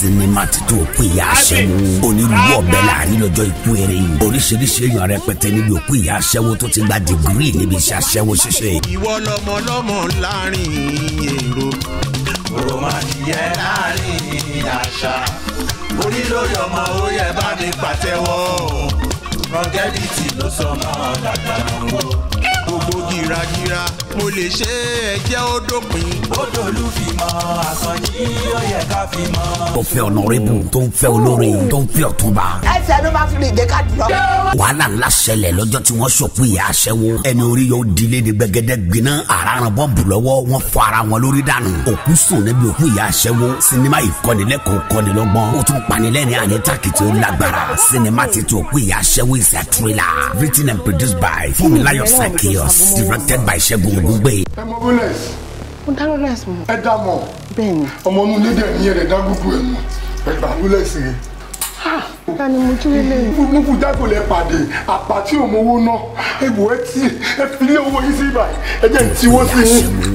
sinimá ti tó òkú ìyá aṣẹ́wó onírúurú ọ̀bẹ láàrin lọ́jọ́ ikú eré yìí oríṣiríṣi èèyàn rẹpẹtẹ níbi òkú ìyá aṣẹ́wó tó ti gba dìgírì níbi iṣẹ́ aṣẹ́wó ṣíṣe. ìwọ lọmọ lọmọ láàrin èrò òrò láàrin àṣà orí ọmọ ó yẹ bá mi pàtẹ́wọ́ rọgẹ́dìtì ló sọ mọ́ ọ̀dàdàrúwọ́ gbogbo gìràgìrà mo lè ṣe é jẹ́ ó dópin. bódò ló fi mọ àsọjí ó yẹ ká fi mọ. tó fẹ́ ọ̀nàrẹ́bù tó ń fẹ́ olórin tó ń fẹ́ ọ̀túnba. ẹsẹ̀ ló máa fi lè jẹ́ ká dùn. wàhálà ńlá ṣẹlẹ̀ lọ́jọ́ tí wọ́n ṣòkú ìyá aṣẹ́wó ẹni orí yóò dilé ní gbẹgẹdẹ gbiná àràràn bọ́ǹbù lọ́wọ́ wọn fọ ara wọn lórí dànù òkú sùn níbi òkú ìyá aṣẹ́wó sinimá ìkọ́nilẹ́kọ̀ọ́ ó tún panilẹ́ni is a thriller written and produced by Fúnmiláyọ̀ Sàkí Chaos directed by Ṣẹ́gun Ògúngbè. ẹ mọ rolex. mo dá rolex mọ. ẹ dá mọ. bẹ́ẹ̀ni. ọmọ inú lédè ẹ̀yìn rẹ̀ dá gbogbo ẹ̀ mọ ẹ gbà rolex rẹ̀ ta ni mo tún lélẹ̀ yìí. gbogbo jágò lẹ pàdé àpá tí ò mówó ná egbò ẹ tí ẹ fi lé owó yìí sí ibà ẹ jẹ́ ní tiwọ́ sí i.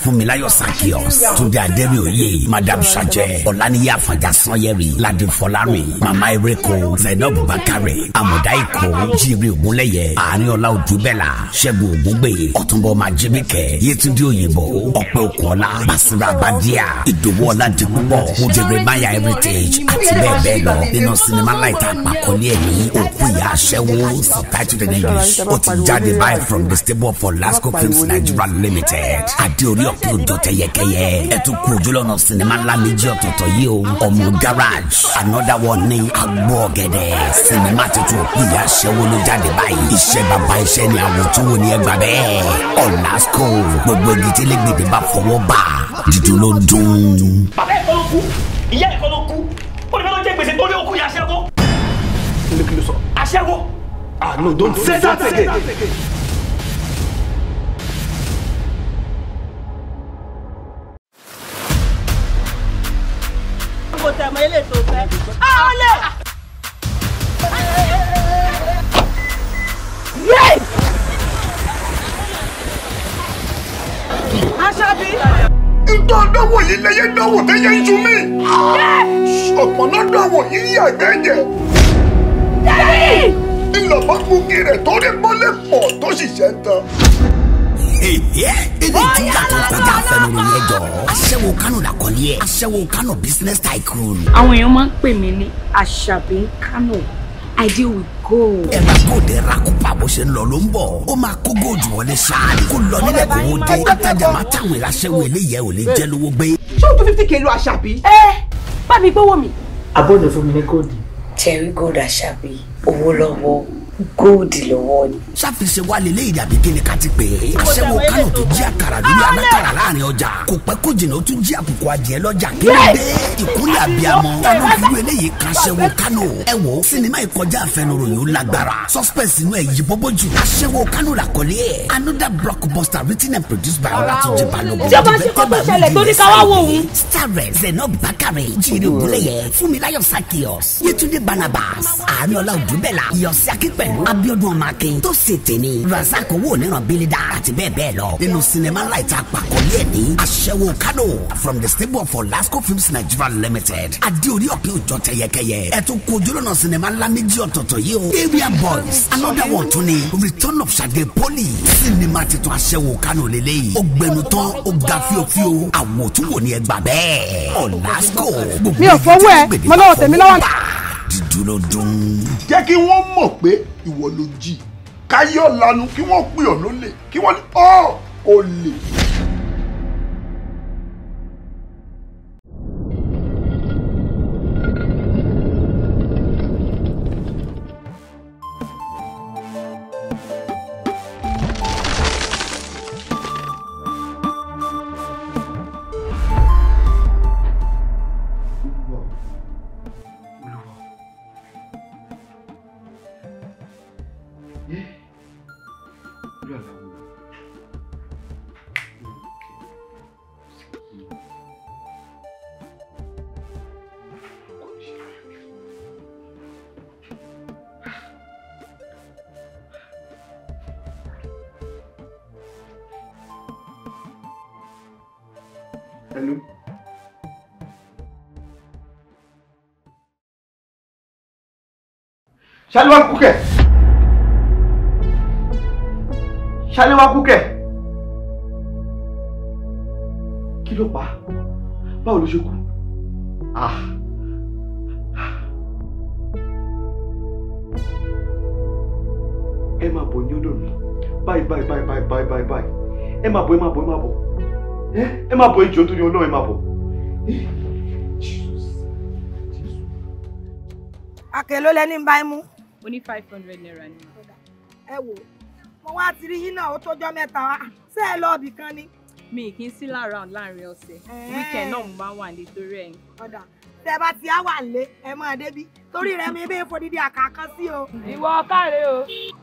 Funmilayo Sakios Tunde Aderioye Madam Sajẹ Ọláníyé Àfàjà Sanyẹri Ládé Fọlárin Mama Ereko Zainab Bakare Amuda Iko Jíire Ògúnlẹ̀yẹ Àárín-Ọlá Òjúbẹ̀là Ṣẹ́gun Ògúngbè Ọ̀túnbọ̀ Májíbíkẹ́ Yétúndé Òyìnbó Ọpẹ́ Òkúọlá Basira Abadia Ìdòwú Ọládipúpọ̀ Mojèrè Maya Heritage àti bẹ́ẹ̀ bẹ́ẹ̀ lọ nínú sinimá sinimá láìta àpàkọ́lé ẹ̀ ní òkú ìyá aṣẹ́wó subtitled in English ó ti jáde báyìí from the stable for Lasco Films Nigeria Limited adéorí ọ̀pẹ́ òjò tẹyẹkẹyẹ ẹ tún kú ojúlọ́nà sinimá ńlá méjì ọ̀tọ̀ọ̀tọ̀ yìí o ọmọ garage another one ní agbó ọ̀gẹ̀dẹ̀ sinimá tuntun òkú ìyá aṣẹ́wó ló jáde báyìí iṣẹ́ bàbá iṣẹ́ ni àwòtúwò ni ẹ gbà bẹ́ẹ̀ ọ̀làsco gbogbo igi tí lẹ́gbẹ̀dẹ̀ bá fọwọ́ bà dídùn dún. bàbá ẹ̀kọ́ ló ìyá ẹ̀kọ́ ló aṣẹ́wó. ah no don't say that again. mo tẹ̀ mọ́ ilé tó fẹ́. a ò lè. aṣáájú. ntọ́ dánwò yìí lẹ́yẹ dánwò tẹ́yẹ ń ju mí. ọ̀pọ̀ náà dánwò yìí yàgbẹ́ jẹ. Daddy! Ìlọ̀mọ́ gbúgi rẹ̀ tó rí mọ́lẹ̀ pọ̀ tó sì ṣẹ́ ń tan. Ilé ìtura tó kọjá fẹ́mi ni ẹ jọ. Aṣẹ́wó Kánò làkọ́lé ẹ̀. Aṣẹ́wó Kánò business tycoon. Àwọn èèyàn máa ń pè mí ní Àṣàbí Kánò. I deal with gold. ẹ bá góòdì rakupa bó ṣe ń lọ ló ń bọ̀ ó máa kó góòdì wọlé ṣáàlì kó lọ nílẹ̀ kó wó dé àtàjà máa táwọn ìraṣẹ́wó eléyẹ ò lè jẹ́ lówó gbé. ṣé o tún fifty k lo ẹ eh, bá mi gbówó mi. abọ́dọ̀ fún mi ní góòdì. Terry Gold Àṣàbí owó lọ́wọ́ gold lọ́wọ́ ni. sáfìsì wa lè léyìí dàbí kí ni ká ti pè é. aṣẹ́wó kánò tó jí àkàrà lórí ah, alákàrà láàrin ọjà. kò pẹ́ kó jìnnà ó tún jí àkùkọ adìẹ lọ́jà kéde. ìkórè àbíamọ kánò fúru eléyìí kan aṣẹ́wó kánò. ẹ wo sinimá ìkọjá àfẹnuròyìn ó lágbára. suspense inú ẹ̀ yí bóbó jù. aṣẹ́wó kánò làkọlé ẹ̀. another blockbuster written and produced by Olatunji Balogun. tí o bá ṣe kó tó ṣẹlẹ̀ tó ní káwá wò ó. starrett Zenob Bakare Jíire Ògúnléyẹ Fúnmiláyọ̀ Sakios Yétúndé Barnabas Àánú Ọlá Òdúbẹ̀là Yọ̀sí Akínp pẹ̀lú Abíọ́dún ọmọ akin tó ṣe tèmi razak owó oníran bílídà àti bẹ́ẹ̀ bẹ́ẹ̀ lọ nínú sinimá láìta àpàkọ́lé ẹ̀ ní aṣẹ́wó kano from the stable of Olasco films Nigeria limited adéorí ọ̀pẹ́ òjọ tẹyẹkẹyẹ ẹ̀ tún kojú lọ́nà sinimá ńlá méjì ọ̀tọ̀ọ̀tọ̀ yìí o area boys another one tún ni return of Sade Poli sinimá titun aṣẹ́wó kano lélẹ́yìí ó gbẹnu tán ó ga fíofío àwòtúwò ni ẹ gbà bẹ́ẹ̀ Olasco gbogbo mi ò fọwọ́ ẹ mọ́ dúró dún. jẹ́ kí wọ́n mọ̀ pé ìwọ ló jí káyọ̀ lanu kí wọ́n pè ọ́ lólè kí wọ́n ní ọ́ olè. ṣáléwá kú kẹ̀ ṣáléwá kú kẹ̀ kí ló pa báwo ló ṣe kú ah. ẹ máa bọ̀ ní ọdọ̀ mi báyìí báyìí báyìí báyìí báyìí báyìí báyìí ẹ máa bọ̀ ẹ máa bọ̀ ẹ máa bọ̀ ẹ máa bọ̀ ìjọ tó ní ọlọ́run ẹ máa bọ̀. àkèló lẹni ń bá ẹ mú mo ní five hundred naira ni. ẹ wò mo wá ti rí yín náà ó tọ́jọ́ mẹ́ta wá ṣé ẹ lọ́ọ̀bì kan ni. mi kì í sí láàárọ̀ láàrin ọ̀sẹ̀ weekend náà mo máa ń wà nítorí ẹ̀yìn. ọ̀dà tẹ bá ti á wà lé ẹ mọ débi torí rẹ mi bẹ́ẹ̀ fodidi àká kan sí o. ìwọ káre o.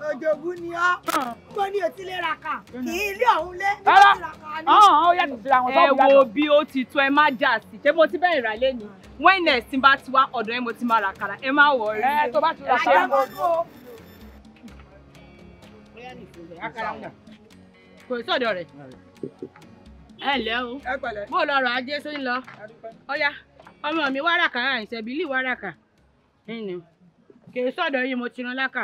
òjògùn ni ọ hmm. mo ní òtí lè ra kà hmm. kì í ilé ọ̀hún lé ní ọ̀hún ah, ó yàtọ̀ síra wọn sọ́ọ̀bù yàtọ̀. ẹ wo bí ó ti tó ẹ má jà sí ṣé bó ti bẹ́ẹ̀ rà lé ni wẹ́nẹ̀ tí bá ti wá ọ̀dọ̀ ẹ mo ti máa rà kàrà ẹ má wọ̀ rí. ẹ eh, tó bá ti rà kàrà mo tó. kò sí ọ̀dọ̀ rẹ̀ ẹ ǹlẹ́ o bó lọ rọ̀ ajé sóyún lọ ọ̀ya ọmọ mi wáràkà àìsẹ̀bílì wáràkà ẹnì kì í sọ̀dọ̀ yìí mo ti ran lákà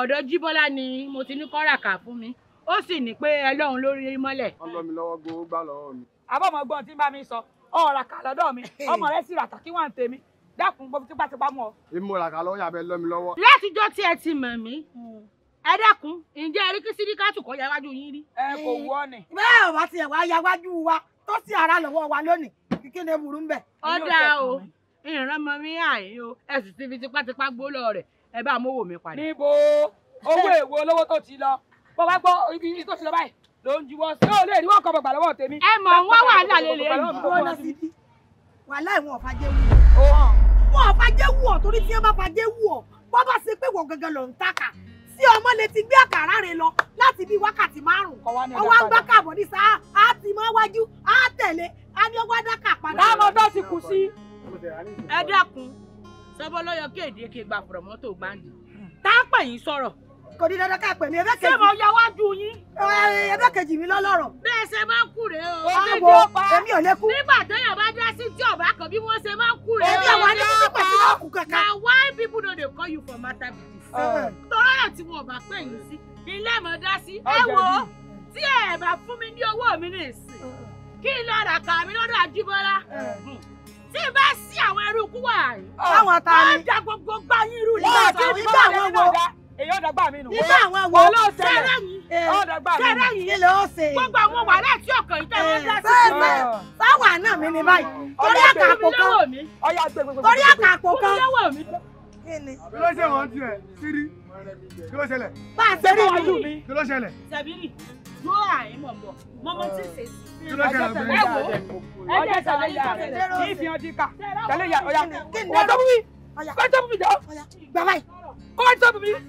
ọ̀dọ̀ jíbọ́lá ni mo ti ní kọ́ràkà fún mi ó sì ní pé ẹlọ́run lórí mọ́lẹ̀. ọlọ́mi lọ́wọ́ gbowó gbà lọ́wọ́ mi. àbọ̀mọ̀gbọ́n tí bá mi sọ ọ̀ràkà lọ́dọ̀ mi ọmọ rẹ sì ràtà kí wọ́n ń tèmi dákun gbọ́ tipátipá mọ́. ìmúra kà lọ́wọ́ yàbẹ̀ lọ́mi lọ́wọ́. látijọ́ tí ẹ ti mọ̀ mí ẹ dákun ǹjẹ́ ẹ rí kí síríkàtù kọ́ yáwájú yín rí. ẹ kò wọ́ ni. bẹ́ẹ̀ wá tiẹ̀ wá yáwájú wa tó sì ara lọ́wọ́ wa lónìí kí ni burú ń bẹ̀. ọ̀dà o ìran mọ mi àyè o ẹ ti fi tipátipá gbólọ rẹ ẹ bá mú owó mi padà. níbo owó èwo lówó tó ti lọ bó bá gbọ́ ibi tó ti lọ báyìí ló ń juwọ́ sí ó lè rí wọn kọ́ bọ̀gbà lọ́wọ́ tèmi. ẹ mọ̀ wọ́n wà lálẹ́ lè yìí. wàhálà ìwọ̀n ọ̀fàjẹ́ wù ọ́. wọ́n ọ̀fàjẹ́ wù ọ́ torí tí wọ́n bá fàjẹ́ wù ọ́ bọ́ bá ṣe pé wọ́n gangan lọ ń tàkà tí ọmọ lè ti gbé àkàrà rẹ lọ láti bí wákàtí márùn-ún ọwọ́ ń gbá á ti mọ́ wájú á tẹ̀lé a padà. láàmú ti kù sí. ẹ dákun sọ́bọ́ ló kéde kí gba fọ̀rọ̀ mọ́tò gbáǹdì tá yín sọ̀rọ̀. kò ní dandan ká pè mí ṣé mo yọ wájú yín. ẹbẹ́ kejì mi lọ́lọ́rọ̀. bẹ́ẹ̀ ṣe máa ń kú rèé o. àwọ̀ èmi ò lè kú. nígbà téèyàn bá dá sí tí ọ̀bá kan bí wọ́n ṣe máa ń kú rèé. èmi àwọn adékun nígbà tí wọ́n kú kankan. na why people no dey call you for matter be this. tọ́lọ́rọ̀ tí wọn ò bá pè yín sí ilé mọ̀ dá sí. ẹ wo tí ẹ bá fún mi ní owó mi ní ìsìn kí n lọ rà kàmí lọ́dọ̀ àjíbọ́lá tí ì bá sí àwọn eruku wà yìí. báwọn ta ni. wọ́n da gbogbo gbá yín rú ni. wọ́n ti nígbà wọn wo. èyí ọ̀dọ̀ gbà mí nù. nígbà wọn wo sẹ́rẹ̀ yìí. ọ̀dọ̀ gbà mí nù. sẹ́rẹ̀ yìí ló ṣe. gbogbo àwọn wàhálà tí ọkàn yìí tẹ́wọ́ dá sí. sẹ́ẹ̀sẹ̀ sáwà náà mi ni báyìí. torí àkà àpò kan. torí àkà àpò kan. kí ni. ló ṣe wọ́n tiẹ̀ sírí kí ló ṣẹlẹ̀. bá a ṣe rí wájú mi. kí ló ṣẹlẹ̀. sẹ̀bírì yóò àyè mọ̀ mọ̀ mọ́mọ́ tí ì ṣe sí. kí ló ṣẹlẹ̀ ọ̀gbẹ́ni. ẹ wo ẹ jẹ tẹ̀lé ìyá rẹ kí ìfi ọdí ká tẹ̀lé ìyá ọ̀yà wọ́n tó bí mi kọ́ tó bí mi jọ gbàgbà yìí kọ́ tó bí mi.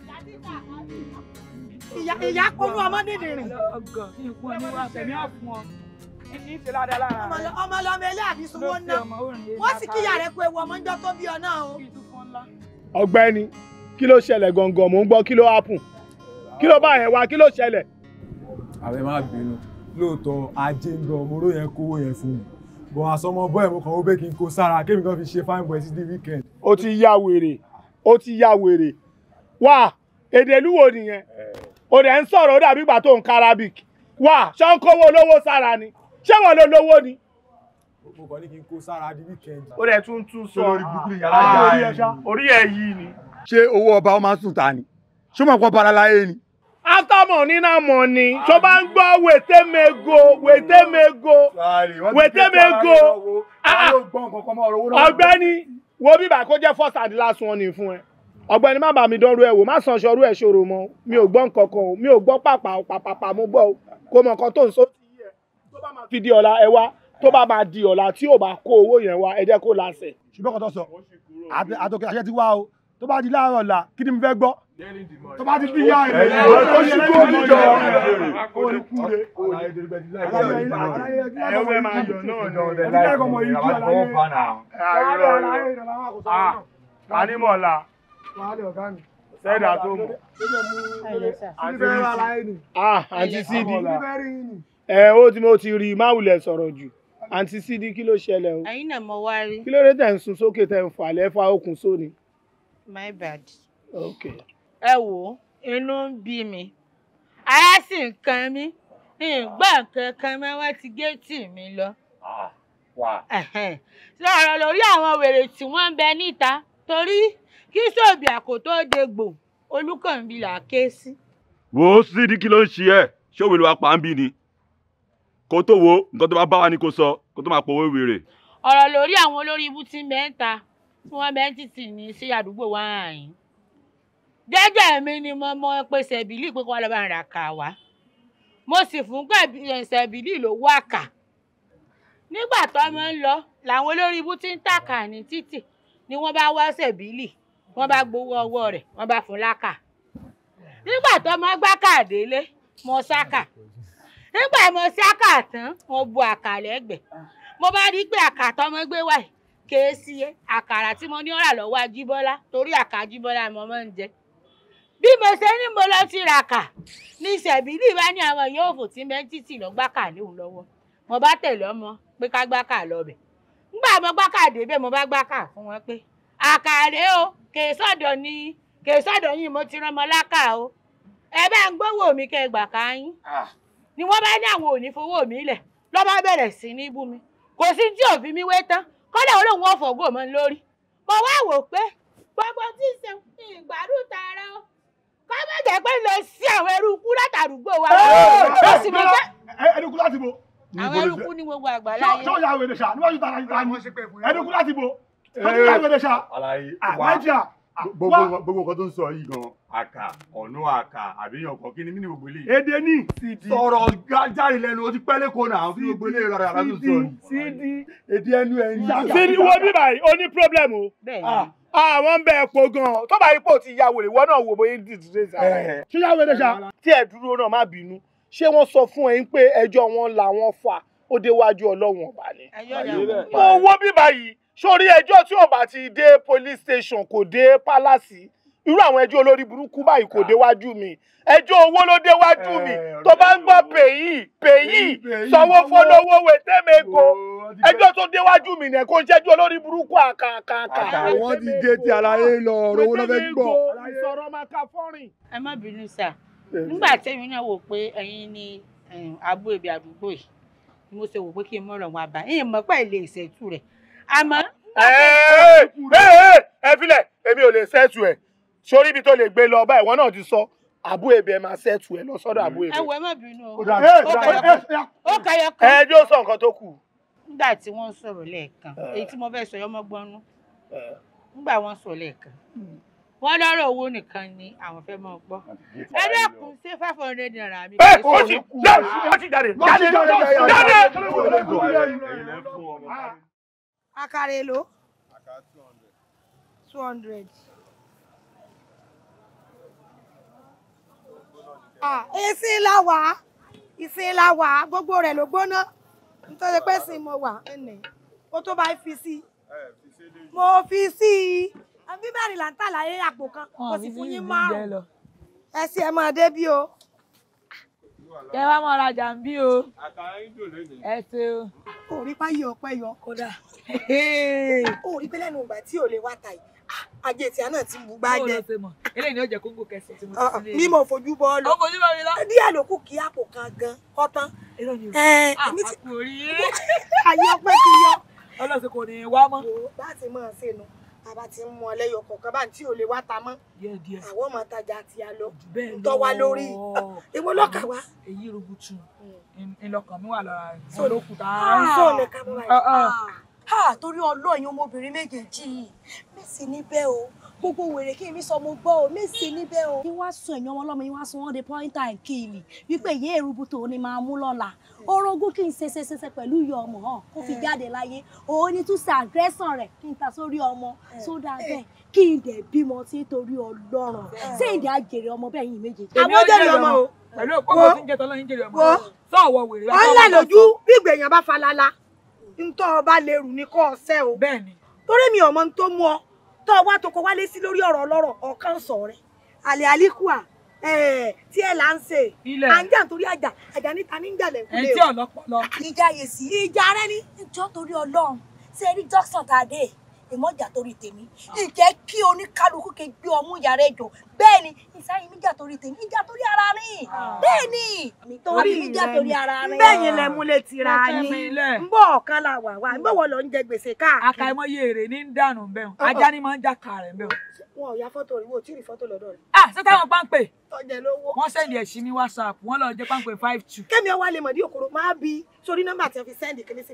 ìyá kọ́nú ọmọ nídìrín. ọgàn ìwọ ni wàá tẹ̀mí àfún ọ ọmọ lọmọ ilé àbísùn wọn náà wọn sì kíyà rẹ pé ewu ọmọ ń jọ tó bí ọ náà o kí ló ṣẹlẹ̀ gangan mò ń gbọ́ kí ló happen kí ló bá yẹn wá kí ló ṣẹlẹ̀. ààrẹ má bínú lóòótọ́ ajé ń lọ mo ró yẹn kówó yẹn fún mi bọ̀ àsọmọ bọ́ ẹ̀ mo kàn ó bẹ́ kí n kó sára kébì kan fi ṣe fine boy títí weekend. ó ti ya wèrè ó ti ya wèrè wá èdè lúwo nìyẹn ó dẹ̀ ń sọ̀rọ̀ ó dàbí ìgbà tó ń karabic wá ṣọ́ ń kówó olówó sára ni ṣé wọn ló lówó ni mo kàn ní kí n kó sára di weekend. ó dẹ̀ tún tún sọ ah, orí ẹ̀ yìí ni ṣé owó ọba ọmọ sùn ta ni ṣé mo kọ́ bara láyé ni. after money na money tó bá ń gbọ́ wètémego wètémego wètémego ọ̀gbẹ́ni wo bíbà kó jẹ́ first and last one ni fún ẹ ọ̀gbẹ́ni má bàa mi dánrú ẹ wò má san ṣọrú ẹ ṣòro mọ́ mi ò gbọ́ nǹkan kan o mi ò gbọ́ pàpà pàpàpà mo gbọ́ o kò mọ nǹkan tó ń sọ tó bá máa fi di ọ̀la ẹ wá tó bá máa di ọ̀la tí ò bá kó owó yẹn wá ẹ jẹ́ kó láṣẹ. ṣùgbọ́n kò tó sọ àtòkè àṣẹ ti wá o tó bá di láàárọ̀ ọ̀la kí ni mo fẹ́ gbọ́ tó bá ti bíyà rẹ̀ ẹ̀yìn ó sì kó mi jọ orí kú re ẹ̀wẹ̀ máa yọ náà ni ọ̀dẹ̀ láì fún mi àwọn tó ń fa náà. ànímọ̀lá sẹ́dá tó mọ̀ àǹtí sídi ẹ̀ ó ti mo ti rí máwùlẹ̀ sọ̀rọ̀ jù àǹtí sídi kí ló ṣẹlẹ̀ o. ẹ̀yin náà mo wá rí. kí ló dé tẹ̀ ń sun sókè tẹ̀ ń fà lẹ́fà okùn sóni my bad. okay. ẹ wò inú ń bí mi ara sì ń kan mí ìgbà kankan máa wá ti géètì mi lọ. Ah, sọ̀rọ̀ lórí àwọn wèrè tí wọ́n ń bẹ níta torí kí sóòbì àkótó degbò olùkànbí là ké sí. wò ó Sídíkì ló ń ṣe ẹ ṣé òwe ló wá pa ń bí ni kó tó wo nǹkan tó bá bá wa ni kó sọ kó tó máa pòwe wèrè. ọ̀rọ̀ lórí àwọn olórí ibú ti mẹ́ta tí wọ́n bẹ́ẹ̀ títì ní sí àdúgbò wa àyìn jẹ́jẹ́ mi ni mo mọ pèsè ìbílí pé kó wá lọ bá ra kà wá mo sì fún pèsè eh, ìbílí lówó àkà nígbà tọ́mọ ń lọ làwọn olórí ibú ti ń tàkà ní títì ni wọ́n bá wá ṣèbílì wọ́n bá gbowó ọwọ́ rẹ̀ wọ́n bá fún lákà nígbà tọ́mọ gbá kàdélé mo ṣákà nígbà mo ṣákà tán mo bu àkà lẹ́gbẹ̀ẹ́ mo bá rí pé àkà tọ́mọ gbé wáyé kéésì yẹ àkàrà tí mo ní ọ̀rà lọ́wọ́ ajíbọ́lá torí àkà ajíbọ́lá ni mo máa ń jẹ bí mo ṣe ní mo lọ ti ra kà ní ìṣẹ̀bílì bá ní àwọn yóò fò tí mẹ́ńtítì lọ gbákà léwu lọ́wọ́ mo bá tẹ̀lé ọmọ pé ká gbákà lọ́bẹ̀ nígbà mo gbákà débẹ̀ mo bá gbákà fún wọn pé àkàrẹ́ o kèé sọ̀dọ̀ ni kèé sọ̀dọ̀ yìí mo ti rán lákà o ẹ bá ń gbówó mi kẹ gbà ká yín ah. ni wọ́n bá ní àwọn ò ní fowó mi lẹ̀ lọ́ bá bẹ̀rẹ̀ sí ní bú mi kò sí tí òfin mi wé tán kódà olóhùn ọ̀fọ̀ ògo mọ́ lórí mo wá wò pé gbogbo tí ń ṣeun ní ìgbádùn tààrà o ká má jẹ́ pé lọ sí àwọn eruku látàrúgbó wa lọ sí mi pé. eruku láti bo. àwọn eruku ní gbogbo àgbàlá yẹn. sọ́ọ̀yà wèrè ṣá níwájú tara ní tara ní eruku láti bo. sọ́ọ̀yà wèrè ṣá. àlàyé ah, wa Ah, gbogbo nǹkan tó ń sọ yìí gan àkà ọ̀nà àkà àbíyàn kan kí ni mí ni gbogbo eléyìí. èdè ní sọ̀rọ̀ jáde lẹ́nu o ti pẹ́ lẹ́kọ̀ọ́ náà fún gbogbo eléyìí rárá rárá tó sọ yìí. sídi èdè ẹnu ẹ̀yìn. sídi wo bí báyìí o ní pírọ́blẹ́mù o àwọn ah. ah, ń bẹ epo gan tó bá yí ti ya wèrè wọ́n náà wò bóyá ní ti ṣe sá. ṣíṣá wẹrẹ ṣá. tí ẹ dúró náà má bínú ṣé wọ́n sọ fún ẹ pé ẹjọ́ wọn làwọn fà ó déwájú ọlọ́wọ̀n ọba ni. mo wọ́ bí báyìí sórí ẹjọ́ tí ò bá ti dé police station kò dé pálásì irú àwọn ẹjọ́ olórí burúkú báyìí kò déwájú mi ẹjọ́ owó ló déwájú mi eh, tó bá ń gbọ́ pèyí pèyí sanwó fọlọ́wọ́ wẹ̀tẹ́mẹ́kọ ẹjọ́ tó déwájú mi nìyẹn kó ń ṣẹ́jú olórí burúkú àkàkàkà. àwọn ti dé ti ara yé lọ ọ̀rọ̀ owó ló fẹ́ gbọ́. ìsọ̀rọ̀ máa ka fọ́rìn. ẹ má bínú sà nígbà tẹ́mi náà wò pé ẹ̀yin ni abú èbí àdúgbò yìí mo ṣe wò pé kí n mọ̀ràn wọn àbá àmọ́. ẹ filẹ̀ èmi ò lè ṣẹ́tù ẹ̀ sórí ibi tó lè gbé lọ báyìí wọn náà ti sọ àbú èbè ẹ máa ṣẹ́tù ẹ lọ sọ́dọ̀ àbú èbè. ẹ wọ ẹ má bínú o ó kàyọ kan. ẹ jó sọ nǹkan tó kù. nígbà tí wọ́n sọ̀rọ̀ lẹ́ẹ̀kan èyí tí mo fẹ́ sọ yọmọ gbọ́nú nígbà wọ́n sọ̀rọ̀ lẹ́ẹ̀kan hmm. wọ́n lọ́rọ̀ owó nìkan ni àwọn fẹ́ máa gbọ́. ẹ dẹ́kun ṣé five hundred naira mi. ẹ o ti jáde jáde jáde jáde àkàrà èlò. àkàrà 200. hundred. two hundred. ìsìn ah, la wà ìsìn la wà gbogbo rẹ̀ ló gbóná nítorí pé sìn mo wà ẹnì kó tó bá fi sí mo fi sí i bíbélì là ń tà láyé àpò kan kò sì fún yín márùn ẹ sì ẹ máa dé o kẹ wá mọ ra jàǹbí o ẹ ṣe o. kò rí páyé ọpẹ yọ kódà kò rí pé lẹ́nu ìgbà tí ò lè wá ta yìí ah, ajé tí a náà ti bú bá jẹ. eléyìí ni ó jẹ kóńgò kẹsì tí mo ti ní. mi mo fojú bọ́ lọ. o fojú bọ́ mi lọ. díẹ̀ ló kù kí àpò kan gan kọ́tán. irọ́ ni o. ẹ ẹ ah, mi ti àpò rí. ayé ọpẹ́ ti yọ. ọlọ́sìn kò ní í wá mọ́. bá a ti máa ṣe nu bàbá ti ń mú ọlẹ́yọ kọ̀ọ̀kan bá tí ò lè wá ta mọ́ àwọn ọmọ tajà àti àlọ tọ́ wa lórí ìwọ lọ́kà wa. èyí rúgùtù hmm. ìlọkàn mi wà lára rẹ̀ sọ ló kù a ń ha torí ọlọ́yin ọmọbìnrin méjèèjì yìí níbẹ̀ o gbogbo wèrè kí mi sọ mo gbọ́ o mèsì níbẹ̀ o. kí wàá sọ ẹ̀yàn ọmọlọ́mọ yín wàá sọ wọ́n de pọ́ńtà ìkìlì wípé ìyá èrúbùtò ni máa mú lọ́la orogún kí n ṣe ṣeṣeṣe pẹ̀lú iyọ̀ ọmọ hàn kó fi eh. jáde láyé òun ni tún ṣe àgẹ́sàn rẹ̀ kí n ta sórí ọmọ eh. sódà bẹ́ẹ̀ eh. kí n dẹ̀ bímọ tí torí ọlọ́run ṣé ìdí àjèrè ọmọ bẹ́ẹ̀ yìí méjèèjì. àwọn jẹ́rìí ọmọ o pẹ̀lú òpópó tí ń jẹ́ tọ́lá ń jẹ́rìí ọmọ o sọ ọ̀wọ́ wèrè. ọ̀nlẹ̀ lójú bí ìgbẹ̀yàn bá falala ntọ́ ọba lérù ní kọ́ ọ̀sẹ́ o torí mi ọmọ tó mú ọ tọ́ ọ wá tó wálé sí lórí ọ̀rọ̀ ọlọ́rọ̀ ọ̀kan sọ̀rẹ́ àlẹ́ àlíkùà Eh, tí ẹ là ń ṣe à ń jà nítorí àjà àjà níta ní ìjà lẹ́kùn lé o. ẹ tí ọlọpọlọ. ìjà yèsí. ìjà rẹ ní ìjọ torí Ọlọ́run ṣe rí dókítà tá ìmọ̀jà torí tèmi ìjẹ́ kí oníkálukú ke gbé ọmú yàrá ẹ̀jọ̀ bẹ́ẹ̀ ni ìsáyìn mi jà torí tèmi ìjà torí ara rìn ah. bẹ́ẹ̀ ni torí mi jà torí ara rìn. bẹ́ẹ̀yìn lẹ mú lè tira yín ń bọ̀ ọ̀kan la wà wá níbo wọ́n lọ ń jẹ gbèsè káàkiri. àkàìmọye èrè ní ń dànù bẹ́ẹ̀ o ah, ah. ajá ni máa ń já kààrẹ̀ bẹ́ẹ̀ wọn ò ya fọ́tò rí wọn tí ì rí fọ́tò lọ́dọ̀ rẹ̀. ah ṣé táwọn páńpẹ́ wọ́n sẹ́ndì ẹ̀sìn ní whatsapp wọ́n lọ jẹ́ páńpẹ́ five two. kẹ́mi ọwọ́ alẹ́ mọ̀dí òkòrò máa bi sórí nọ́mbà tí wọ́n fi sẹ́ndì kìíní sí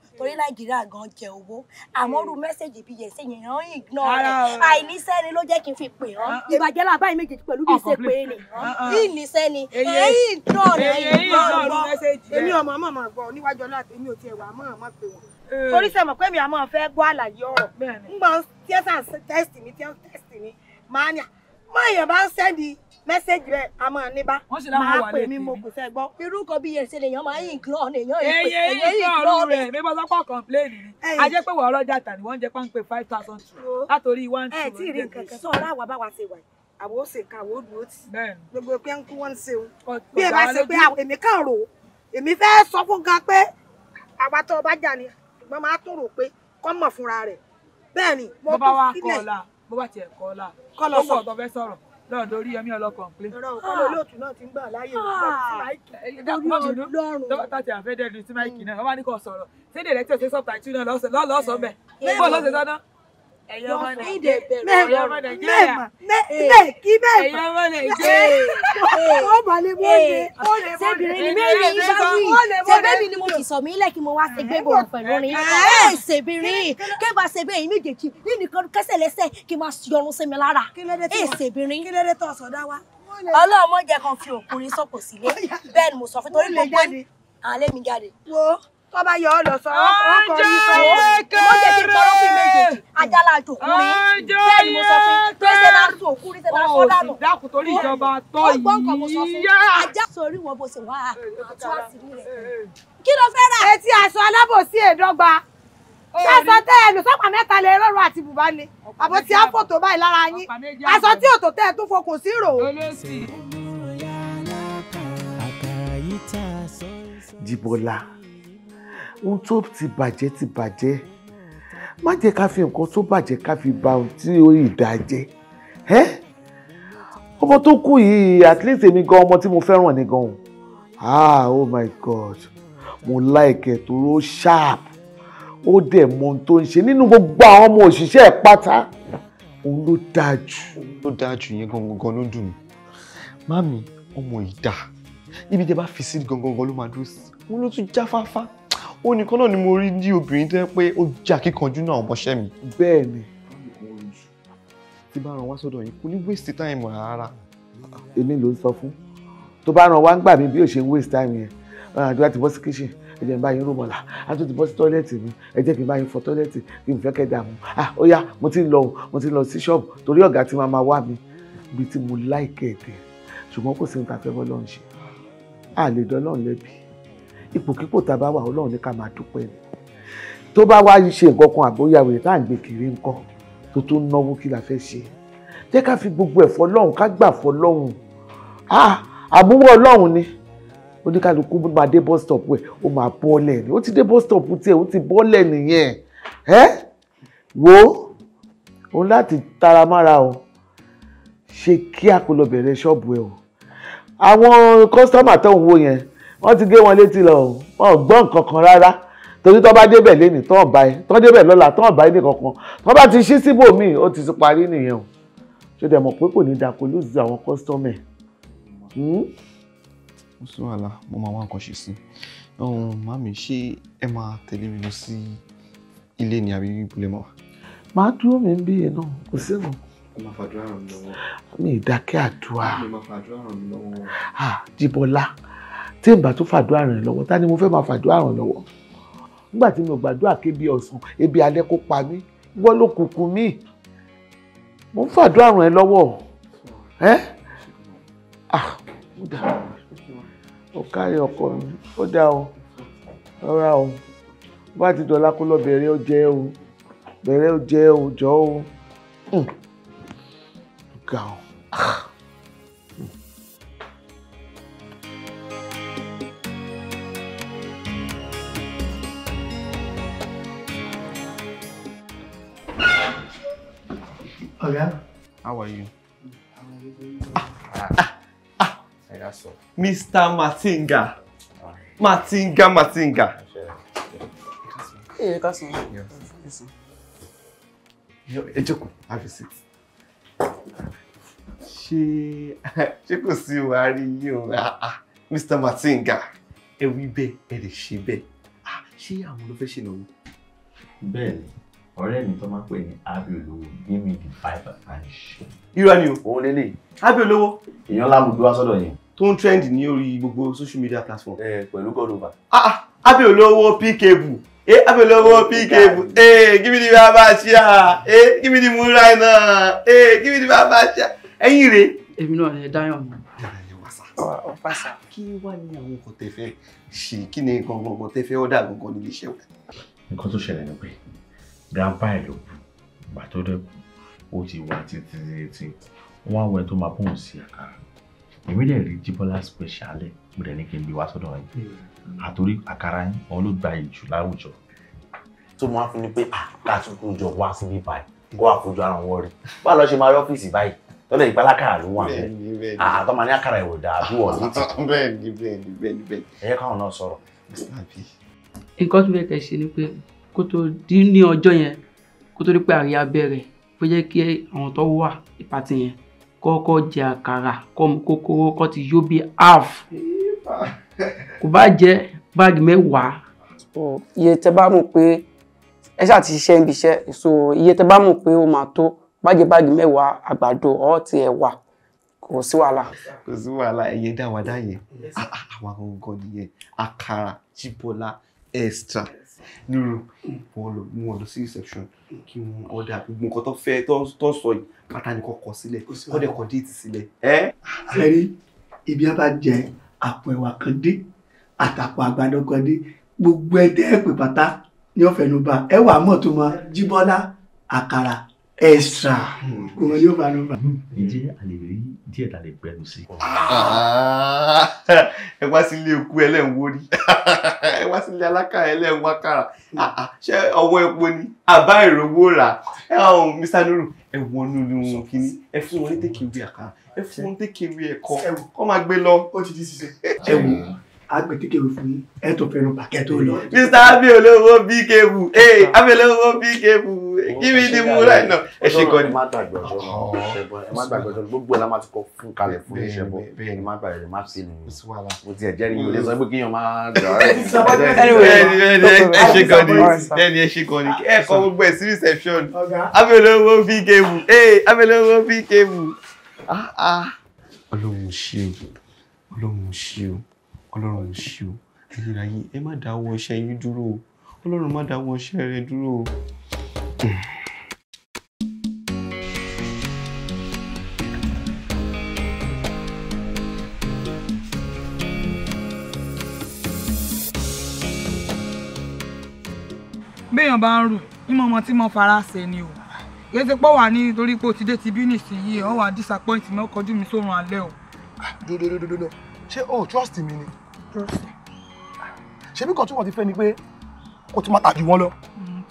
torí nàìjíríà gan jẹ owó àmọ́ hmm. rú mẹ́sẹ̀gì bíi yẹ̀sẹ̀ yẹn rán ignore rẹ̀ àìníṣẹ́ni ló jẹ́ kí n fi pè ọ́ ah, ìbàjẹ́ làbá yìí méjèèjì pẹ̀lú bí ah, ṣe pé ah, ni ìníṣẹ́ni èyí ignore rẹ̀ ignore rẹ̀ èmi ọmọ ọmọ ọmọ níwájú ọlá èmi ò tiẹ̀ wà á eh. mọ̀ ọ́n má pè torí sẹ́mọ̀ pé mi àmọ́ fẹ́ àlàyé ọ̀rọ̀ mẹ́sẹ̀gì rẹ̀ a máa ní bá máa pè mí mo kò fẹ́ gbọ́. irú kan bí yẹn ṣẹlẹ̀ èèyàn máa ń ìkìlọ̀ ọ̀nà èèyàn ìpè èèyàn ìkìlọ̀ ọ̀nà. rẹ̀ mi bọ́ sọ́pọ̀ kọ̀ǹpléènì ni a jẹ́ pé wà ọlọ́jà tà ní wọ́n jẹ́ páńpẹ́ five thousand two látòrí one two. ẹ tí ì rí nǹkan kan sọ̀rọ̀ àwa bá wa ṣe wà yìí àwọn ó ṣe nǹkan àwọn ó dúró tì gbogbo pé ń kú wọn ń ṣe o bí ẹ bá ṣe pé èmi kàn rò ó èmi fẹ́ sọ fún gan pé àwa tó bá jà ni ṣùgbọ́n máa tún rò pé kọ́ mọ̀ fúnra rẹ̀ bẹ́ẹ̀ ni mo tún sílẹ̀ bó bá wa kọ́ ọ la bó bá tiẹ̀ kọ́ ọ la kọ́ lọ sọ lọ́ọ̀dọ̀ orí ẹmí ọlọ́kàn pé. ọ̀rọ̀ òkú olóòtú náà ti ń gbà láyé ah. lọ́rùn. tó bá tàtí àfẹ́dẹ́ẹ̀dù sí máìkì hmm. náà wọ́n bá ní kò sọ̀rọ̀ sédè rẹ̀ tí ò ṣe sọ́ọ̀tà ìtúná lọ́sọ̀ọ́ bẹ́ẹ̀ bó ló ṣe sọ́dán ẹ̀yin ọmọ nàìjíríà mẹ́ẹ̀ kí mẹ́ẹ̀ ẹ̀yin ọmọ nàìjíríà ó mà lè mú ọ̀lẹ̀ ọ̀lẹ̀ sẹ́bìrin ni mẹ́rin yìí bá wí sẹ́bẹ̀mí ni mo ti sọ mí lẹ́kí mo wá ṣe gbé bọ̀ pẹ̀lú orin ẹ̀ sẹ́bìrin kí n bá ṣẹbẹ̀ yìí méjèèjì ní nìkan kẹsẹ̀ lẹ́sẹ̀ kí n máa yọrun sí mi lára ẹ̀ sẹ́bìrin. kí lóde tó ọ̀sọ̀dá wa. ọlọ́run mọ̀ jẹ́ kan fi òkùnrin sọ̀kò sílé bẹ́ẹ̀ ni mo sọ fún torí gbogbo àlẹ́ mi jáde. wo tó bá yọ ọ lọ sọ ọkọ yìí sọ mo jẹ kí n tọrọ fún méjèèjì ajala àjòkúrin bẹ́ẹ̀ ni mo sọ fún pẹsẹlá tó òkúri sẹlá tó dànù dákun torí ìjọba tó yìí yá ajá sórí wọn bó ṣe wá àti wá sí rẹ kí ló fẹ́ rà. etí aṣọ alábòsí èdọ́gba sọ́sọ tẹ́ ẹ lù sọ́pà mẹ́ta lè rọrùn àti bùbá ni àbò tí a fòtò báyìí lára yín aṣọ tí òtò tẹ́ ẹ tún fokùn sí rò. Jíbọ́lá ohun tó ti bàjẹ́ ti bàjẹ́ má jẹ́ ká fi nǹkan tó bàjẹ́ ká fi ba ohun tí ó yìí dáa jẹ́ ẹ́ ọmọ tó kù yìí at least èmi gan ọmọ tí mo fẹ́ràn ni gan o ah oh my god mo láìkẹ́ tó ló sharp ó dẹ̀ mọ ohun tó ń ṣe nínú gbogbo àwọn ọmọ òṣìṣẹ́ ẹ̀ pátá òun ló dáa jù. ló dáa jù yẹn gangan gan ló dùn mí mami ọmọ ìdá ibi tẹ bá fi sí gangan ló máa dúró sí òun ló tún jáfáfá ó nìkan náà ni mo rí ní obìnrin tó yẹ pé ó jẹ́ akíkanjú náà ọmọọṣẹ́ mi. bẹ́ẹ̀ ni tí bá ràn wá sọ́dọ̀ yìí kò ní waste time rárá. èmi ló ń sọ fún tó bá ràn wá ń gbà mí bí ò ṣe ń waste time yẹn àdúrà ti bọ́ sí kitchen ẹ jẹ́ n bá yín ró mọ̀lá a tún ti bọ́ sí tọ́lẹ́ẹ̀tì mi ẹ jẹ́ kí n bá yín fọ tọ́lẹ́ẹ̀tì kí n fẹ́ kẹ́ dààmú ah ó yá mo ti ń lọ mo ti ń lọ sí ṣọ́ọ̀bù torí ọ̀gá tí màmá wá mi ibi tí mo láìkẹ́ ẹ̀dẹ̀ ṣùgbọ́n kò sí nǹkan afẹ́fọ́ lọ́hùn ṣe à lè lẹ́bi ipòkípò tá a bá wà ọlọ́run ní ká máa dúpẹ́ ni tó bá wá ṣe nǹkan kan àbóyáwó tá à ń gbé kiri ńkọ́ tó tó náwó kí la fẹ́ ṣe jẹ́ ká fi gbogbo ẹ̀fọ́ lọ́hùn ká gbà fọ́ lọ́hùn àmúwọ́ ọlọ́hùn ni oníkálukú máa dé bus stop ẹ̀ ó máa bọ́ọ̀lẹ̀ ni ó ti dé bus stop tiẹ̀ ó ti bọ́ọ̀lẹ̀ nìyẹn ẹ́ wo òun láti tara mára o ṣe kí a kò lọ bẹ̀rẹ̀ ṣọ́ọ̀bù ẹ̀ o àwọn kọ́sítọ́mà tó ń wo yẹn wọ́n ti gé wọn létí lọ wọn ò gbọ́n kankan rárá torí tó bá débẹ̀ lénìí tó ọ̀bá ẹ tó débẹ̀ lọ́la tó ọ̀bá ẹ nìkankan tó bá ti ṣí síbò ó ti ti parí nìyẹn o ṣé dẹ̀ mọ̀ pé kò ní dako lóòzù àwọn kọ́sítọ́mẹ̀. mo hmm? sún àlá mo máa wá nǹkan ṣe sí màmí ṣé ẹ máa tẹ̀lé mi lọ sí ilé ni àbí ibùlẹ̀ mọ́. màá dúró mi ń bí yẹn náà kò sí nù. ẹ máa fàdúrà ràn mí lọ́wọ́. mi ì dákẹ́ àdúrà. ẹ máa fàdúrà ràn mí lọ́wọ́ tí n bá tún fàdúrà ràn lọ́wọ́ ta ni mo fẹ́ máa fàdúrà ràn lọ́wọ́ nígbà tí mo gbàdúrà kébi ọ̀sán ebi alẹ́ kó pa mí wọ́n ló kùkù mí mo ń fàdúrà ràn ẹ́ lọ́wọ́ ẹ́ ah ó dà ó kárí ọkọ mi ó dà o rárá o bá ti dọ̀la kó lọ bẹ̀rẹ̀ ó jẹ́ o bẹ̀rẹ̀ hmm. ó jẹ́ o jọ́ o ga o. Ah. Oga. How are you? How are you doing? Ah, ah, ah. Hey, that's all. Mr. Matinga. Ah. Matinga, Matinga. Hey, that's all. Yes. Yo, ẹ have a seat. She, ṣé kò sí o, you, rí yín Mr. Matinga, ẹ wí bẹ́ẹ̀, ẹ lè ṣe bẹ́ẹ̀. Ah, ṣé àwọn ló fẹ́ ṣe ọ̀rẹ́ mi tó máa ń pè ní abi olówó give me the five and shit. irọ́ ni o. òun lélẹ̀. abi olówó. èèyàn lámùdó wá sọ́dọ̀ yẹn. tó ń trend ní orí gbogbo social media platform. ẹ pẹ̀lú godova. ah, ah abi olówó pkb eh abi olówó pkb eh give me the baba ṣíà eh give me the murai náà eh give me the baba ṣíà ẹ̀yin rè. èmi náà ẹ dáyọ̀ mọ́. ọ̀fàṣà kí wàá ní àwọn nǹkan tẹ́fẹ́ ṣe kí ni gangan tẹ́fẹ́ ọ̀dà gangan níbi iṣẹ́ wa. nǹkan tó ṣẹlẹ̀ ni pé grandpa ẹ̀ ló kù ìgbà tó dẹ̀ kù ó ti wà títí títí wọ́n wá wẹ̀ tó máa bóun sí àkàrà èmi dẹ̀ rí jíbọ́lá special ẹ̀ mo dẹ̀ ní kí n gbé wá sọ́dọ̀ yín àtòrí àkàrà yín òun ló gba ìjù láwùjọ. tó máa fi ni pé ah, ká tún kú jọ wá síbí báyìí kó àfojú ara wọn rí báwo lọ ṣe máa rí ọ́fíìsì báyìí lọ́dọ̀ ìgbà lákàrà ló wà ní àtọ́ ah, máa ní àkàrà ìwòdà àbí wọ̀ ní ti. bẹ́ẹ̀ni bẹ́ẹ̀ni káwọn náà sọ̀rọ̀. nǹkan tó yẹ kẹ́ ṣe ni pé kó tó di ní ọjọ́ yẹn kó tó di pé àríyá bẹ̀rẹ̀ kó jẹ́ kí àwọn tó wà ìpàtì yẹn kọ́kọ́ jẹ àkàrà kọ́ mu kókóró kọ́ ti yó bí half kò bá jẹ báàgì mẹ́wàá. iye tẹ bá mọ̀ pé ẹ ṣáà ti ṣiṣẹ́ ibi iṣẹ́ so iye tẹ bá mọ̀ pé ó máa tó bá báàgì mẹ́wàá àgbàdo ọ̀ ti ẹ̀ wà kò sí wàhálà. kò sí wàhálà ẹ̀yẹ dáwàdá yẹn ah, ah, ah, àwọn nǹkan nìyẹn àkàrà chipola extra nírú wọn lọ mú wọn lọ sí reception kí wọn ọdẹ àgbègbè nǹkan tó fẹ́ tó sọ yìí pátá ni kò kọ sílẹ̀ ọdẹ kọ déètì sílẹ̀. ààrẹ rí ibi a bá jẹ àpò ẹ̀wà kan dé àtàpọ̀ àgbàdo kan dé gbogbo ẹdẹ ẹ̀pẹ̀ pátá ni wọ́n fẹnu bá ẹwà mọ̀tò mọ́ jíbọ́lá àkàrà extra òun yóò bá ló bá. ǹjẹ́ hmm. a lè rí díẹ̀ ta lè pẹ́ẹ́nu sí. ẹ wá sílé okú ẹlẹ́wọ̀n rí ẹ wá sílé alákà ẹlẹ́wọ̀n àkàrà ah, ah, ṣé ọwọ́ epo ni àbá ìrówó rà ẹ ọ̀hún Mr. Nuru ẹ wọ́n nínú wọn kìíní ẹ fún wọn ní tèkéwé àkàrà ẹ fún wọn ní tèkéwé ẹ̀kọ́ kọ́ máa gbé lọ. ó ti di ṣiṣẹ́. ẹ wò àgbẹ̀ tí fún ẹ tó fẹ́ràn bàkẹ́ tó lọ. mr abi olówó bí kébù ee abi olówó bí kébù kíbi ni mu láì nà ẹ ṣe kọ ni. ẹ má gbàgbé ọjọ́ oh. ẹ má gbàgbé ọjọ́ gbogbo ẹ la máa ti kọ fún kalẹ̀ fún iṣẹ́ bọ̀ ẹ má gbàgbé ẹ má sí ni mo ti ẹ̀ jẹ́ ni mo lè sọ pé kíyàn máa dà ẹ ṣe kọ ni ẹni ẹ ṣe kọ ni ẹ kọ gbogbo ẹ sí reception abi olówó bí kébù ee abi olówó bí kébù ah, ah. ọlọ́run ṣe o ọlọ́run ṣe o ọlọ́run ń ṣe o ẹ̀yin ìráyè ẹ má dáwọ́ iṣẹ́ yín dúró o ọlọ́run má dáwọ́ iṣẹ́ rẹ dúró o. béèyàn bá ń rù nímọ̀ ọmọ tí mo fara ṣe ni o yẹ ti pọ̀ wà nítorí pé o ti dé ti bí nísìnyí ọ̀ wà disappoint mi ó kọjú mi sórun alẹ́ o. Ah, dododododo ṣé o trust mi ni ṣebí kan tí wọ́n ti fẹ́ ni pé kó ti máa tàbí wọn lọ mm,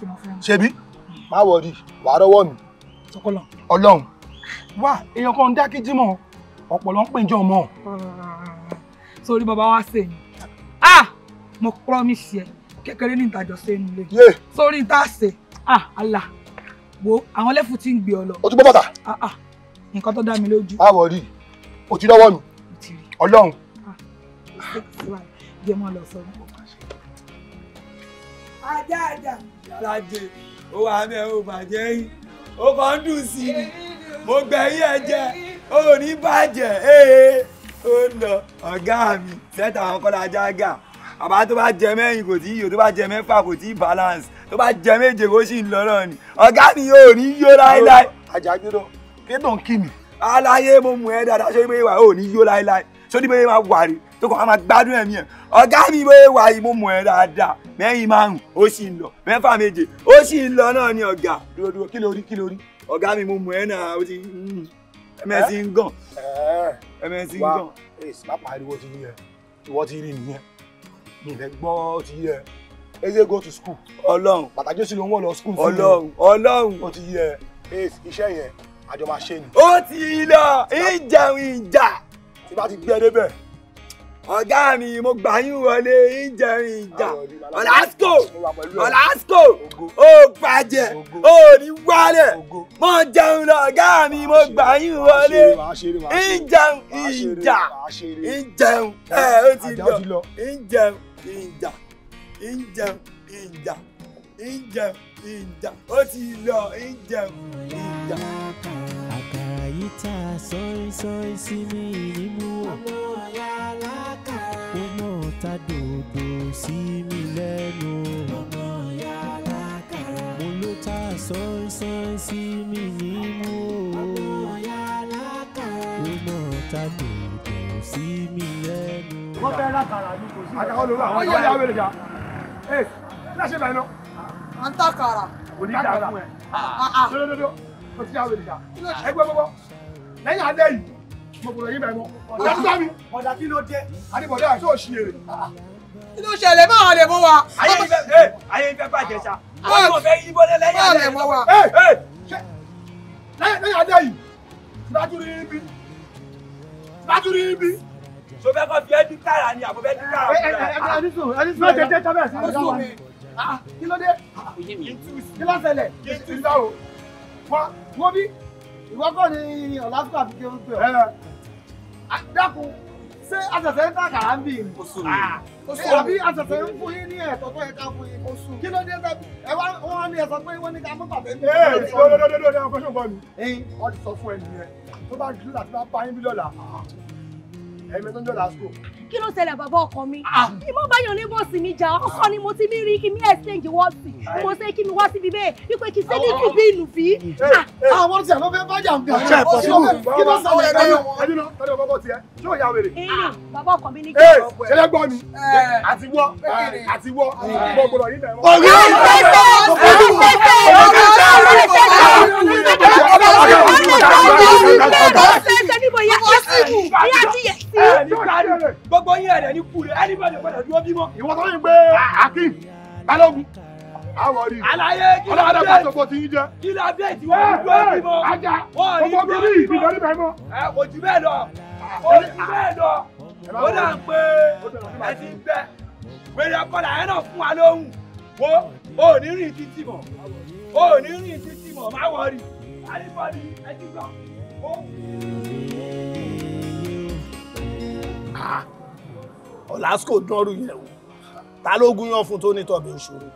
ṣebí mm. má wọrí wàá rọwọ́ mi ọlọ́run wá èèyàn kan ń dá kíjí mọ́ ọ̀pọ̀lọ́ ń pè jọ mọ́. sórí bàbá wa ṣe yìí ah mo promise ẹ kékeré ní ìtajọ ṣe ń lè sórí ìta ṣe ah Allah wo àwọn lẹ́fù tí ń gbé ọ lọ. o ti gbọ́ bàtà. nǹkan tó dá mi lójú. má wọrí o ti rọwọ́ mi ọlọ́run jẹ́ mọ́ lọ sọ́run. ajá ajá lajẹ ó wà bẹ́ẹ̀ ó bàjẹ́ yìí ó kàn ń i mo gbẹ̀yìn ẹ̀ jẹ́ ó ní bàjẹ́ ee ó lọ ọ̀gá mi sẹ́tà àwọn kọ́lá jágà àbá tó bá jẹ mẹ́rin kò tí yò tó bá jẹ mẹ́fà kò tí balance tó bá jẹ méje kó sì ń lọ náà ni ọ̀gá mi yóò ní yó láéláé. àjàgbérò kí ló ń kí mi. aláyé mo mú ẹ dáadáa sórí pé wà ó ní yó láéláé sórí pé wà wà rí tó kàn máa gbádùn ẹ̀mí ẹ̀ ọ̀gá mi bóyá wà yìí mo mọ̀ ẹ́ dáadáa mẹ́rin márùn ó sì ń lọ mẹ́fà méje ó sì ń lọ náà ní ọ̀gá dúró dúró kí ló rí kí ló rí ọ̀gá mi mo mọ̀ ẹ́ náà ó ti mm, ẹ̀mẹ́sì ń gàn ẹ̀mẹ́sì ń gàn. wá eh, èsì má pariwo ti yẹ ìwọ ti rí nìyẹn mi ìfẹ́ gbọ́ ti yẹ eze go to school. Ọlọ́run pàtàkì sí ló ń wọ lọ school. Ọlọ́run Ọlọ́run ó ti yẹ iṣẹ́ yẹn àjọ máa ṣe ni. ó ti lọ ìjẹun ìjà. tí ti gbé débẹ̀ ọ̀gá mi mo gbà yín wọlé ìjẹrin ìjà ọ̀làsíkò ọ̀làsíkò ó gbàjẹ́ ó ní wálẹ̀ mo jẹun lọ ọ̀gá mi mo gbà yín wọlé ìjẹun ìjà ìjẹun ẹ ó ti lọ ìjẹun ìjà ìjẹun ìjà ìjẹun ìjà ó ti lọ ìjẹun ìjà yíta sọ́rí sọ́rí sí mi nímú wò. ọmọ ya lákàrà. ó mọ̀ ta dòdò sí mi lẹ́nu. ọmọ ya lákàrà. mo ló ta sọ́rí sọ́rí sí mi nímú wò. ọmọ ya lákàrà. ó mọ̀ ta dòdò sí mi lẹ́nu. wọ́n fẹ́ lákàrà ní kò sí. àtàwọn olùwà àwọn yóò yà wẹ̀lẹ̀ jà. ee láṣẹ báyìí lọ. à ń tàkàrà. kò ní í dàgbà fún ẹ mo ọ̀dà kí ló dé adébọ̀dé kí ló ṣẹlẹ̀ máa lè mọ́ wa. ayé ìfẹ́ bàjẹ́ sa wọ́n yóò fẹ́ yí bọ́lẹ̀ lẹ́yìn mọ́ wa. lẹ́yìn alẹ́ yìí dájú ibi dájú ibi so fẹ́ kọ́ fi ẹ́ dín ni àbọ̀ fẹ́ dín kára fún ẹ. ẹni sùn ẹni sùn ẹjẹ tẹ tábìlì sí ọjọ́ wa kí ló dé kí wá wọ́n bí ìwọ kọ́ ni ọ̀làkùn àti kí o gbé ọ. dákun ṣé àṣẹṣẹ ń tàkàrà ń bì í. kò sóore kò sóore àbí àṣẹṣẹ ń fún yín ní ẹ̀tọ́ tó yẹ ká fún yín. kò sóore kí ló dé sẹ́bi ẹ wá wọ́n ní ẹ̀sọ́ pé wọ́n ní ká mú pàtẹ́ mi. ee lọ́dọ̀dọ̀dọ̀ ọ̀dọ̀ ọ̀kọ́ṣọ̀gbọ́n mi. ẹyin wọ́n ti sọ fún ẹ nìyẹn tó bá dúró ẹ̀mí tó ń jọ lásìkò. kí ló ṣẹlẹ̀ bàbá ọkọ mi ìmọ̀ báyọ̀ ní bọ́ọ̀sì mi jà ọkọ ni mo ti mi rí kí mi exchange wọ́ọ̀sì mo ṣe kí mi wá síbi bẹ́ẹ̀ wípé kí sẹ́ni kú bí ìlú bí. àwọn tí àwọn fẹ́ bá jà ń gbà ṣe pọ̀ sí wọn kí ló ṣẹlẹ̀ ẹ̀mí wọn. ẹ̀mí náà tọ́lẹ̀ bàbá ọkọ mi ní kí ọkọ ẹ̀. ṣẹlẹ̀ gbọ́ mi àti wọ́ àti wọ́ mo gbọ́dọ̀ yín dẹ̀ wọ́n. ọ̀gbìn ọ̀gbìn ọ̀gbìn sí. ẹ ní gbádùn gbogbo yín ẹ̀rẹ̀ ní kúrẹ́ anybody gbọ́dọ̀ dúró bímọ. ìwọ tó ń gbé akin balógun àwọn rí àlàyé ọlọ́dà pàṣẹpọ̀ ti yín jẹ. kìlọ̀ update wọ́n rí dúró eh, bímọ. Eh, ajá ọmọ bíbí ìbílẹ̀ níbẹ̀ mọ́. ẹ eh, kò jù bẹ́ẹ̀ lọ kò jù bẹ́ẹ̀ lọ ó dà ń pé ẹ ti ń bẹ́ wèrè ọkọlà ẹ náà fún wa ẹ ti gbọ́ ọ̀làsíkò ah, dánrù yẹn o ta ló gún yán fún tó ní tọ̀bẹ̀ òṣòro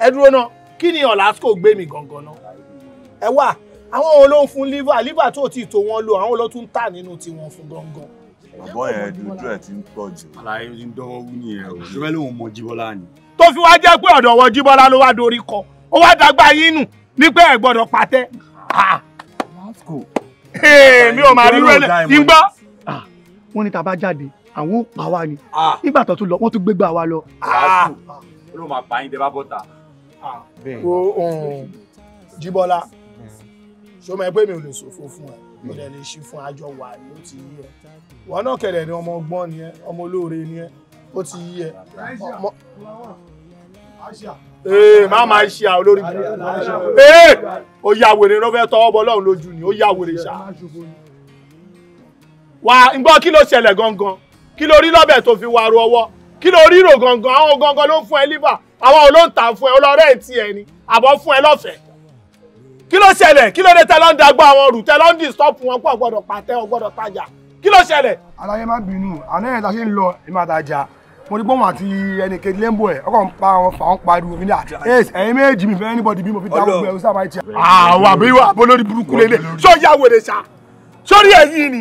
ẹ dúró náà kí ni ọ̀làsíkò gbé mi gangan náà ẹ wà àwọn ohun ló ń fún liver liver tó ti tò wọn lò àwọn ohun ló tún ń tà nínú tiwọn fún gangan. bàbá yẹn dúdú ẹ ti ń pọ̀ jù. aláyé ti ń dánwó wú ni ẹ o ṣọfẹ lòun mọ jíbọlá ni. tó fi wá jẹ́ pé ọ̀dọ̀ wọ jíbọlá ló wá dorí kọ ó wá dàgbà yín nù ní pé gbọ́dọ̀ pàtẹ. Ah! mi ò wọ́n ní tá bá jáde àwọn ò pa wá ni nígbà tó tún lọ wọ́n tún gbégbá wa lọ. ló máa pa yín tẹ bá bọ́ta. wo Jíbọ́lá ṣó máa pé mi ò lè ṣòfò fún ẹ mo lè lè ṣí fún àjọ wà ní ó ti yí ẹ wọn náà kẹlẹ ni ọmọ ọgbọ́n ni ẹ ọmọ olóore ni ẹ ó ti yí ẹ ee má máa ṣe àwọn olórí ó yà wèrè lọ́fẹ́ tọwọ́ bọ́ lọ́run lójú ni ó yà wèrè ṣá wà ńgbọ́ kí ló ṣẹlẹ̀ gangan kí ló rí lọ́bẹ̀ tó fi wàrú ọwọ́ kí ló rí rò gangan àwọn gangan ló ń fún ẹ lífà àwọn olóńtà fún ẹ olọ́rẹ́ ẹ̀ tiẹ̀ ni àbọ̀ fún ẹ lọ́fẹ̀ẹ́ kí ló ṣẹlẹ̀ kí ló dé tẹ́lọ́ ń dagbọ́ àwọn rù tẹ́lọ́ ń dìstọ́pù wọn pọ̀ gbọ́dọ̀ pàtẹ́ ọ gbọ́dọ̀ tajà kí ló ṣẹlẹ̀. aláyé má bínú àná yẹn ta ṣe ń lọ ìmọ̀ àtàjà mo ní gbọ́n àti ẹnì kejì lẹ́ńbù ẹ̀ ọkọ̀ ń pa àwọn fàwọn pariwo mi ní àti ẹ̀yìn méjì mi fẹ́ anybody bí mo fi dáwọ́ gbẹ̀rún sábà ẹ̀ tí. àwọn àbí wà bó lórí burúkú lélẹ̀ sọ ìyá wèrè ṣá sórí ẹ̀yìn ni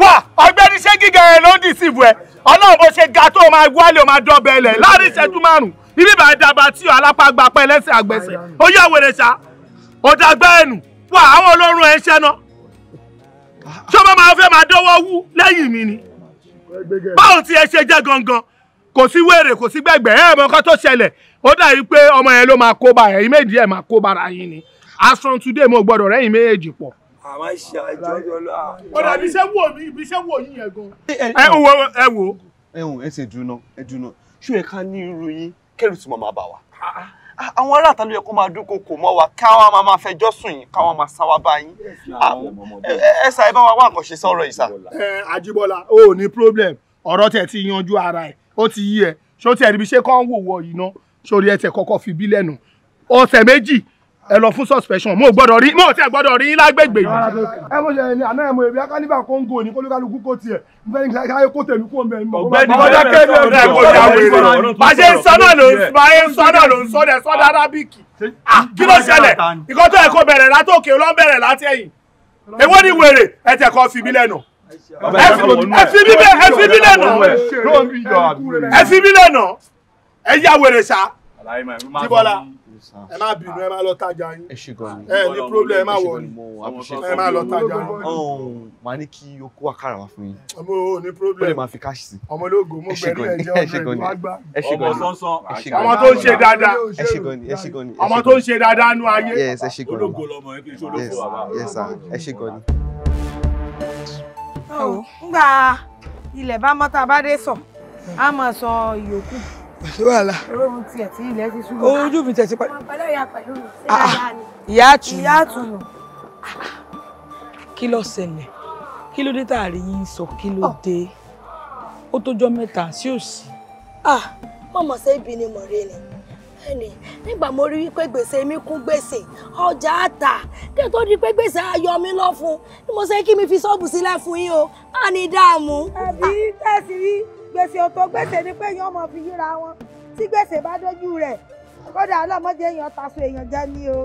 wà ọ̀gbẹ́ni ṣé gíga ẹ ló ń dì sí ìbú ẹ Ọlọ́run bó ṣe ga tó o máa wálé o máa dọbẹ ẹlẹ láàrin ìṣẹ́jú márùn ibi ìbàdàn dàbà tí alápá gba pẹ lẹ́sẹ̀ àgbẹ̀sẹ̀ ó yẹ wèrè ṣá ọdàgbẹ ẹnu wà àwọn olórun ẹ ń ṣẹná tó bá máa fẹ́ máa dọ́wọ́ wú lẹ́yìn mi ni báwo ti ẹ ṣe jẹ́ gangan kò sí wèrè kò sí gbẹ̀gbẹ̀ ẹ mọ nǹkan tó ṣẹlẹ̀ ó dàbí pé ọmọ yẹn ló máa kó ba ẹ̀yin méjì ẹ̀ máa kó bara yín ni aṣọ today mo gbọ́dọ̀ rẹ́yìn méjèèjì pọ̀ àmọ́ ṣe àjọyọ̀ lọ. ọ̀dà ibi iṣẹ́ wò mí ibi iṣẹ́ wò yín yẹn gan. ẹ wo ẹ wo. ẹ wo ẹ ṣe dùnà ẹ dùnà ṣó yẹ ká ní irú yín kẹrù tí mo máa bà wá. Ah, àwọn ará àtàlù yẹ kó máa dúnkò kò mọ́ wa káwọn máa máa fẹjọ́ sùn yín káwọn máa sáwá bá yín. Ah, ẹ ṣàì bá wa wá nǹkan ṣe sọ̀rọ̀ yìí sà. ẹ Àjíbọ́lá o ò ní problem ọ̀rọ̀ tẹ̀ ti yanjú ara ẹ̀ ó ti yí ẹ ṣó tẹ̀ ríbi ṣé kán wò wọ yìí ná sórí ẹ̀ tẹ̀ kọ́kọ́ fi bí lẹ́nu ọ̀sẹ̀ méjì ẹ lọ fún suspension mo gbọ́dọ̀ rí mo ti ẹ gbọ́dọ̀ rí lágbègbè yìí. ẹ mo ṣe ní àná ẹ mo èbí akálíbà kóńgò ní kólúkálukú kò tiẹ̀ n fẹ́ ní káyé kó tèmi kó mẹ́rin mọ́. ọ̀gbẹ́ni ọjọ́ kébí ọjọ́ ìkọjá wèrè bá ṣe ń sọnà ló ń bá ṣe ń sọnà ló ń sọdẹ sọdẹ arábìkì ah, kí ló ṣẹlẹ̀ ìkọ́ tó yẹ kó bẹ̀rẹ̀ látòkè ló ń bẹ̀rẹ̀ látẹ̀yìn èwo ni wèrè ẹ tẹ̀ kọ́ fi mí lẹ́nu ẹ fi mí lẹ́nu ẹ fi mí lẹ́nu ẹ fi mí lẹ́nu ẹ yá wèrè ṣá jíbọ́lá ẹ má bínú ẹ má lọ tajà yín ẹ ní problem ẹ má wọlé ẹ má lọ tajà yín. màá ní kí o kó àkàrà wá fún yín. ọmọ o ní problem ó lè máa fi káàṣì sí. ọmọ ológo mo bẹ̀rù ẹ̀jẹ̀ ọ̀gbẹ̀rù wá gbà. ọmọ sánsan ọmọ tó ń ṣe dáadáa ọmọ tó ń ṣe dáadáa nú ayé ológo lọmọ ẹ kì í ṣe ológo bàbá. ẹ ilẹ̀ bá mọ́ta bá dé sọ á máa sọ ìyókù sí wàhálà. olóhùn tiẹ̀ tí ilẹ̀ ti ṣubú. ojú mi tẹ̀ sí pẹ̀lú. pẹ̀lú ìyá pẹ̀lú mi sí dáadáa ah, ni. Ah, ìyá àtùnú. ìyá àtùnú. kí ló ṣẹlẹ̀ kí ló dé tààrí yín sọ kí ló oh. dé ó tójọ́ mẹ́ta sí òsì. ah mọ̀mọ́ ṣe ibi ni mọ̀rẹ́ ni ẹnì nígbà mo rí wípé gbèsè mi kún gbèsè ọjà àtà kí n tó di pé gbèsè ayọ mi lọ fún ni mo ṣe kí mi fi ṣọ́ọ̀bù sílẹ̀ fún yín o á ní dààmú. àbí tẹ̀sí rí gbèsè ò tó gbèsè ni pé èèyàn máa fi yíra wọn tí gbèsè bá dójú rẹ̀ kódà ọlọ́mọdé èèyàn taṣọ èèyàn jẹ́ ni o.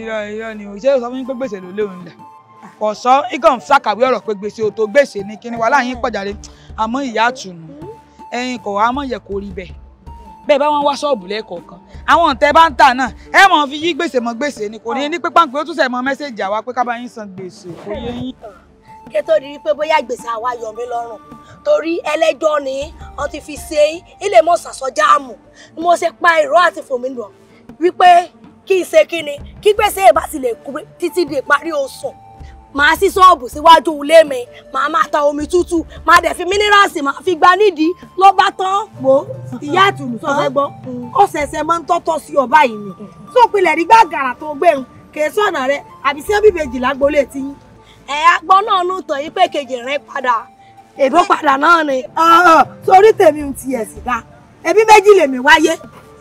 irọ́ irọ́ ni o ṣé o sọ fún mi pé gbèsè ló léwu nílẹ̀ kò ikan ṣàkàwé ọ̀rọ̀ pé gbèsè ò tó gbèsè ni kíni wàhálà yín pọ̀jáde àmọ́ ìyá àtùnú ẹ̀yin kò wá yẹ kó rí bẹ́ẹ̀ bẹ́ẹ̀ bá wọn wá ṣọ́ọ̀bù lẹ́ẹ̀kọ̀ọ̀kan àwọn ọ̀tẹ́ bá ń tà náà ẹ mọ̀ fi yí gbèsè mọ́ gbèsè ni kò ní ní pípàǹpé ó tún sẹ̀ mọ́ mẹ́sẹ̀jì àwa pé ká bá yín san gbèsè kò yẹ yín kẹ́ tó rí i pé bóyá gbèsè àwa yọ̀ mí lọ́rùn torí ẹlẹ́jọ́ ni wọ́n ti fi ṣe é ilé mọ̀ sàsọ́ jáàmù ni mo ṣe pa ìró àti fòmìnà wípé kí n ṣe kíni kí gbèsè ìbá ti lè kú títí di ìparí oṣù màá sí ṣọ́ọ̀bù síwájú ilé mi màá máa ta omi tútù màá dẹ̀ fi mínírààsì màá fi gba nídìí ló bá tán. wo ìyá àtùnú tó fẹ́ gbọ́ ó ṣẹ̀ṣẹ̀ máa ń tọ́tọ́ sí ọba yìí ni tó rí gbàgàrà tó gbẹ̀rún kèé sọ̀nà rẹ àbí sí ọ́bí méjìlá gbolé tiyín ẹ agbọ́ náà nù tọ̀ yìí pé kejì rẹ padà èbó padà náà ni. sórí tèmi ń tiẹ̀ sì dá ẹbí méjì lèmi wáyé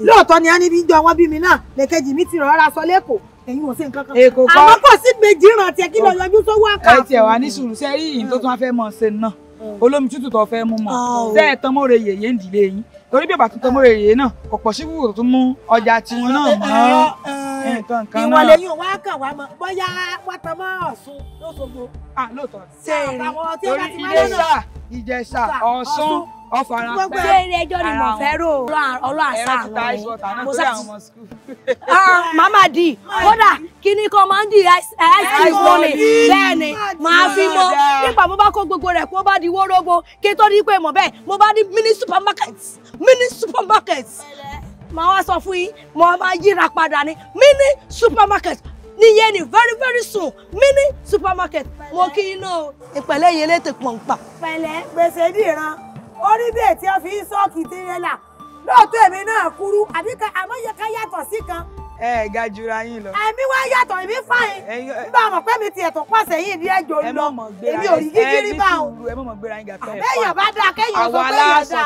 lóòótọ́ ni a níbi jọ wọ́n bí mi náà lẹ́kẹ́jì mi ti rọra sọ lẹ́kọ̀ọ́ ẹ̀yin ò sí nǹkan kan èkó kọ́ àmọ́ kò sí méjì rántí kí lọ yọjú sówó àkàkùn. ẹ tiẹ̀ wá ní sùúrù sẹ́rí yìí tó tún wá fẹ́ mọ̀ ṣe náà olómi tútù tó fẹ́ mú mọ̀ sẹ́ẹ̀ tán mọ́re yèyé ń dìde yín torí bí bàtú tó mú rèé náà kò sí wúrò tó mú ọjà tiwọn náà mọ́ ìwọ lẹ́yìn wá kàn wá mọ bóyá wá tan mọ́ lóṣogbo. à ah, lóòótọ́ sẹ́ẹ̀rì torí Iléṣà Ìjẹ̀ṣà Ọ̀ṣun ọfara pẹ gbogbo eré ẹjọ́ ni mo fẹ́ rò ọlọ àṣà àwọn mo sá mama ah, di kódà kíní kan máa ń di ice cream lónìí bẹ́ẹ̀ ni màá fi mọ nípa mo bá kó gbogbo rẹ̀ kó bá di wórógbó kí n tó di pé mo bẹ́ẹ̀ mo bá di mini supermarket mini supermarket màá wá sọ fún yín mo máa yíra padà ní mini supermarket níyẹn ni very very soon mini supermarket mo kí iná ìpẹ̀lẹ́ yẹlé ti pọ̀npà. pẹ̀lẹ́ gbèsè ní ìran orí bẹ́ẹ̀ tí wọ́n fi ń sọ́ọ̀kì tirẹ̀là lóòótọ́ èmi náà kúrú àbí àmọ́ yẹ ká yàtọ̀ sí kan. ẹ ẹ ga jura yín lọ. ẹ̀mí wá yàtọ̀ èmi fáyín nígbà mọ̀ pé mi ti ẹ̀tọ̀ pàṣẹ yìí ní ẹjọ́ lọ èmi ò rí gígírí bá o. ẹ mọ̀ gbéra yín gàfẹ́ ẹ̀ fà. bẹ́ẹ̀ yàn bá dáa kẹ́yìn oṣù pé yàn dáa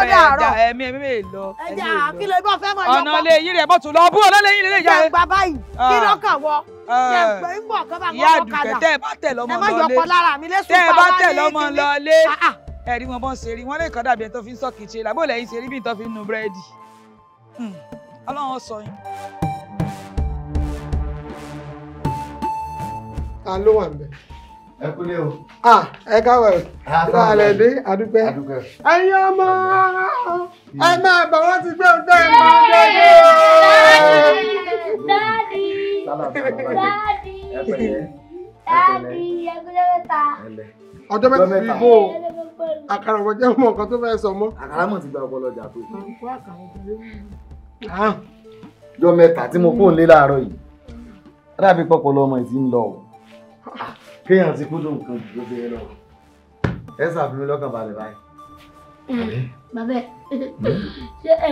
ọ̀dà àárọ̀ ẹ̀mí ẹ̀mí mi lọ. ẹ̀jẹ̀ àkìlọ̀ ibà fẹ́ mọ̀ ah. ah. yọpọ̀. ọ̀nà lè yí rẹ̀ mọ́tò lọ bú ọ̀nà lè yí rẹ̀ yá. jẹ́ gbà báyìí kí lọ́kàn wọ ẹ rí wọn bọ́n ṣe rí wọn lè kọ́ dàbí ẹni tó fi ń sọ̀kì ṣe làbó lẹ́yìn ṣe rí bí nǹkan fi ń nu búrẹ́dì hmm, ọlọ́run sọ yín. ta ló wà ń bẹ̀. ẹ kúlé o. ah ẹ káwọ ẹ láàlẹ dé àdúgbẹ ẹ̀yin ọmọ ẹ máa bọ̀ wọ́n ti gbé ọgbẹ́ ẹ máa gbé ọgbẹ́ dáàdì dáàdì dáàdì ẹgbẹ́ mẹ́ta ọjọ́ mẹ́ta fi bó o àkàrà ọ̀bọ jẹ́ mọ̀ nǹkan tó fẹ́ sọ mọ́. àkàrà mọ̀ ti gba ọpọlọ ọjà tó. Ah. ọjọ́ mẹ́ta tí mo kó lé láàárọ̀ yìí rábì pọpọlọ ọmọ ìdí ń lọ o ah, kéèyàn ti kó lóun kan jù lóbi ẹ lọ ẹ sàbí mi lọ́kàn balẹ̀ báyìí. bàbá ṣé ẹ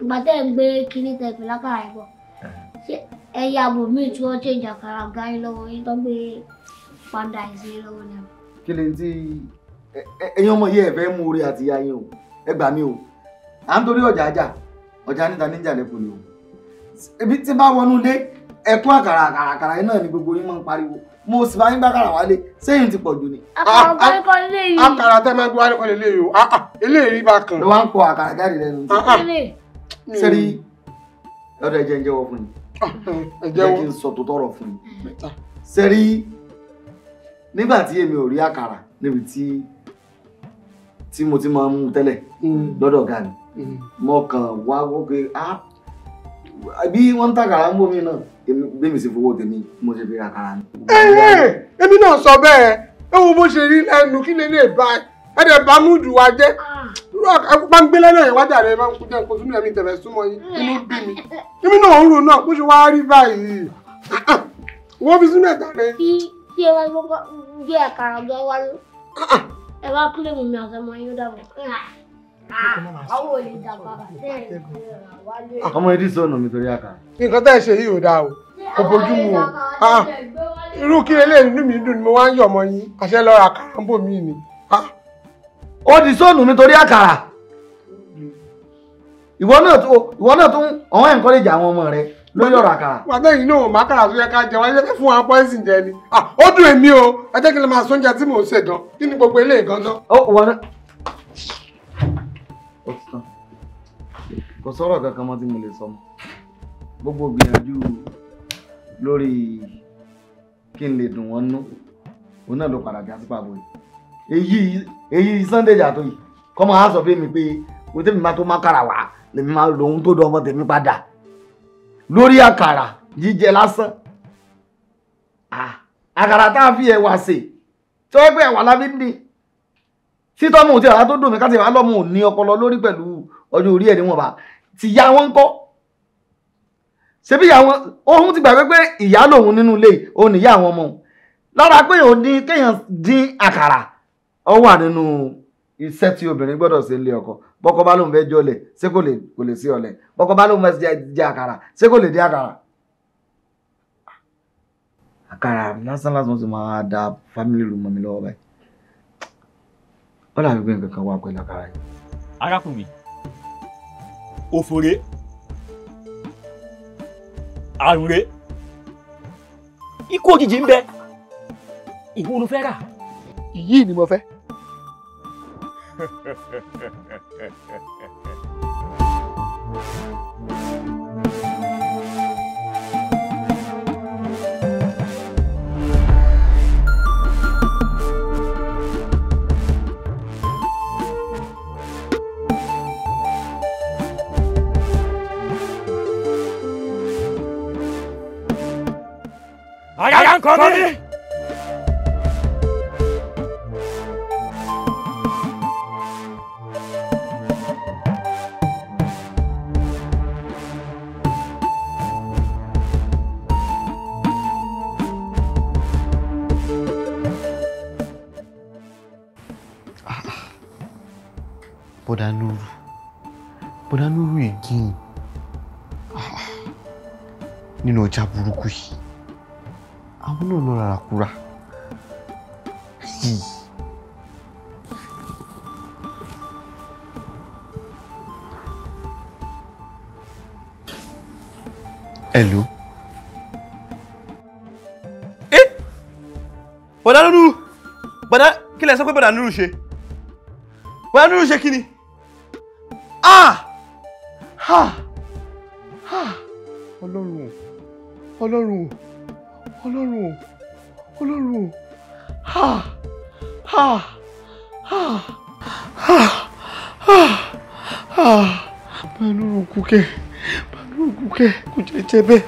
ìgbà tẹ́ ẹ ń gbé kinní tẹ ìpínlẹ̀ àkàrà ẹ̀ bọ̀ eh. ṣé ẹ yàgò míì tí wọ́n ṣe ìjàkàrà gáyé lọ́wọ́ yín tó gbé panda ìṣeré lọ́wọ́ ni. kí ni ti ẹ̀yin ọmọ yìí ẹ fẹ́ mú orí àti ìyá yín o ẹ gbà mí o à ń torí ọjà ajá ọjà níta níjà lẹkùn ni o ibi tí bá wọnú ilé ẹkún àkàrà àkàrà àkàrà yìí náà ni gbogbo yín máa ń pariwo mo sì máa ń gbàkàrà wálé sẹ́yìn ti pọ̀ jù ni. àkàrà ah, kọ́lékọ́ ah, lè yìí. àkàrà tẹ́ máa ń gbọ́ kọ́lékọ́ lè yìí o eléyìí ah, bá kàn. ló wá ń pọ àkàrà jáde lẹ́nu. sẹ́rí lọ́dọ̀ ẹ̀jẹ̀ ń jẹ́wọ́ fún yín. ẹ̀jẹ̀ kí n sọ tó tọrọ fún yín. sẹ́rí nígbà tí èmi ò rí àkàrà níbi tí tí mo ti máa ń mú tẹ́lẹ̀ mm. lọ́dọ̀ ọ̀gá mi mm. mo kàn wá wọ́pẹ́ bí wọ́n ń tàkàrà ń bómi náà bẹ́mi sì fowó tèmi mo ṣe fi ra àkàrà ni. Eh, eh, eh, èmi náà sọ bẹ́ẹ̀ ẹ wo bó ṣe rí lẹ́nu kí lè lè bá ẹ dẹ̀ bá múdù wa jẹ́ bá ń gbé lẹ́nà yẹn wájà rẹ̀ máa ń kújẹ́ nǹkan súnmọ́ mi tẹ̀fẹ̀ súnmọ́ yín inú bí mi èmi náà ń ronú àpòṣe wá rí báyìí ah, ah, wọ́n fi súnmọ́ ẹ̀dá rẹ̀ tí ẹ bá gbọ́ gbé àkàrà ọ̀gá ẹ wá ló ẹ bá kúlẹ̀ mọ̀ mi àtọmọ yín dàbọ̀. àwọn olè dàgbà bẹ́ẹ̀ ọmọ ìdí sọnù mi torí àkàrà. nǹkan tá ẹ ṣe yìí ò dáa o kò bójú mu o irú kí lélẹ́yìn inú mi dùn ni mo wá ń yọ̀ ọmọ yín àṣẹ lọ́ọ́ àkàrà ń bò mí ni ó di sóònù nítorí àkàrà ìwọ náà tún ọ̀hún ẹ̀ńkọ́lẹ́jì àwọn ọmọ rẹ lórí ọ̀rọ̀ àkàrà. wàtẹ́ yìí náà màkàrà tó yẹ ká jẹ wáyé fẹ́ fún wa pọ́ìsìn jẹ ni. Ah, ó dùn èmi o ẹ jẹ́ kí n lè máa sóúnjẹ tí mò ń ṣe gan kí ni gbogbo eléyìí gan ná. ó wọ ná. ó ti tán kò sọ̀rọ̀ kankan mọ́ tí mo lè sọ mọ́ gbogbo gbìyànjú lórí kí n lè dùn wọ́n nú òun náà ló padà já sí pàbó yìí èyí èyí Sunday jàtó yìí kọ́ máa sọ fún mi pé mo tẹ́mi máa tó má kára wá lèmi máa lòun tó dùn ọmọ tèmi padà lórí àkàrà jíjẹ lásán àkàrà tá a fi ẹ̀wà sè tí wọ́n gbé ẹ̀wà lábí ní sítọ́mù tí ọ̀rá tó dùn mí káṣí wàá lọ́mù ní ọpọlọ lórí pẹ̀lú ọjọ́ orí ẹ̀ níwọ̀nba ti ya wọn ń kọ́ ṣebí àwọn ohun ti gbàgbé pé ìyá lòun nínú ilé òun nìyá àwọn ọmọ lára pé òun dín kéèyàn dín àkàrà ó wà iṣẹ́ tí obìnrin gbọ́dọ̀ ṣe nílé ọkọ bọ́kọ bá lóun fẹ́ jọlẹ̀ ṣé kò lè kò lè sí ọlẹ̀ bọ́kọ bá lóun fẹ́ jẹ àkàrà ṣé kò lè dé àkàrà. àkàrà lásán lásán ti máa da family room mọ́ mi lọ́wọ́ báyìí ó dàbí pé nǹkan kan wà pẹ̀lú àkàrà yìí. arákùnrin òfòrè àrùnrè ikú òjijì ń bẹ ìwọ ló fẹ́ rà. èyí ni mo fẹ́. あがらんこ Bọ̀dá Nuru. Bọ̀dá Nuru again. Ah, nínú ọjà burúkú yìí. Àwọn náà lọ rárá kúra. Hello. Eh! Bọ̀dá Nuru! Bọ̀dá kí lẹ sọ pé Bọ̀dá Nuru ṣe? Bọ̀dá Nuru ṣe kí ni? ọlọ́run ọlọ́run ọlọ́run ọlọ́run báyìí ha, ha, ha, ha, ha, ha. rò kú kẹ́ kò jẹ́ jẹ́ bẹ́ẹ̀.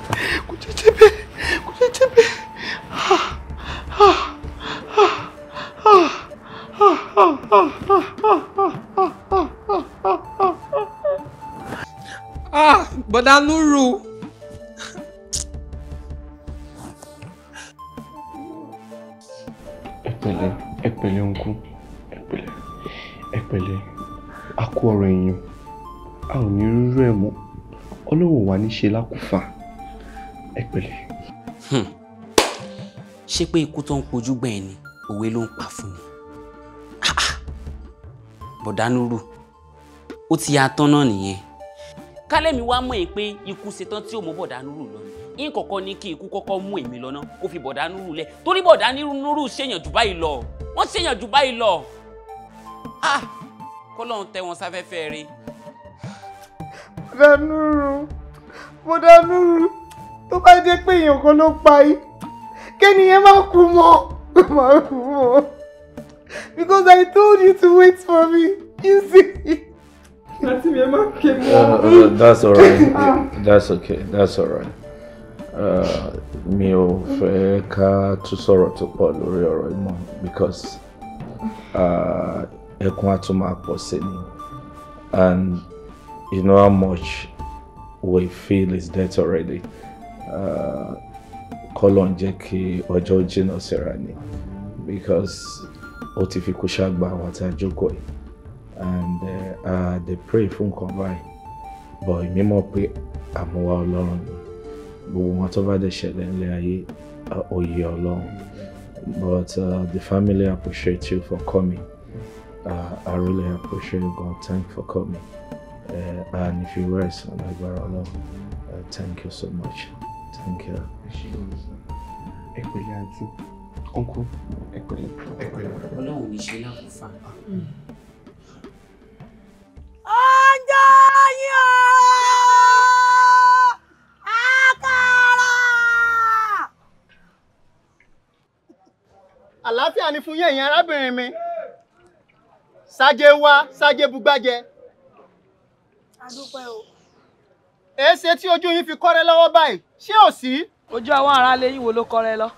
bọ̀dá núrù. ẹ pẹ̀lẹ́ ẹ pẹ̀lẹ́ òǹkù ẹ pẹ̀lẹ́ ẹ pẹ̀lẹ́ a kú ọ̀rọ̀ èèyàn a ò ní rírú ẹ̀ mọ́ ọlọ́wọ́ wa ní ṣe lákùfà ẹ pẹ̀lẹ́. Hmm. ṣé pé ikú tó ń pojú gbẹ̀yìn ni òwe ló ń pa fún mi ah, ah. bọ̀dá núrù ó ti yà tán náà kálẹ̀mí wá mọ̀ ẹ́ pé ikú ṣetán tí ò mọ́ bọ̀dá nírú lọ ìkọ̀kọ́ ní kí ikú kọ́kọ́ mú èmi lọ́nà kó fi bọ̀dá nírú lẹ̀ torí bọ̀dá ṣèyàn jù báyìí lọ wọ́n ṣèyàn jù báyìí lọ ah kọ́lọ́hún tẹ wọn sáfẹ́fẹ́ rí. bọ̀dá nírú bọ̀dá nírú tó bá dé pé èèyàn kan ló pa yìí kẹ́niyẹn má kú mọ́ má kú mọ́ because I told you to wait for me you see àti mi ẹ that's uh, uh, uh, alright ah. that's okay that's alright mi ò fẹ́ ká tún sọ̀rọ̀ tó pọ̀ lórí ọ̀rọ̀ yìí because ẹkún á tún máa pọ̀ sí ni and you know how much we feel is dead already kọ́lọ̀ ń jẹ́ kí ọjọ́ jìnnà síra ni because ó ti fi kú ṣàgbà àwọn àti àjókòó yìí and uh, uh, they pray fún nǹkan báyìí but èmi mọ̀ pé àmúwá ọlọ́run ni gbogbo wọn tó bá dé ṣẹlẹ̀ ńlẹ̀ ayé òye ọlọ́run but uh, the family appreciate you for coming uh, I really appreciate God thank you for coming uh, and if you rest on agbára ọlọ́run uh, thank you so much thank you. ẹ pẹ̀lẹ́ àǹtí uncle ẹ pẹ̀lẹ́. ọlọ́run ò ní ṣe lákòófà. Mm àlàáfíà ni fún yín ẹ̀yin arábìnrin mi ṣáájé wá ṣáájé bugbájẹ. adúpẹ́ o. èéṣe tí ojú yín fi kọ́rẹ́ lọ́wọ́ báyìí ṣé ò sí. ojú àwọn ará lẹ́yìn wo ló kọ́rẹ́ lọ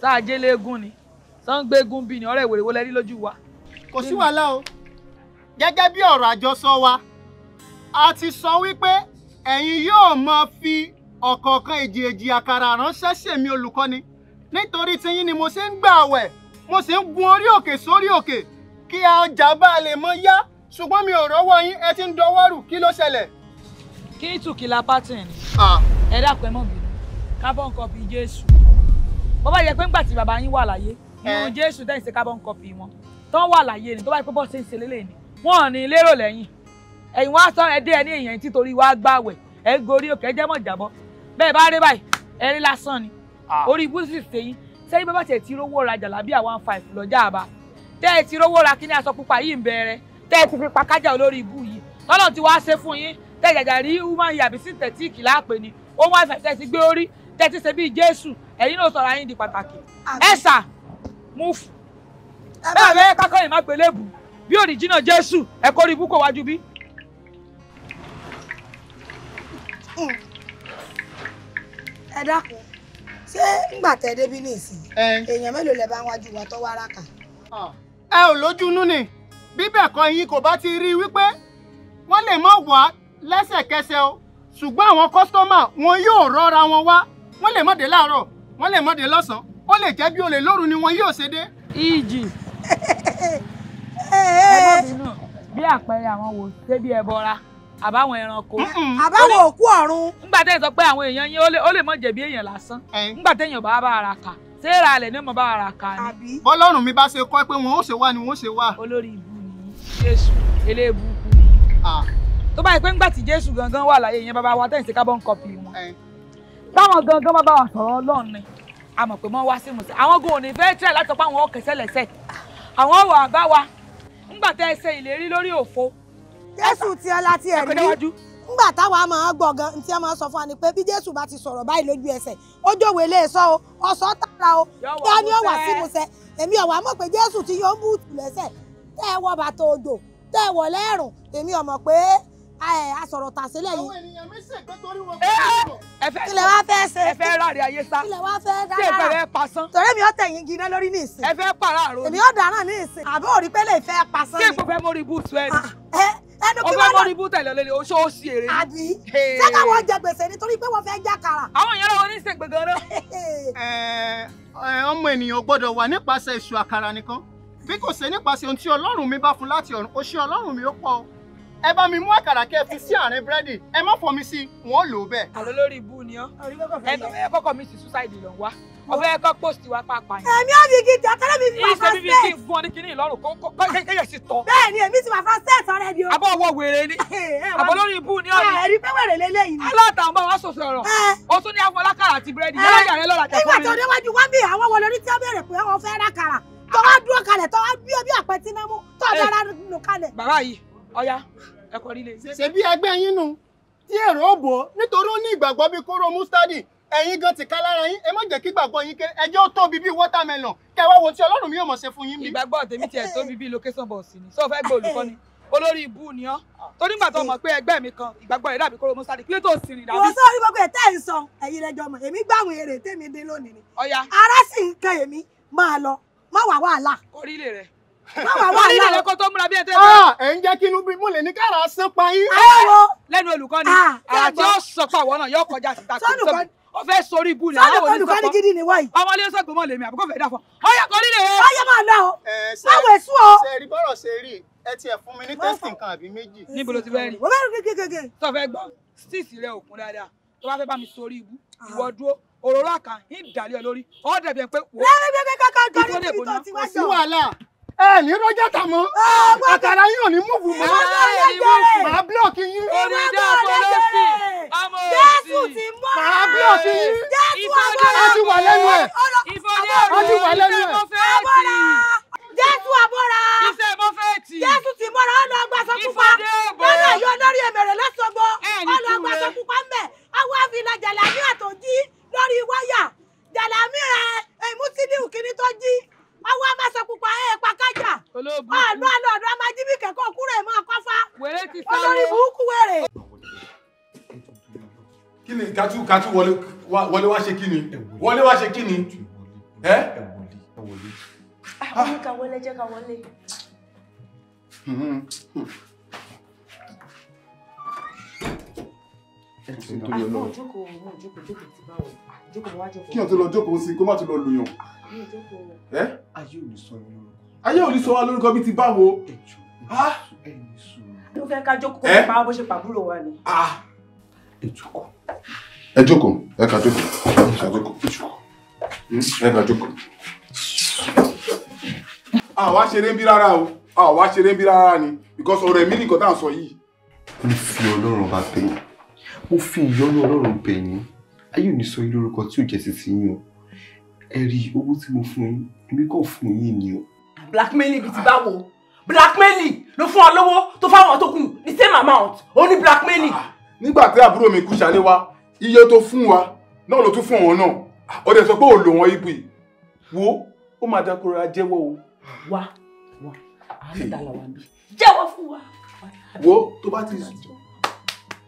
ṣáájé léegun ni sọ́ńgbégun bíi ni ọ̀rẹ́ ìwèrè wo lẹ́rí lójú wa. kò sí wàhálà o gẹ́gẹ́ bí ọ̀rọ̀ àjọsọ wa a ti sọ wípé ẹ̀yin yóò máa fi ọ̀kọ̀ọ̀kan èjì èjì àkàrà ránṣẹ́ sèmi olùkọ́ni nítorí tiyín ni mo ṣe ń gbà àwẹ̀ mo sì ń gun orí òkè sórí òkè kí ọjà bá lè mọ yá ṣùgbọ́n mi ò rọ́wọ́ yín ẹ ti ń dọwọ́ rù kí ló ṣẹlẹ̀. kí ìtùkìlà pátìn ni ẹ dákun ẹ mi carbon copy jésù bó bá yẹ pé ńgbà tí bàbá yín wà láyé ìrùn jésù dẹ́yìn sí carbon copy wọn tó wà láyé ni tó bá yẹ pé bọ́ọ̀ ṣe ń ṣe lélẹ̀ ni wọn ò ní lérò lẹ́yìn ẹ̀yìn wọn á sọ ẹ dé ẹ ní èèyàn títorí wàá gbàwẹ̀ ẹ gorí òkè jẹ́ mọ̀ jàbọ́ bẹ́ẹ̀ bá rí báyìí ẹ rí lásán ni ah. orí ibùsùn sèyí sẹ́yìn bàbá tẹ̀ tí rówó ra jàlábí àwọn àǹfààní lọ́jà àbá tẹ́ ẹ ti rówó ra kí ní aṣọ pupa yìí ń bẹ̀rẹ̀ tẹ́ ẹ ti fi pakájà olórí ibú yìí tọ́lọ̀ tí wàá ṣe fún yín tẹ́ jàjà rí human yàbí sí tẹ̀tíìkì láàpẹ ni ó wá ìfẹ́ tẹ́ ti gbé orí tẹ́ ti ṣe bíi Jésù ẹ̀yin náà sọ̀rọ̀ ayé di pàtàkì ẹ̀sà mú bẹ́ẹ̀ bẹ́ẹ̀ kákọ́ yìí má bí òrìjìnà jésù ẹ kó rí ibú kò wájú bí. ẹ dákun ṣé ńgbà tẹ débi ní ìsìn èèyàn mélòó lẹ bá wájú wa tó wára kà. ẹ ò lójúnú ni bí bẹ́ẹ̀ kọ́ yín kò bá ti rí wípé wọ́n lè mọ̀ wá lẹ́sẹ̀kẹsẹ̀ o ṣùgbọ́n àwọn kọ́sítọ́mà wọn yóò rọra wọn wá wọ́n lè má dé láàárọ̀ wọ́n lè má lọ́sàn-án ó lè jẹ́ bí olè lóru ni wọn yóò ṣe dé. ìjì Eh, eh. bí àpẹẹrẹ àwọn wò débi ẹbọra àbáwọn ẹranko. àbáwọn òkú ọ̀run. nígbà tẹ́yìn sọ pé àwọn èèyàn yín ó lè mọ̀ jẹ̀bi èèyàn lásán nígbà tẹ́yìn ọ̀bá bá ara kà séèrà alẹ̀ ní ọmọ bá ara kà ni. bọ́lọ́run mi bá ṣe kọ́ pé wọn ó ṣe wá ni wọn ó ṣe wá. olórí ibu ni jésù eléèbú kú ni. tó bá pé ńgbà tí jésù gangan wà láyé yẹn bàbá wa tẹ̀yìn sí carbon copy wọn. táwọn gangan bá wa sọ̀rọ̀ ọlọ́run a mọ̀ pé wọ́n wá sí mùsùlùmí àwọn gan ní fẹ́ tíra láti sọ ńgbà tẹ́ ẹ ṣe ìlérí lórí òfo. jésù tí ọlá tí ẹ rí ńgbà táwa máa ń gbọ̀ngàn a máa ń sọ ni pé bí jésù bá ti sọ̀rọ̀ báyìí lójú ẹsẹ̀ ó jòwé léèṣọ́ e o ọ̀sán tààrà o kí á ní ọ̀wà sí musẹ̀ èmi ọ̀wà mọ̀ pé jésù tí yóò ń bùtù lẹ́sẹ̀ tẹ́ ẹ wọ bàtà òjò tẹ́ ẹ wọ lẹ́rùn èmi ọ̀mọ̀ pé asọ̀rọ̀ tàṣílẹ̀ yìí. àwọn ènìyàn mi ṣègbè torí wọn kò ní eh! bọ̀. kílẹ̀ wá fẹ́ ṣe. ẹ fẹ́ ráre ayé sá. kílẹ̀ wá fẹ́ dára. ṣé ìfẹ́ rẹ pasán. torí mi ò tẹ̀yìn giná lórí ní ìsìn. ẹ fẹ́ pààrọ̀ àrò. èmi ò dáná ní ìsìn. àbí òrí pé lè fẹ́ pasán ni. ṣé ìpòfẹ́ mórí bú tu ẹni. Ah, eh, eh, ẹnu kí wọ́n lọ. ọfẹ́ mórí bú tẹ̀lé lélẹ̀ oṣó ó sì èrè. àbí ṣé káwọn jẹ gbèsè nítorí pé wọ́n fẹ́ já kara. àwọn èèyàn lọ́wọ́ ní ìsègbè gan-an. ọmọ ènìyàn gbọ́dọ̀ wà nípasẹ̀ èṣù àkàrà nìkan bí kò ṣe nípasẹ̀ ohun tí Ọlọ́run mi bá fún láti ọ̀run ó ṣe Ọlọ́run mi ó pọ̀ ẹ bá mi mú àkàrà kẹ́ fi sí àárín búrẹ́dì ẹ má fọmi sí wọn lò ó bẹ́ẹ̀. àlọ́ lórí ibú ni ọ́ ẹ tó mi sí suicide lọ wá ọfẹ́ kọ́ post wa pàápàá yẹn. èmi ò fi kí n tẹ ọtọ́lẹ́ mi fi máa fa state. ìṣèbí kí n fún ọ ní kinní ìlọrùn kó kó kéyè sí tọ. bẹ́ẹ̀ni èmi ti máa fa state ọ̀rẹ́ mi o. abọ́ ọwọ́ wèrè ni àbọ̀ lórí ibú ni ọ̀rẹ́. ẹ̀rí pé wèrè lélẹ́yìn. aláǹtà ọmọ wa sòsò ọ̀rọ̀ o tún ní afọ lákàrà àti búrẹ́dì yálà yàrá lọ́la tẹ̀ fún mi. nígbà tó níwájú wá bí àwọn wọlé orí tí wọ́n béèrè pé wọ́n fẹ́ rà kàrà tó wá dúró kalẹ̀ tó wá bí ọbí àpẹtínẹ́mú tó ọ̀dọ́ ẹ̀kọ́ líle. ṣebí ẹgbẹ́ yín nu tí èrò ò bò nítorí ó ní ìgbàgbọ́ bíi kóró mustadi ẹ̀yin gan ti ká lára yín ẹ má jẹ́ kí ìgbàgbọ́ yín kéré ẹjẹ́ ó tóbi bíi watermelon kẹ wá wo tí ọlọ́run mi yóò mọ̀ ṣe fún yín bí. ìgbàgbọ́ tèmi tiẹ̀ tóbi bíi location bus ni sọ fẹ́ gbé olùkọ́ ni olórí ibú ni ọ́ torí nígbà mọ̀ pé ẹgbẹ́ mi kan ìgbàgbọ́ rẹ̀ dàbí kóró mustadi kí ló tó sì rìn dàbí. ìwọ sọ́ọ́ rí gbogbo ẹ̀ tẹ́ ń sọ ẹ̀yin lẹ́jọ́ mọ̀ èmi gbàwọn èrè tèmi dín lónìí ni. ọ̀ya ara sì ń kan èmi máa lọ má wà wàhálà. orílẹ̀ rẹ̀ báwa wà láwọn. onílẹ̀ kó tó múra bí ẹ tẹ́ bá. ẹ ń jẹ́ kí inú bí mo lè ní kára sán pa yín. lẹ́nu olùkọ́ni àti ọ̀sọ̀pọ̀ àwọn náà yóò kọjá síta kó sọ́mi ó fẹ́ sórí ibu ni àwọn olùkọ́ni gidi ni wáyìí. ọmọ ilé sọ́gbọ̀n mọ́ lèmi àbúkọ́ fẹ́ dà fún ọ yẹ kọ́ nílé. ó yẹ máa lọ báwo èso o. sẹ́ẹ̀rì bọ́rọ̀ sẹ́ẹ̀rì ẹ tiẹ̀ fún mi ní tẹ́sítì nǹkan àbí méjì. níbo ló ti fẹ́ rí. mo bẹ́ẹ̀ rí kékeré. tó ẹ ní rọjá tà mọ àtàrà yín ò ní múùfù mọ màá búlọọkì yín jésù ti mọ màá búlọọkì yín ó ti wà lẹ́nu ẹ ó ti wà lẹ́nu ẹ jésù àbúra iṣẹ́ mo fẹ́ tì jésù ti mọ́ra ọ̀nà ọgbàsán pupa lọ́nà yóò lórí èmèrè lọ́sọ̀gbọ́ ọ̀nà ọgbàsán pupa ń bẹ̀ àwọn àfihàn jàlámíà tó jí lórí wáyà jàlámíà ẹ̀mú sídìí òkìní tó jí ọwọ́ amásọ pupa ẹ̀ pàkájà ọ̀nù àlọ́ ọ̀dọ́ amájíbí kẹ́kọ̀ọ́ kúrò mọ́ ọkọ́fà olórí burúkú wèrè. kí ni kátú kátú wọlé wá ṣe kí ni wọlé wá ṣe kí ni ẹ. ọmọ ah, ká wọlé jẹ́ ká wọlé. Hmm, hmm, hmm. Ah, kí ọ̀tún lọ jókòó sí kó má tún lọ lùyàn. ayé ò ní sọ wá lórúkọ bí ti báwo. ló ah! fẹ́ ká jókòó kó pa bó ṣe pàbúrò wa ni. Ah! ẹ jókòó ẹ ká jókòó ẹ ká jókòó ẹ hmm, ká jókòó. àwa ṣeré ń bí rárá o àwa ṣeré ń bí rárá ni because ọ̀rọ̀ ẹ̀mí nìkan tá à ń sọ yìí. ó fi ọlọ́run bá pè é mo fi ìyọ́nú ọlọ́run bẹ̀ yín ayé ò ní sọ yín lórúkọ tí ò jẹ́ sísí yín o ẹ rí owó tí mo fún yín èmi kàn fún yín ni o. blackmailing bíi ti báwo blackmailing ló fún ọ lówó tó fáwọn tó kù the same amount ó ní blackmailing. Ah, nígbà tí àbúrò mi kú ṣálé wá iye tó fún wa náà ló tún fún wọn náà ó dẹ̀ sọ pé ò lò wọ́n ibù yìí wo ó máa dákúrò jẹ́wọ́ o. wá wá àánú dàlà wà bí jẹ́wọ́ fún wa. wo tó bá ti sùn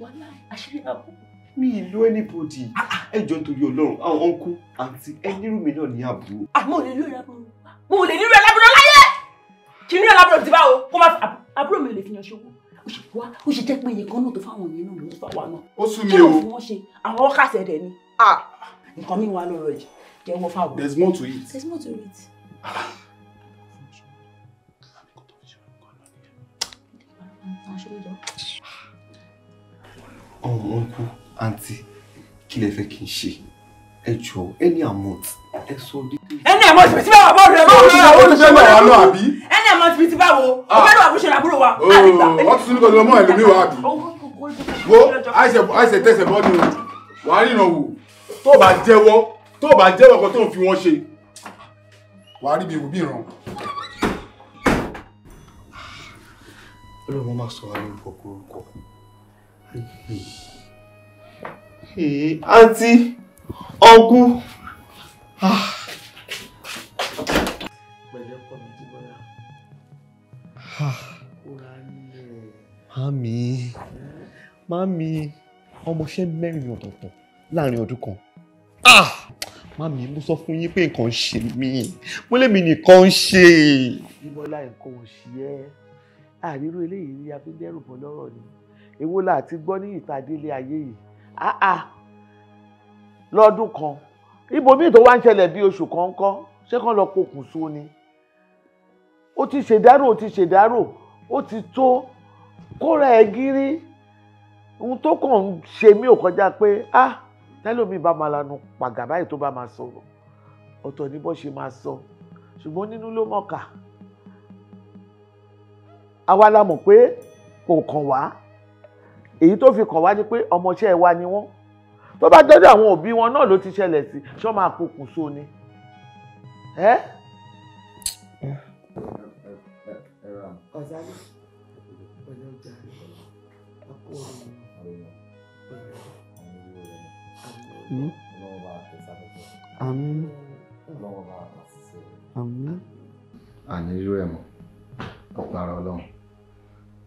wàhálà àṣírí àbò. Ah, mi ì lo anybody ah, ah, ẹ jọ nítorí Ọlọ́run àwọn ọńkú àǹtí ẹni rú mi náà ní àbúrò. àmọ́ ò lè lórí àbúrò mo lè nírú ẹlábúrò láyé kí nírú ẹlábúrò ti bá o kó má àbúrò mi ò lè fi yan ṣòwò ó ṣe wá ó ṣe jẹ́ pé iye kan náà tó fáwọn yẹn náà ló fà wá náà. ó sún mi o kí ló fi wọ́n ṣe àwọn ọkàṣẹ rẹ ni. nǹkan mi wà lọ́rọ̀ yìí jẹ́wọ́ fáwọn. there is more to it. there is more to it ọ̀hún ọ̀nkú àǹtí kí lẹ fẹ́ kí n ṣe ẹ jọ any amount ẹ sọ dídí. ẹni ẹ̀ mọ̀ síbi tí báwo bọ́ọ̀lù ẹ̀ bọ́ọ̀lù ẹ̀ bọ́ọ̀lù ẹ̀ bọ́ọ̀lù ẹ̀ bọ́ọ̀lù àbí. ẹni ẹ̀ mọ̀ síbi tí báwo ọ̀gbẹ́ni wà bó ṣe làbúrò wa. ó ti sunukọ lọmọ ẹ lómi wa àbí. wo àìsè tẹsẹ̀ bọ́ ni wà á rìnà wò tó bá jẹ́wọ́ tó bá jẹ́wọ́ kan tó ń fi wọ́n ṣe wà á rí ibi ìwù bí ìran. máa sọ àwọn àǹtí ọ̀nkú. Ah. pẹ̀lú ọkọ mi ti bọ́lá. Ah. mami mami ọmọọṣẹ́ mẹ́rin ọ̀tọ̀ọ̀tọ̀ láàrin ọdún kan. Ah. Mami, mo sọ fún yín pé nǹkan ṣe mí. Mo lémi nìkan ṣe. Bíbọ́lá nǹkan ò ṣe ẹ́. Àríró eléyìí ni a fi dẹ́rù lọ́rọ̀ ni èwo la ti gbọ́ ní ìtàdílé ayé yìí àà lọ́dún kan ibòmíì tó wá ń ṣẹlẹ̀ bí oṣù kan kọ́ ṣé kán lọ pokùn so ni ó ti ṣèdárò ó ti ṣèdárò ó ti tó kóra ẹ gírí ohun tó kàn ń ṣe mí ò kọjá pé ah tẹ́lómi bá máa lanu pàgà báyìí tó bá máa sọ̀rọ̀ ọ̀tọ̀ ni bó ṣe máa sọ ṣùgbọ́n nínú ló mọ̀ọ́kà àwa la mọ̀ pé kò kàn wá èyí tó fi kàn wá ni pé ọmọọṣẹ́ wa ni wọ́n tó bá dọ́dọ̀ àwọn òbí wọn náà ló ti ṣẹlẹ̀ sí ṣọ́ máa pokùn so ni. Àmín. ẹ̀ mọ̀, ọ̀pọ̀ ara Ọlọ́run.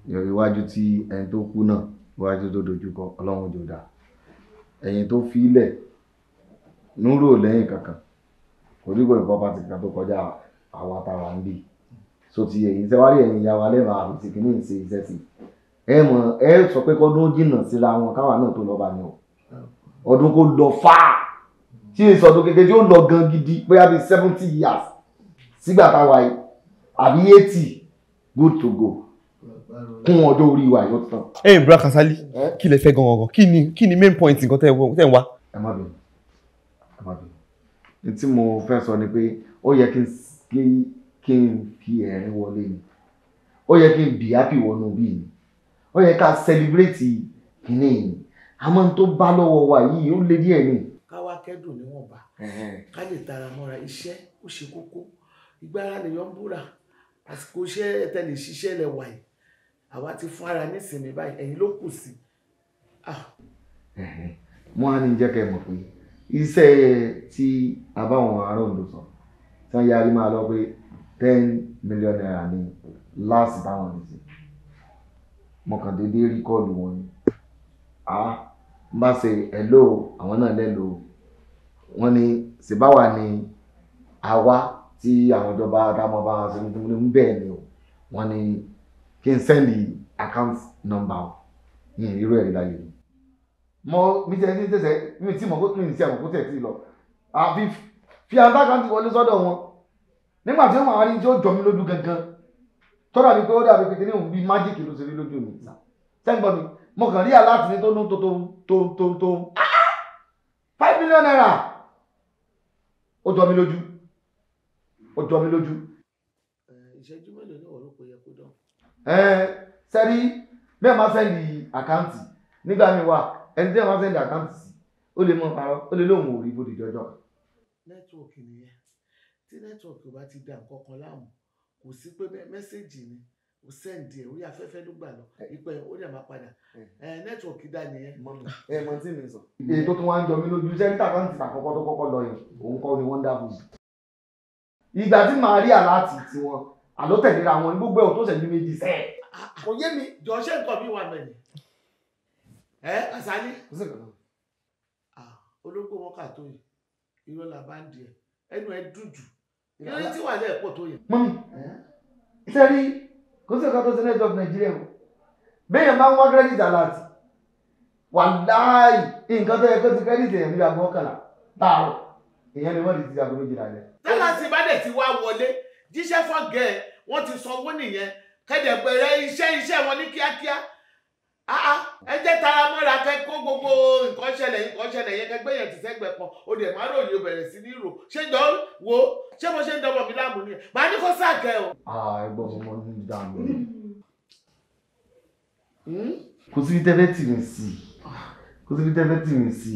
Ìrọ̀ iwájú tí ẹni tó kú náà wájú tó dojúkọ ọlọ́run jò dá ẹ̀yìn tó fi ilẹ̀ núrò lẹ́yìn kankan orígbò ìbọn bá ti kà tó kọjá àwa táwa ń bì so ti ẹ̀yìn sẹ́wárí ẹ̀yìn ìyá wa lẹ́ẹ̀ma àbí ti kìíní ṣe iṣẹ́ sí ẹ mọ̀ ẹ sọ pé kọ́dún jìnnà síra wọn káwa náà tó lọ́ba ni o ọdún kó lọ fáà tí èso ọdún kékeré tí ó lọ gan gidi bóyá bíi seventy years sígbà táwa yìí àbí eighty good to go kún ọjọ́ orí wa yóò tán. ẹ ǹ bùrọ̀ Kasali kí lè fẹ́ gangan kí ni kí ni main point nǹkan tẹ́ ń wá. ẹ má bẹ̀rù ẹ má bẹ̀rù ní tí mo fẹ́ sọ ni pé ó yẹ kí n kí n fi ẹ̀rín wọlé ni ó yẹ kí n bì happy wọnú bí ni ó yẹ ká celebrate kínní ni àmọ́ tó bá lọ́wọ́ wa yìí ó lé díẹ̀ ni. káwa kẹ́dùn níwọ̀nba ká lè tara mọ́ra iṣẹ́ ó ṣe kókó ìgbára lèyàn búra àsìkò iṣẹ́ ẹ̀tẹ̀ lè ṣiṣẹ́ lẹ̀ wáyé àwa ti fún ara nísìnyí báyìí ẹ̀yin ló kù sí. Ah. mo á ní jẹ́ kẹ́ ẹ mọ̀ pé iṣẹ́ tí abáwọn ará Ondo sọ tí wọ́n yarí máa lọ pé ten million naira ni láàsì báwọn ní sí mo kàn déédéé rí kọ́ọ̀lù wọn ni ah, n bá ṣe ẹ̀lò àwọn náà lẹ́lò wọ́n ní ṣèbáwa ni àwa tí àwọn ìjọba dámọ́ bá ṣe ń bẹ́ẹ̀ ni wọ́n ní kí n sẹ́ndì account number yẹn irú ẹ̀rí láyé mi. mo mi tẹ ní tẹsẹ̀ mi tí mo kó tún ìṣe àkókò tẹ̀ sí lọ àfi fi àbákan ti wọlé sọ́dọ̀ wọn nígbà tí wọ́n rí tí ó jọ mí lójú gangan tó dàbí pé ó dàbí pé kìnìún bíi májíìkì ló ṣe rí lójú mi sẹ́ńgbọ́n mi mo kàn rí aláàtìní tó ní tó tó tó tó tó five million naira ó jọ mí lójú ó jọ mí lójú. sẹ́rí bẹ́ẹ̀ máa sẹ́ndì àkáǹtì nígbà míì wà ẹni tí ẹ máa sẹ́ndì àkáǹtì sí ó lè mọ parọ́ ó lè lóun ò rí bó ti jọjọ́. nẹ́tíwọ̀kì nìyẹn tí nẹ́tíwọ̀kì bá ti da nǹkan kan láàmú kò sí pé mẹ́sẹ̀gì ni kò sẹ́ǹdì ẹ̀ orí afẹ́fẹ́ ló gbà lọ ìpẹ́ ó dẹ̀ máa padà nẹ́tíwọ̀kì dá nìyẹn. ẹ mọ tí mi sọ. èyí tó tún wá ń jọ mí lójú sẹ́ńtà àkáǹtì àkọ́kọ́ tó kọ́kọ́ lọ yẹn òun kọ́ ni wọ́n dá àló tẹ̀léra wọn ní gbogbo ẹ̀hún tó ṣẹ̀lú méjì sẹ́ẹ̀. kò yé mi jọ ṣé nǹkan mi wà nàìjíríà ẹ Àṣàlí. kò sí nǹkan náà. ológbò wọn kà tó yìí irọ́ là bá ń di ẹ ẹnu ẹ dùn jù irọ́ tí wà lẹ́ẹ̀ pọ̀ tó yẹ. mọ́mí iṣẹ́ rí kò sí nǹkan tó ṣe network nàìjíríà o bẹ́ẹ̀ máa ń wá credit alert wàláì nǹkan tó yẹ kó ti credit ẹ̀yàn níbi àgbọ̀kànlá tààrọ̀ èèyàn ni wọ́n ti ti àgbọ̀ méjìlá rẹ̀. tẹ́lá ti bá dẹ̀ ti wá wọlé jíṣẹ́ fọ́gẹ̀ ẹ̀ wọ́n ti sanwó nìyẹn kẹ́dẹ̀ bẹ̀rẹ̀ iṣẹ́ iṣẹ́ wọn ní kíákíá ẹ jẹ́ tara mọ́ra kẹ́ kó gbogbo nǹkan ṣẹlẹ̀ nǹkan ṣẹlẹ̀ yẹn kẹgbẹ́ yẹn ti sẹ́gbẹ̀ kan o dẹ̀ má ròyìn o bẹ̀rẹ̀ sí ní rò ṣé jọ wo ṣé mo ṣe ń dọ́bọ̀ mi láàmú nìyẹn màá ní kó sàkẹ́ o. ẹgbọ́n mo mọ ní dààmú hmm? kò sí tẹ́fẹ́ tì mí sí kò sí tẹ́fẹ́ tì mí sí.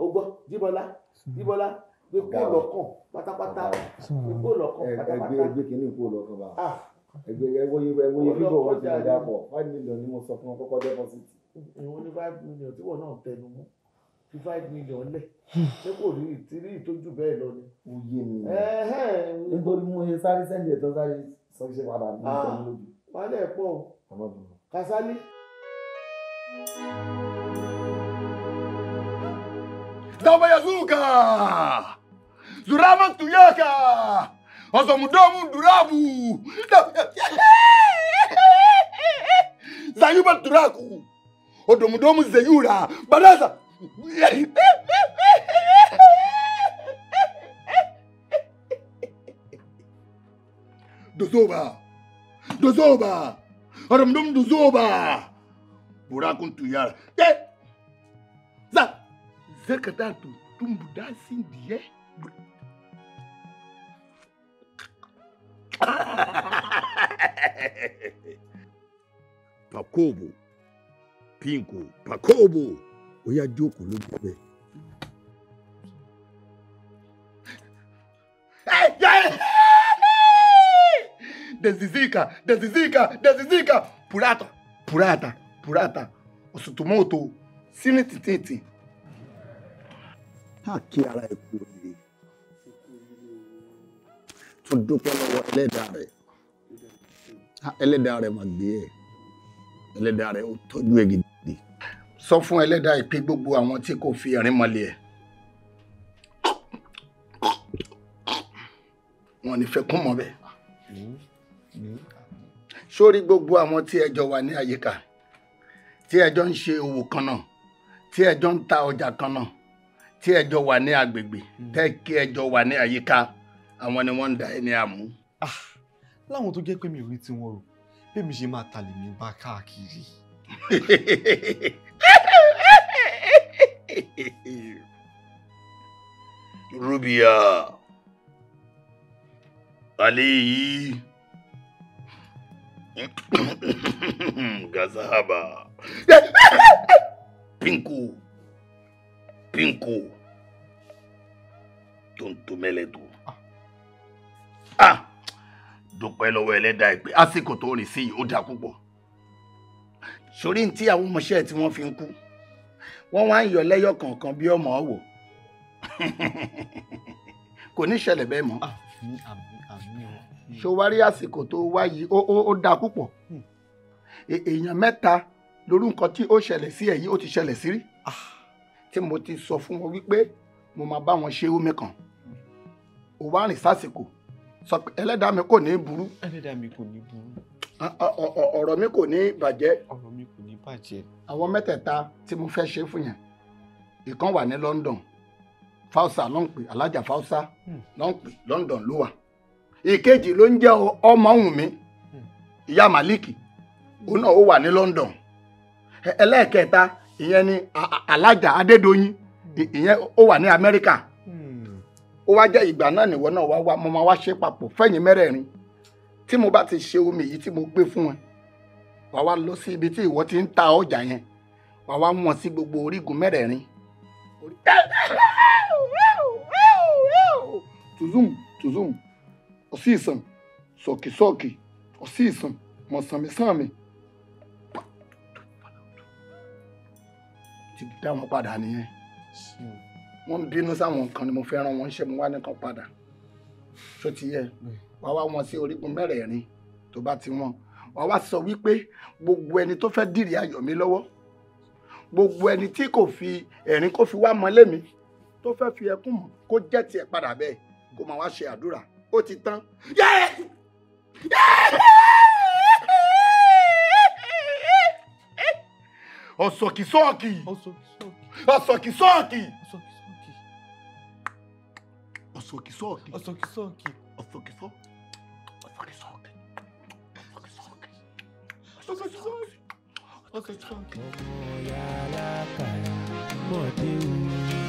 o gbọ́ jíbọlá jíbọlá gbé kó lọ́kàn pátápátá gbé kó hmm. lọ́kàn pátápátá. ẹgbẹ́ ẹgbẹ́ kìíní kó lọ́kàn bá ah. ẹgbẹ́ ẹwọ́ye ẹwọ́ye fífọ̀ wọ́n ti rẹ̀ pọ̀ five million ni mo sọ fún ọ kọ́kọ́ deposit. ìwọ ní five million tí wọn náà tẹnu mọ́ fi five million lẹ̀ hmm. ṣé kò rí ìtírí ìtọ́jú bẹ́ẹ̀ lọ ni. ó yé mi nítorí mo ṣe sáré sẹ́ńdì ẹ̀ tó sáré sọ́ṣẹ́ padà ní ìtọ́jú lójú. Ah. wàhálà ẹ̀ pọ̀ o Kasali. Dawa yazuka zurava tuyaka ozo mudomu duravu zayuba turaku odo mudomu zeyura baraza dozoba dozoba odo dozoba burakun tuyara eh! za zaka da to tumbu da sin diye pakobo pinko pakobo ó yá jókòó lójú bẹ́ẹ̀. desizika desizika desizika purata purata purata osutuma oto sini tititi káàkiri ara ẹ̀kú rere tó dúpẹ́ lọ́wọ́ ẹlẹ́dàá rẹ̀ ah, ẹlẹ́dàá rẹ̀ máa gbé ẹ̀ ẹlẹ́dàá rẹ̀ ó tọ́jú ẹ̀ gidi. sọ fún ẹlẹ́dàá ìpín gbogbo àwọn tí kò fi ẹ̀rín mọ́lẹ̀ ẹ̀ wọn ní fẹ́ kún mọ́ bẹ́ẹ̀ sórí gbogbo àwọn tí ẹjọ́ wà ní àyíká tí ẹjọ́ ń ṣe òwò kan náà tí ẹjọ́ ń ta ọjà kan náà tí ẹjọ wà ní agbègbè tẹ kí ẹjọ wà ní àyíká àwọn ni wọ́n ń da ẹni àmú. Ah, láwọn tó jẹ́ pé mi ò rí tiwọn rò bí mi ṣe máa tàlè mi bá káàkiri. Rubia Aliyi Gazaba Pinku Pinku tóńtómẹ́lẹ̀ ah. ah dúpẹ́ lọ́wọ́ ẹlẹ́dàá ìpè àsìkò tó rìn sí yìí ó dáa púpọ̀ sórí ntí àwọn ọmọọṣẹ́ tí wọ́n fi ń kú wọ́n wá ń yọ lẹ́yọ kọ̀ọ̀kan bí ọmọ ọ̀wọ̀ kò ní ṣẹlẹ̀ bẹ́ẹ̀ mọ́ ah, ṣòwárí àsìkò tó wá yìí ó dáa púpọ̀ hmm. e, èèyàn mẹ́ta lórí nǹkan tí ó ṣẹlẹ̀ sí ẹ̀ yìí ó ti ṣẹlẹ̀ sí rí ah. tí mo ti sọ fún wọn wípé mo máa bá wọn ṣe omi kan ò wá rìn sásìkò sọ pé ẹlẹ́dàá mi kò ní burú. ẹlẹ́dàá mi kò ní burú. ọ̀rọ̀ mi kò ní bàjẹ́. ọ̀rọ̀ mi kò ní bàjẹ́. àwọn mẹ́tẹ̀ẹ̀ta tí mo fẹ́ ṣe fún yẹn ìkan wà ní London fausa ló ń pè alájà fausa hmm. ló ń pè London ló wà ìkejì ló ń jẹ́ ọmọ ọ̀hún mi hmm. ìyá Maliki òun náà ó wà ní London ẹlẹ́ẹ̀kẹta ìyẹn ni alájà Adédoyin hmm. ìyẹn ó wà ní Amẹ́ríkà ó wá jẹ́ ìgbà náà nìwọ náà wá wá mo máa wá ṣe papọ̀ fẹ̀yìn mẹ́rẹ̀ẹ̀rin tí mo bá ti ṣe omi yìí tí mo gbé fún wọn wàá wá lọ sí ibi tí ìwọ ti ń ta ọjà yẹn wàá wá wọn sí gbogbo orígun mẹ́rẹ̀ẹ̀rin. tùzùm tùzùm ọ̀sí ìsàn sọ̀kìsọ̀kì ọ̀sí ìsàn mọ̀sánmísánmi. ti dá wọn padà nìyẹn wọ́n ń bínú sáwọn nǹkan ni mo fẹ́ rán wọn ṣe mo wá nìkan padà ṣó ti yẹ wàá wá wọn sí orígun mẹ́rẹ̀ẹ̀rin tó bá ti wọn wàá wá sọ wípé gbogbo ẹni tó fẹ́ dìrì ayọ̀ mi lọ́wọ́ gbogbo ẹni tí kò fi ẹ̀rín kó fi wá mọ́lé mi tó fẹ́ fi ẹkún mọ̀ kó jẹ́ tiẹ̀ padà bẹ́ẹ̀ kó máa wá ṣe àdúrà ó ti tán. Yeah! ọ̀sọ̀kìsọ́ọ̀kì ọ̀sọ̀kìsọ́ọ̀kì ọ̀sọ̀kìsọ́ọ̀kì. Soki soque Soki Soki, soque Soki, Soki soque Soki Soki, soque Soki, Soki soque O soque-soque. Como ya la cara, mordeu.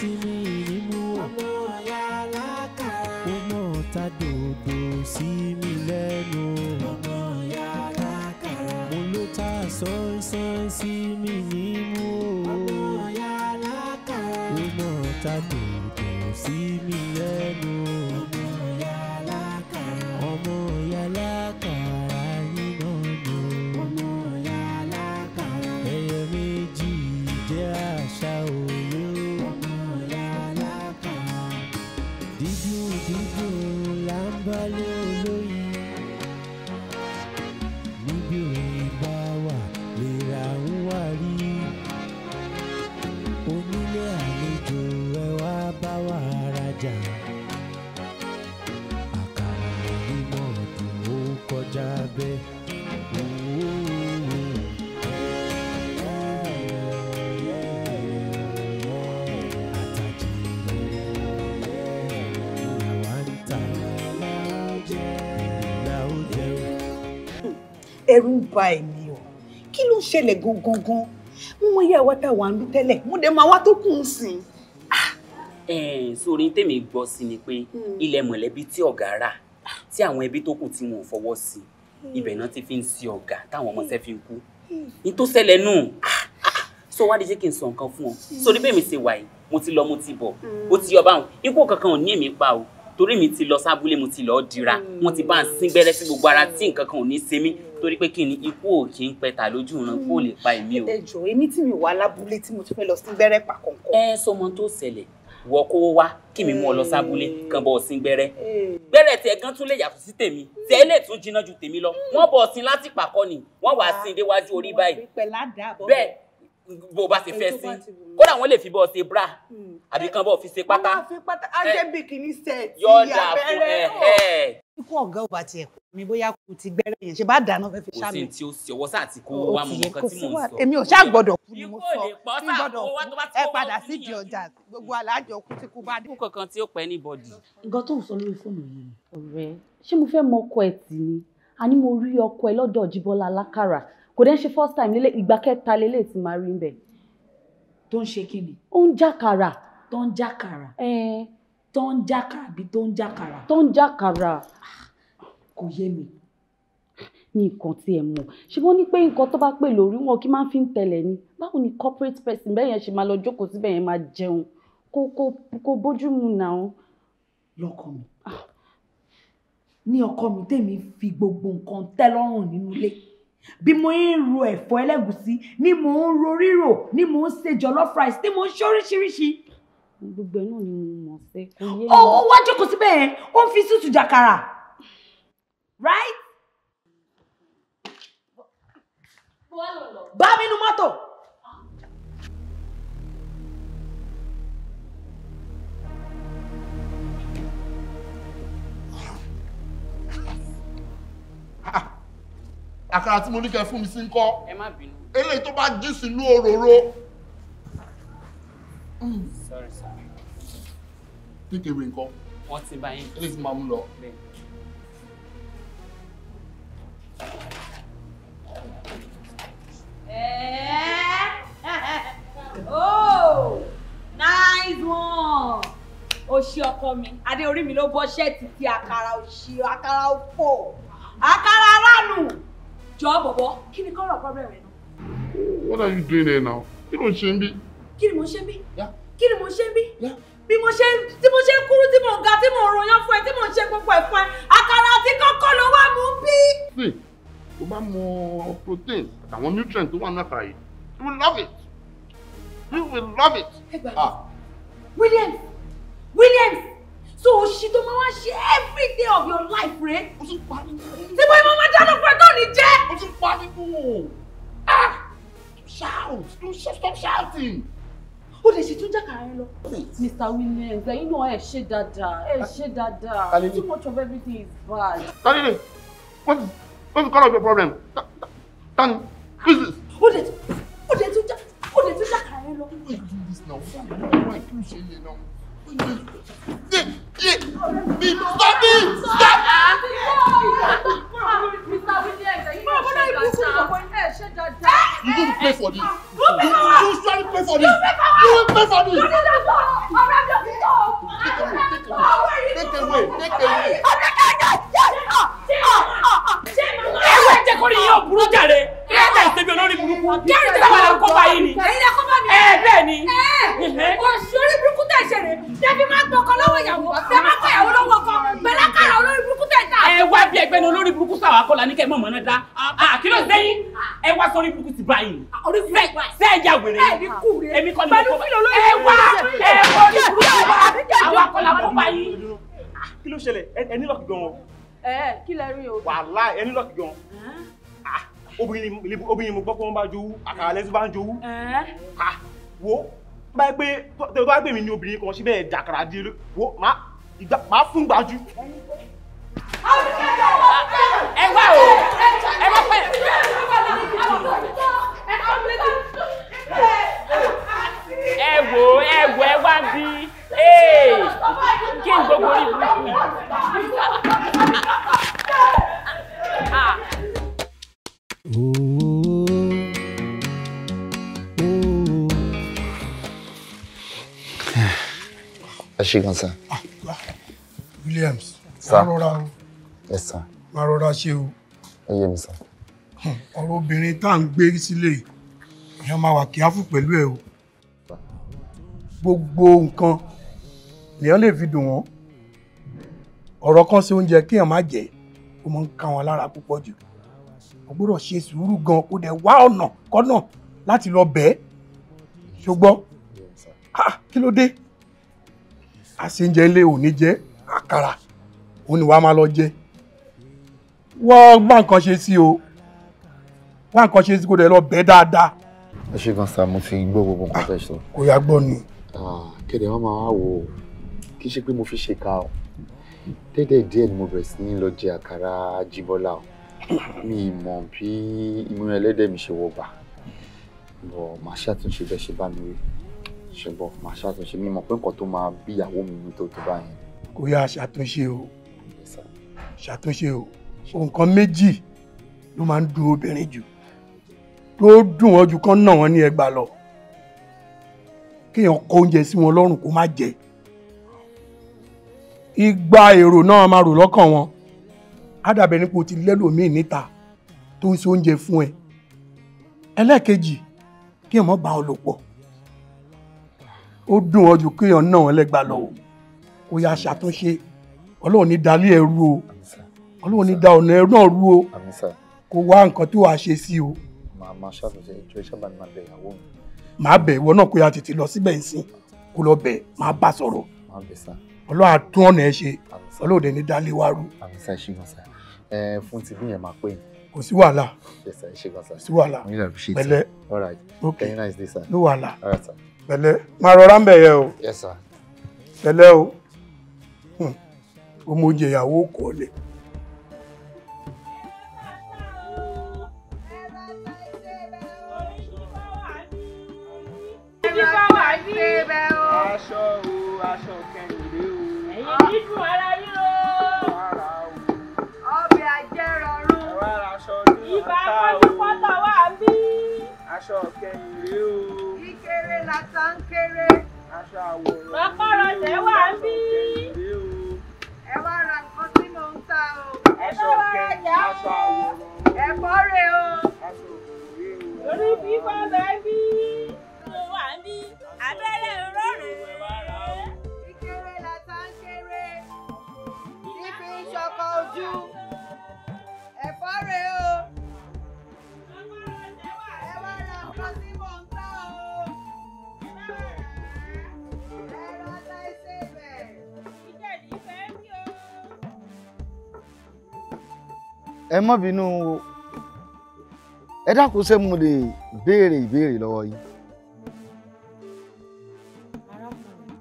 see me. ẹ̀rù ń ba èmi o kí ló ń ṣẹlẹ̀ gangan gan mo mọ iye àwa tá a wà ń lú tẹ́lẹ̀ mo dẹ̀ máa wá tó kù ń sìn. sórí tèmi gbọ́ sí ni pé hmm. ilẹ̀ mọ̀lẹ́bí tí ọ̀gá rà tí àwọn ẹbí tó kù tí wọn ò fọwọ́ sí hmm. ibẹ̀ náà ti fi ń sí ọ̀gá táwọn ọmọ sẹ́fi ń kú hmm. ní tó ṣẹlẹ̀ nù so wá di jẹ́ kí n sọ nǹkan fún ọ sórí bẹ́ẹ̀ mi ṣe wà yìí mo ti lọ mo ti bọ̀ ó ti yọ báwọn ikú kankan ò ní èmi pa o torí mi ti lọ sábúlé mo ti lọ dira wọn ti bá ń sín gbẹ́rẹ́ sí gbogbo ara tí nǹkan kan ò ní ṣe mí torí pé kí ni ikú ò kí ń pẹta lójú ìran kó lè pa èmi o. ẹ jọ̀ọ́ èmi tí mi wà lábúlé tí mo ti fẹ́ lọ sí gbẹ́rẹ́ pa kọ̀ọ̀kan. ẹ sọmọ tó ṣẹlẹ̀ wọ kówó wá kí mi mú ọ lọ sábúlé eh. kan bọ ọsìn gbẹ́rẹ́ eh. gbẹ́rẹ́ tiẹ̀ gan tún lè yàtọ̀ sí tèmi tí ẹ lè tún jiná ju tèmi lọ wọ́n bọ ọsìn láti pàkọ ni wọ́n wàá sin déwájú orí báyìí bó bá ṣe fẹ́ sí kódà wọ́n lè fi bọ́ ṣe bra hmm. àbí kan bọ́ fi ṣe pátá. wọ́n máa fi pátá ajé bikini set ti abẹ́rẹ́ náà. ikú ọ̀gá òbá tiẹ̀ kú mi bóyá kú ti gbẹ́rẹ́ yẹn ṣe bá dáná fẹ́ fi ṣáàmì. kò sí tí ó sì ọwọ́ sáà ti kó wá mú nǹkan tí mò ń sọ. èmi ò ṣáà gbọ́dọ̀ kú ni mo sọ mi gbọ́dọ̀ kú ẹ padà sí di ọjà gbogbo alájọ kú tí kú bá dé. nǹkan kan tí ó pẹ́ ní bọ́dì. nǹkan tó ń sọ lórí fóònù yìí ọ̀rẹ́ ṣé mo fẹ́ mọ ọkọ ẹ̀ tì ni àní mo rí ọkọ ẹ lọ́dọ̀ Jíbọ́lá Lákàrà kò dẹ́ ń ṣe first time lélẹ̀ ìgbà kẹta lélẹ̀ tí máa rí ń bẹ̀. tó ń ṣe kíni. ó ń jàkàrà. tó ń jàkàrà. tó ń jàkàrà bí tó ń jàkàrà. tó ń jàkàrà. kò yé mi. ní nǹkan tí ẹ mọ̀ ṣùgbọ́n ní pé nǹkan tó bá pè lórí wọn kí máa fi ń tẹ̀lẹ̀ ni báwo ni corporate person bẹ́ẹ̀ yẹn ṣe máa lọ jókòó síbẹ̀ yẹn máa jẹun kó kó kó bójú mu náà. lọkọ mi ah. ní ọkọ mi tèmi fi gbogbo nǹkan tẹ́ lọ́rùn nínú ilé bí mo ń ro ẹ̀fọ́ ẹlẹ́gùsí ni mo ń ro rírò ni mo ń ṣe jollof rice ni mo ń ṣe oríṣiríṣi. gbogbo ẹ náà ni mo mọ̀ ṣe. ó wá jókòó síbẹ̀ yẹn ó ń fi sútù jàkàrà right. bá mi nu mọ́tò. Ah àkàrà tí mo ní kẹ́ fún mi sí ń kọ́ eléyìí tó bá jù sínú òróró. Hmm. sorry sir. take away nǹkan. wọ́n ti bá yín. eléyìí ti máa mú lọ. Eh, oh nice one òṣì ọkọ mi adé orí mi ló bọ́ ṣẹ́ẹ̀tì ti àkàrà òṣì àkàrà òfò àkàrà ránù jọ bọ̀bọ̀ kí ni problem rẹ̀ náà. what are you doing there now kí ló ń ṣe ń bí. kí ni mo ṣe ń bí. kí mo ṣe ń bí. bí mo ṣe tí mo ṣe ń kúrú tí mo ń ga tí mo ń ronyán fún ẹ mo ń gbogbo ẹ fún ẹ àkàrà àti kọ́kọ́ ló wà mú bí. sí o bá mọ protein àtàwọn nutrient tó wà ní àkàrà you will love it you will love it. ẹ gbàgbọ́ ah. Williams Williams so she don't máa wá ṣe every day of your life rẹ. o tún pa mí fún un. síbò ìmọ̀ máa dáná fún ẹ tó ní jẹ́. o ah shout don't stop shouting ó lè ṣe tún jàkàrà rẹ lọ. mr williams ẹ̀yin know I ṣe dáadáa ẹ ah, ṣe dáadáa too much of everything is bad. tani what's what's the cause of your problem tani who is this. ó lè ó lè tún ó lè tún jàkàrà rẹ lọ. why do this now why why kí n ṣe yẹn mọ̀mọ́ náà dá ah, kí ló sẹ́yìn ẹ wá sọ́rí burúkú ti báyìí sẹ́ ẹ jà wèrè èmi kọ́ ni mo kọ́ ẹ wá ẹ wọ́n ní burúkú wá àwọn akọ́lá kó báyìí. kí ló ṣẹlẹ̀ ẹ ní lọ́ọ̀kì gan-an. ẹ kí lẹ rí o. wàhálà ẹ ní lọ́ọ̀kì gan-an ah, obìnrin mo gbọ́ pé wọ́n bá jowú àkàrà lẹ́sùn bá ń jowú. Ah, wo bá yẹ pé tó bá gbèmí ni obìnrin kan síbẹ̀ dàkàrà di wo máa fún gbájú ẹ wá o ẹ wá pẹ. ẹ wò ẹ wò ẹ wá bí kí n gbogbo orí burúkú yìí. ẹ ṣe gan san. Ah, ah. Williams. sa rọra o ẹ sàn. máa rọra ṣe o. ẹ yé mi sàn. ọ̀rọ̀ obìnrin tá à ń gbé sílẹ̀ èèyàn máa wà kíáfù pẹ̀lú ẹ o. gbogbo nǹkan lèèyàn lè fi dùn wọ́n ọ̀rọ̀ kan sí oúnjẹ kéèyàn má jẹ ó máa ń ká wọn lára púpọ̀ jù ó gbọ́dọ̀ ṣe sùúrù gan kó dẹ̀ wá ọ̀nà kọ́nà láti lọ bẹ́ẹ̀ ṣùgbọ́n kí ló dé àṣejẹ ilé òní jẹ àkàrà òun ni wàá máa lọ jẹ wọ́n má nǹkan ṣe sí o wá nǹkan ṣe sí kò dẹ̀ lọ bẹ́ẹ̀ dáadáa. ẹ ṣe gan sa mo ti gbọ́ gbogbo nǹkan tẹ̀ sọ. kò yá gbọ́ ni. kéde wọn máa wò ó kì ṣe pé mo fi ṣe ká o dédé díẹ̀ ni mo bẹ̀rẹ̀ sí ní lọ jẹ àkàrà jíbọ́lá o mi mọ̀ bí imú ẹlẹ́dẹ̀ mi ṣe wọ bà bọ̀ màá ṣàtúnṣe bẹ́ẹ̀ ṣe bá mi rí ṣùgbọ́n màá ṣàtúnṣe mi mọ̀ pé nǹkan tó máa bí ìyàwó mi ní tó tó bá kò yá ṣàtúnṣe o ṣàtúnṣe o nǹkan méjì ló máa ń dùn obìnrin jù tó dùn wọn ju kán náà wọn ní ẹgbàá lọ kéèyàn kó oúnjẹ sí wọn lọ́rùn kó má jẹ igba èrò náà máa rò lọ́kàn wọn á dàbẹ̀ nípò ti lẹ́lòmíì níta tó ń ṣe oúnjẹ fún ẹ ẹlẹ́ẹ̀kejì kéèyàn má bá ọ lò pọ̀ ó dùn ọ ju kéèyàn náà wọn lẹ́gbàá lọ ó yá ṣàtúnṣe ọlọ́run ní dalí ẹrú o ọlọ́run ní da ọ̀nà ẹrú náà rú o kó wá nǹkan tó wàá ṣe sí o. màá máa ṣàtúnṣe ìjọ iṣẹ́ bá mi máa bẹ̀ ìyàwó mi. màá bẹ̀ ìwọ náà kó ya tètè lọ síbẹ̀ ń sìn kó lọ bẹ̀ máa bá sọ̀rọ̀ ọlọ́run àtún ọ̀nà ẹ ṣe ọlọ́run dẹ̀ ní dalẹ̀ wá rú. àmísà ṣùgbọ́n sà fún ti bí yẹn máa pè é. kò sí wàhálà sí wàhálà pẹ̀lẹ́ ok ní wàhálà pẹ̀lẹ́ máa rọra ń bẹ̀ yẹ o pẹ̀lẹ́ o ọmọ hmm. oúnjẹ ìyàwó kọ̀ọ̀lẹ̀. aṣọ o aṣọ kẹyìn rè o. ẹ̀yin dídùn ah! ara yín o. ọbẹ̀ ajẹ́rọ̀rùn. ibà pọ́njúpọ́tọ̀ wà bí. aṣọ kẹyìn rè o. kíkéré la ta ń kéré. aṣọ àwòrán. lọ́kọ̀rọ̀jẹ̀ wà bí. ẹ wá ra nǹkan tí mò ń ta o. aṣọ kẹyìn aṣọ àwòrán. ẹ̀fọ́ rè o. aṣọ òkè rè o. orí fífọ́ bẹ́ẹ̀ bí ni abẹ́rẹ́ rọ̀rẹ́. ìkéré la ta ń kéré níbi ìṣọkọ ojú ẹ̀fọ́ rèé o. ẹ wá ra nǹkan tí mò ń tọ́ o. ẹ ra láìsè bẹ̀. ìjẹ̀dí fẹ́ mi o. ẹ má bínú o ẹ dákun ṣé mo lè béèrè ìbéèrè lọ́wọ́ yín.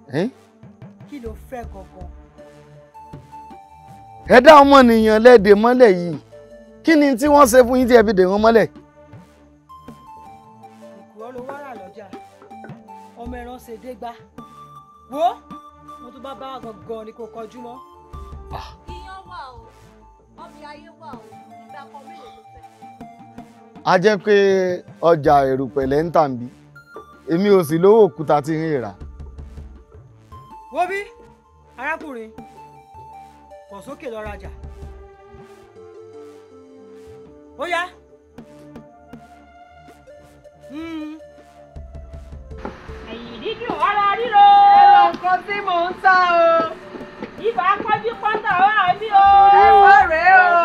kí ló fẹ́ gangan. ẹ dá ọmọnìyàn lẹ́dẹ̀ mọ́lẹ̀ yìí kí ni tí wọ́n ṣe fún yín tí ẹ fi dè wọ́n mọ́lẹ̀. ìkùrọ̀ ló wá rà lọ́jà ọmọ ẹran ṣe dé gbá wo mo tún bá bá gangan ni kò kọjú mọ́. ìyàn ah. wà o ọbẹ̀ ayé wà o ìgbà kan mélòó ló fẹ́. a jẹ́ pé ọjà èrò pẹ̀lẹ́ ń tàn bí èmi ò sì lówó òkúta tí ń rà wo bí arákùnrin pọ̀ sókè lọ rajà ó yá. Hmm. ẹ̀yìn dídùn ara ríro. ẹ lọ nǹkan tí mò ń ta o. ibà pọ́njú pọ́ńtà wà bí o. ẹ wọ́n rèé o.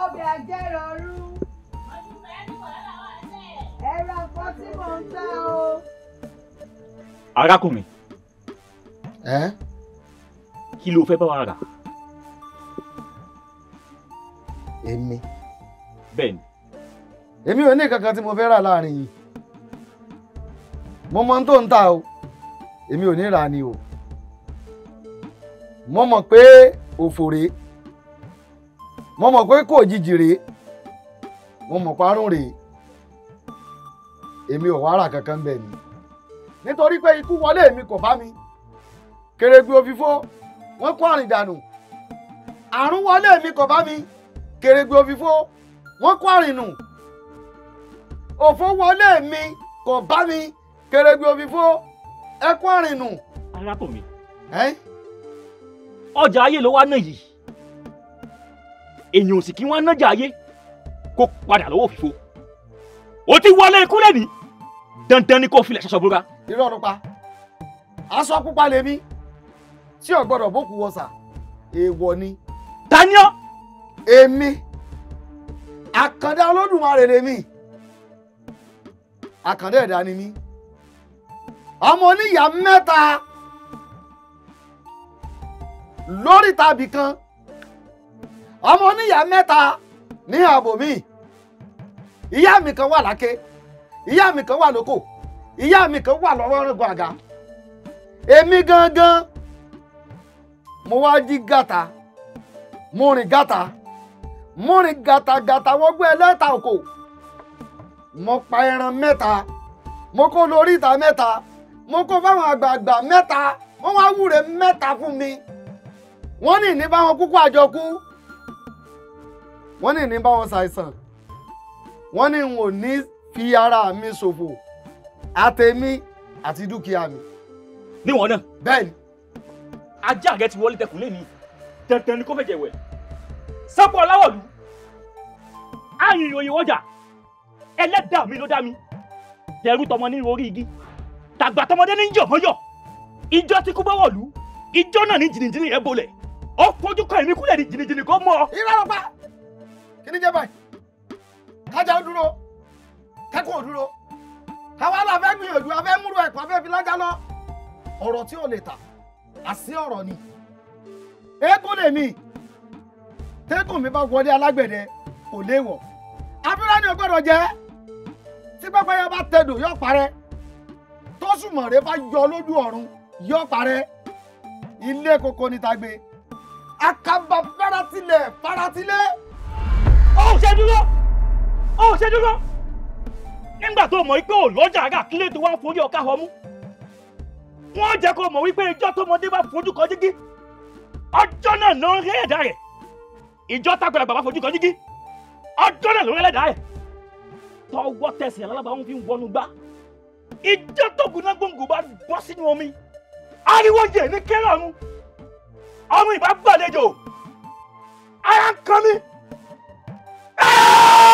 ọbẹ̀ ajẹ́rọ̀ọ́rú. ẹ ra nǹkan tí mò ń ta o. arákùnrin kí ló fẹ́ bá wa Emi. kankan t'i mo fẹ́ rà láàrin yìí mo mọ tó ń o Emi o ní ni o mo mọ̀ pe òfò mo mọ̀ pé kò jìjì mo mọ̀ parún kankan bẹ́ẹ̀ ni mi kèrègbè òfìfo wọ́n kó àrìn dànù àrùn wọlé mi kò bá mi kèrègbè òfìfo wọ́n kó àrìn nù òfò wọlé mi kò bá mi kèrègbè òfìfo ẹ kó àrìn nù. arákùnrin ọjà ayé ló wá náà yìí èèyàn sì kí wọ́n nájà ayé kó padà lọ́wọ́ òfìfo ó ti wọlé ikú lẹ́ni dandan ni kò filẹ̀ ṣaṣọ búra. irọ́ ló pa aṣọ pupa lèmi. tí ò gbọ́dọ̀ bókun wọ sà èèwọ̀ ni. daniel. èmi àkàndá olódùmarè lèmi àkàndá ẹ̀dá ni mí ọmọ oníyà mẹ́ta lórí tàbí kan ọmọ oníyà mẹ́ta ní ààbò mi ìyá mi kan wà láké ìyá mi kan wà lóko ìyá mi kan wà lọ́wọ́ rẹ̀ gbọ̀ngàn èmi gangan. mo wá jí gàtà mo rìn gàtà mo rìn gàtà gàtà wọgbẹ́ ẹlẹ́ta òkò mo pa ẹran mẹ́ta mo kó lórí ìta mẹ́ta mo kó fáwọn àgbààgbà mẹ́ta wọ́n wá wúre mẹ́ta fún mi wọ́n ní ní báwọn kúkú àjọkú wọ́n ní ní báwọn ṣàìsàn wọ́n ní n ò ní fi ara mi ṣòfò àtèmi àti dúkìá mi. níwọ̀n náà. bẹ́ẹ̀ ni ajá rẹ ti wọlé tẹkùn lé mi dandan ni kó fẹ̀jẹ̀ wẹ̀ sápò ọláwọ̀lú àyìn ìròyìn ọjà ẹlẹ́dàá mi ló dá mi dẹrú tọmọ nínú orí igi tàgbà tọmọdé ní yọ̀mọ́yọ̀ ìjọ tí kú bọ́wọ̀lú ìjọ náà ní jìnnìjìnnì yẹn bolẹ̀ ó fojú kan èmi kúlẹ̀ ní jìnnìjìnnì kó mọ́ ọ. irọ́ ló pa kí ni jẹ́ báyìí kájà ó dúró kẹ́kọ̀ọ́ dúró káwa la fẹ́ gbìyànjú afẹ́ múrò ẹ̀kọ́ afẹ́ fi lájà lọ ọ̀rọ̀ tí ò lè ta àsí ọ̀rọ̀ ni eégún lèmi tẹ́gùn mi bá wọlé alágbẹ̀dẹ kò léèwọ̀ abúlé ni o gbọ́dọ̀ jẹ́ tí pẹ́pẹ́yẹ bá tẹ̀dọ̀ yọ parẹ́ tọ́sùmọ̀rẹ́ bá yọ lójú ọ̀run yọ parẹ́ ilé koko ni tagbe akaba faratilẹ̀ faratilẹ̀. ó ṣe dúró ó ṣe dúró nígbà tó mọ̀ pé ò lọ́jà àgà kílẹ̀ tó wá ń forí ọ̀ka họ mú wọ́n jẹ́ kó mọ̀ wípé ìjọ tọmọdé bá fojú kan jígí ọjọ́ náà ló ń rí ẹ̀dá rẹ̀ ìjọ tágbàlagbà bá fojú kan jígí ọjọ́ náà ló ń rí ẹ̀dá rẹ̀ tọwọ́ tẹsẹ̀ alábà ń fi wọnú gbá ìjọ tógun náà gbòǹgò bá bọ́ sínú omi ariwo yè ní kẹ́rọ̀ ọ̀run ọmọ ìbá gbàlejò ara ń kan mi. Ah!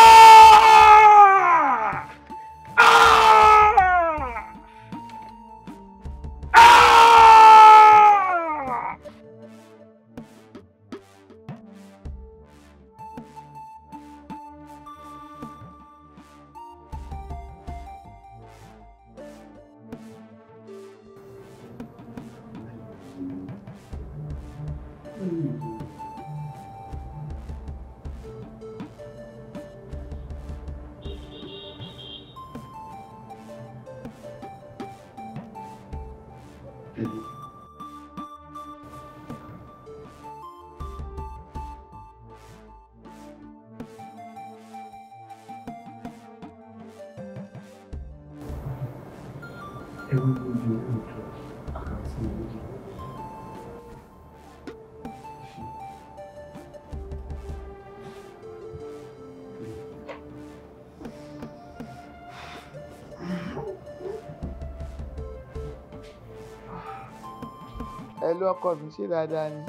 ẹ̀lú ọkọ mi ṣe dáadáa ni.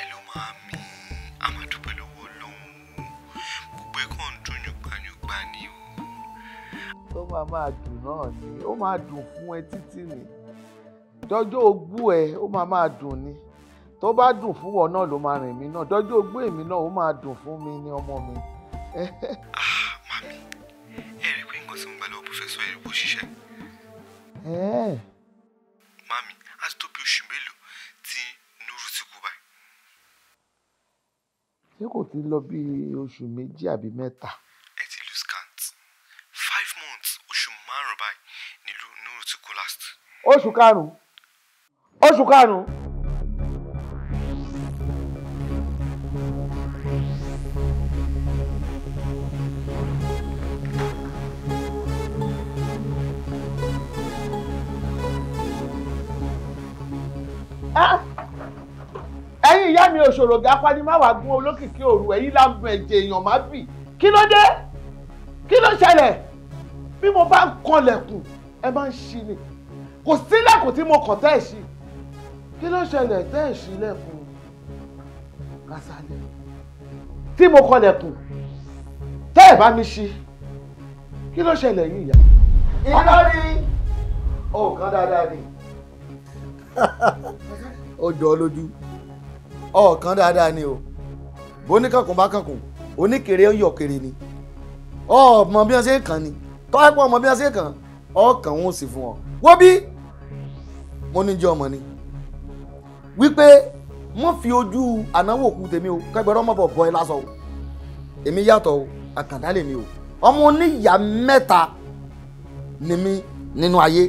ẹ̀lú máa mi a máa dúpẹ́ lọ́wọ́ ọlọ́run o gbogbo ẹ̀kọ́ ń dùn yùgbàyùgbà ni o. tó máa máa dùn náà ni ó máa dùn fún ẹ títí ni dọ́jọ́ ogbú ẹ ó máa máa dùn ni tó bá dùn fún wọn náà ló máa rìn mí náà dọ́jọ́ ogbú èmi náà ó máa dùn fún mi ní ọmọ mi. Ah, màmí ẹ rí i pé nǹkan tí mo gbà lọ́wọ́ pòfẹ́sọ ẹ rí bó ṣiṣẹ́. ṣé kò ti lọ bí oṣù méjì àbí mẹ́ta. ẹ ti lose count five months oṣù márùn-ún báyìí nílùú nuru ti kú last. oṣù karùn-ún oṣù karùn-ún. Ah! ìyá mi òṣòro gáfá ni má wàá gún olókìkí òru ẹ̀yìn láàmú ẹ̀jẹ̀ èèyàn má bì kí ló dé kí ló ṣẹlẹ̀ bí mo bá ń kanlẹ̀kùn ẹ máa ń ṣí ni kò sílẹ̀kùn tí mo kàn tẹ́ ẹ̀ ṣí kí ló ṣẹlẹ̀ tẹ́ ẹ̀ ṣí lẹ̀kùn Kàsálẹ̀ tí mo kanlẹ̀kùn tẹ́ ẹ̀ bá mi ṣí kí ló ṣẹlẹ̀ yìí ìyá. iná rí ọ̀kan dáadáa ni. ó lójú ọ̀ọ̀kan dáadáa ni o bóníkànkùn bá kànkùn oníkèrè yọ̀kèrè ni ọmọ bí wọ́n ṣe ń kàn ni tọ́pọ̀ ọmọ bí wọ́n ṣe ń kàn ọkàn wọn ò sì fún ọ. wọ́n bí mo ní jẹ́ ọmọ ni wípé wọ́n fi ojú ànáwó òkú tèmi o kẹgbẹ́rẹ́ ọmọ bọ̀ bọ́ ẹ lásán o èmi yàtọ̀ o àkàndá lèmi o ọmọ oníyà mẹ́ta ni mí nínú ayé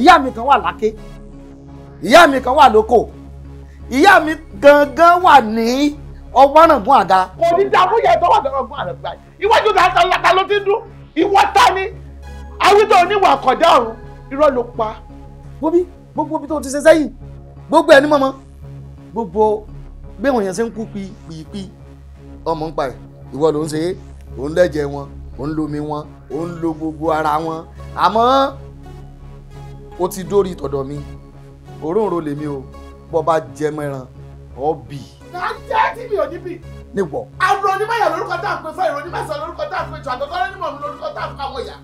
ìyá mi kan wà láké ìyá mi kan wà lóko ìyá mi gangan wà ní ọgbọ́nàgún àga. kò ní dá fún yẹn tó wà lọ́rọ̀ gún àlọ́gbà yìí iwájú ta ló ti ń dún ìwọ ta ni awítọ̀ oníwà àkọ́dá ọ̀run irọ́ ló pa. gbóbi gbogbo ibi tó ti ṣe sẹ́yìn gbogbo ẹni mọ́mọ́ gbogbo gbéwọn yẹn ṣe ń kú pípípí ọmọ ń pa ẹ̀ ìwọ ló ń ṣe é òun lẹ́jẹ̀ wọn òun lomi wọn òun lo gbogbo ara wọn àmọ́ ó ti dórí tọ̀dọ̀ mi òróǹro lèmi o bọ́ bá jẹ mẹ́ran ọ́ bì. ká jẹ́ tí mi ò ní bì. níwọ̀. àrùn onímọ̀yà lórúkọ tá à ń pè fún ìròyìn onímọ̀sán lórúkọ tá à ń pè jù àtọ́tọ́ lẹ́nu mọ̀ mi lórúkọ tá à ń pè àwọn ìyá.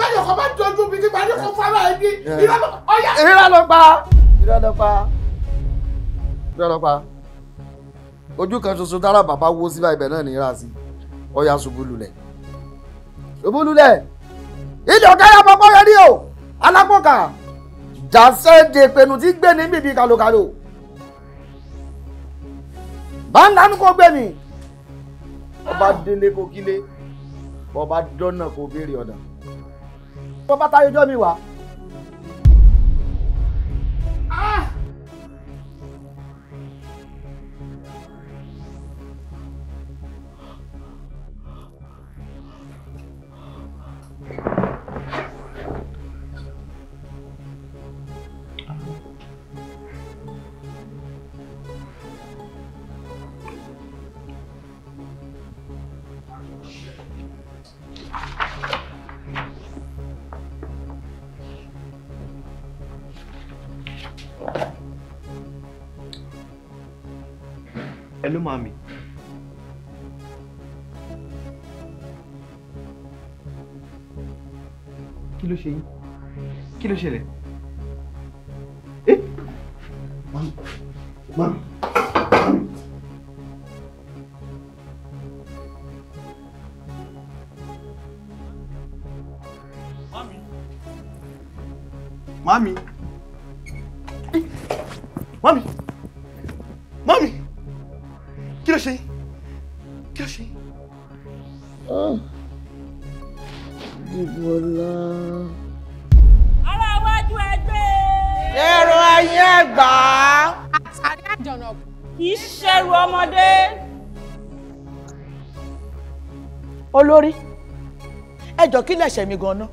bẹ́ẹ̀ yọkọ bá dojú mi nípa ní kò fara ẹ ní ìrà ló pa ìrà ló pa ìrà ló pa ojú kan ṣoṣo dára bàbá wó sí ibẹ̀ náà ní ìrà sí ọ̀yà ṣubú lulẹ̀ ṣubú lulẹ̀ ìjọ kẹ́yà pọ́pọ́ rẹ̀ o alápọ̀kà ìdásẹ́dẹ̀ pinnu tí gbé ní bíbí kalokalo bàńdánù kò gbé mi ọba délé kò kílé bọba dọ́nà kò béèrè ọ̀dà bọba táyọjọ́ mi wá. Ah! Mami, kí ló ṣe yín kí ló ṣẹlẹ̀. Eh? mami mami. Mami. olórí ẹ jọ kí lẹ̀ṣẹ̀ mi gan-an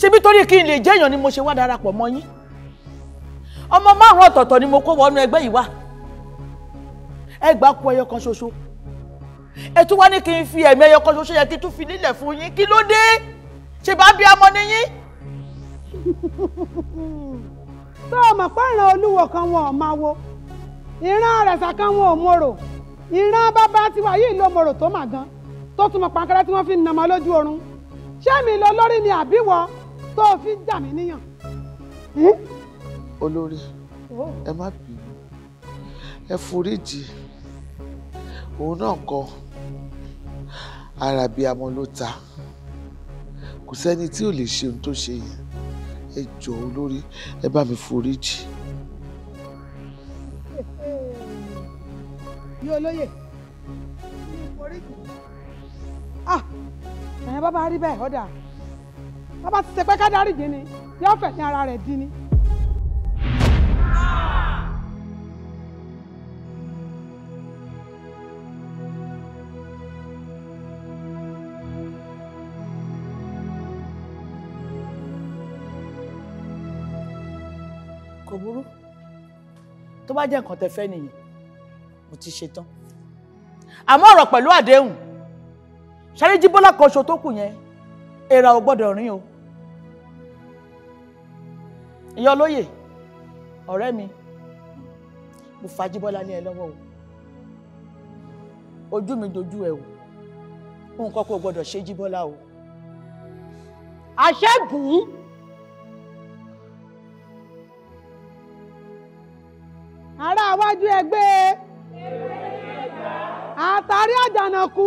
ṣebí torí kí n lè jẹ́yàn ni mo ṣe wá darapọ̀ mọ́ yín ọmọ márùn ọ̀tọ̀ọ̀tọ̀ ni mo kó wọnú ẹgbẹ́ yìí wá ẹ gbà kú ẹyọ kan ṣoṣo ẹ tún wá ní kí n fi ẹ̀mí ẹyọ kan ṣoṣo yẹ kí n tún fi nílẹ̀ fún yín kí ló dé ṣe bá bí amọ ni yín. tó o mọ̀ pé ìran olúwo kan wọn ò máa wo ìran àrẹ̀sà kan wọn ò mòrò ìran bàbá tiwa yìí ló mòrò tó mà gan-an tó tún mọ pankẹ́rẹ́ tí wọ́n fi ń nàmọ́ lójú oorun ṣé mi lọ lórí ni àbíwọ tó o fi ń jà mí níyàn. Hm? olórí ẹ má bínú ẹ foríjì òun náà kọ arabiamọ ló ta kò sẹ́ni tí ò lè ṣe ohun tó ṣe yẹn ẹ jọ̀ọ́ olórí ẹ bá mi foríjì. yóò lóye ní ìforíjì. Ah, ẹ̀yìn bàbá rí bẹ́ẹ̀ ọ̀dà bàbá ti ṣe pé kádàrí dín ni yóò fẹ̀sìn ara rẹ̀ dín ni. kò burú tó bá jẹ́ nǹkan tẹ́ fẹ́ nìyí mo ti ṣetán àmọ́ ọ̀rọ̀ pẹ̀lú àdéhùn ṣayé jíbọ́lá kan ṣo tó kù yẹn èèrà ò gbọ́dọ̀ rìn o ìyá olóyè ọ̀rẹ́ mi mo fa jíbọ́lá ní ẹ lọ́wọ́ o ojú mi dojú ẹ o nǹkan kò gbọ́dọ̀ ṣe jíbọ́lá o àṣẹ́gun. ará iwájú ẹgbẹ́ àtàrí àjànàkú.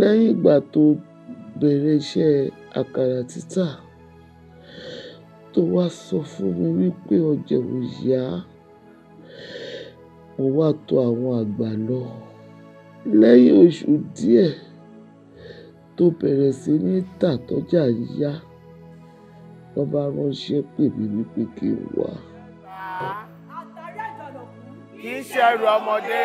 lẹ́yìn ìgbà tó bẹ̀rẹ̀ iṣẹ́ àkàrà títà tó wá sọ fún mi wípé ọjà ò yá mo wá tọ àwọn àgbà lọ lẹ́yìn oṣù díẹ̀ tó bẹ̀rẹ̀ sí ní tà tọ́jà yá ló bá ránṣẹ́ pè mí wípé kí n wá. kì í ṣe ẹrù ọmọdé.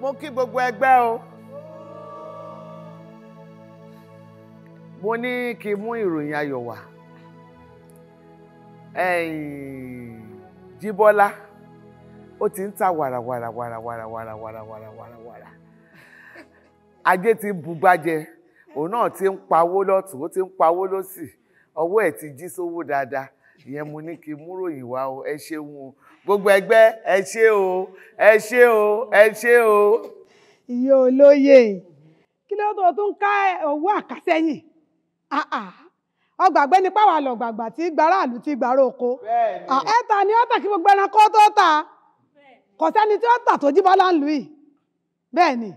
mo kí gbogbo ẹgbẹ́ o. mo ní kí n mú ìròyìn ayọ̀ wá. Jíbọ́lá ó ti ń ta wàràwàràwàràwàràwàràwàràwàrà. Ajé ti ń bugbájẹ, òun náà ti ń pawó lọ́tún, ó ti ń pawó lọ́sì, ọwọ́ ẹ̀ ti jí sówó dáadáa. Ìyẹn mo ní kí n wá o, ẹ ṣeun o. gbogbo ẹgbẹ́ ẹ ṣé o ẹ o ẹ ṣé o. ìyá olóye kí ló tó tún ká owó àkàsẹ́yìn ọgbàgbẹ́ ni páwọn àlọ́gbàgbà tí gbàráàlú ti gbàrà oko ni ọ̀tà kí gbogbo ẹranko tó kò sẹ́ni tí ó tà ni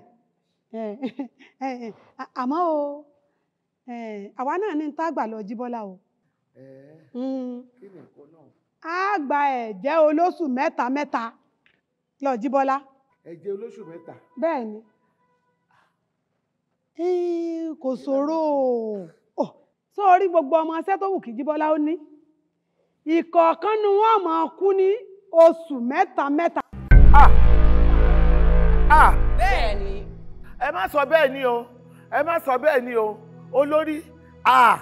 àmọ́ o àwa náà á gba ẹ̀jẹ̀ olóṣù mẹ́ta mẹ́ta lọ jíbọ́lá. ẹ̀jẹ̀ olóṣù mẹ́ta. bẹ́ẹ̀ ni kò ṣòro o sórí gbogbo ọmọ iṣẹ́ tó wù kí jíbọ́lá ó ní ìkọ̀ọ̀kan ni wọ́n máa kú ní oṣù mẹ́ta mẹ́ta. ah ah bẹ́ẹ̀ ni. ẹ má sọ bẹ́ẹ̀ ni o ẹ má sọ bẹ́ẹ̀ ni o olórí ah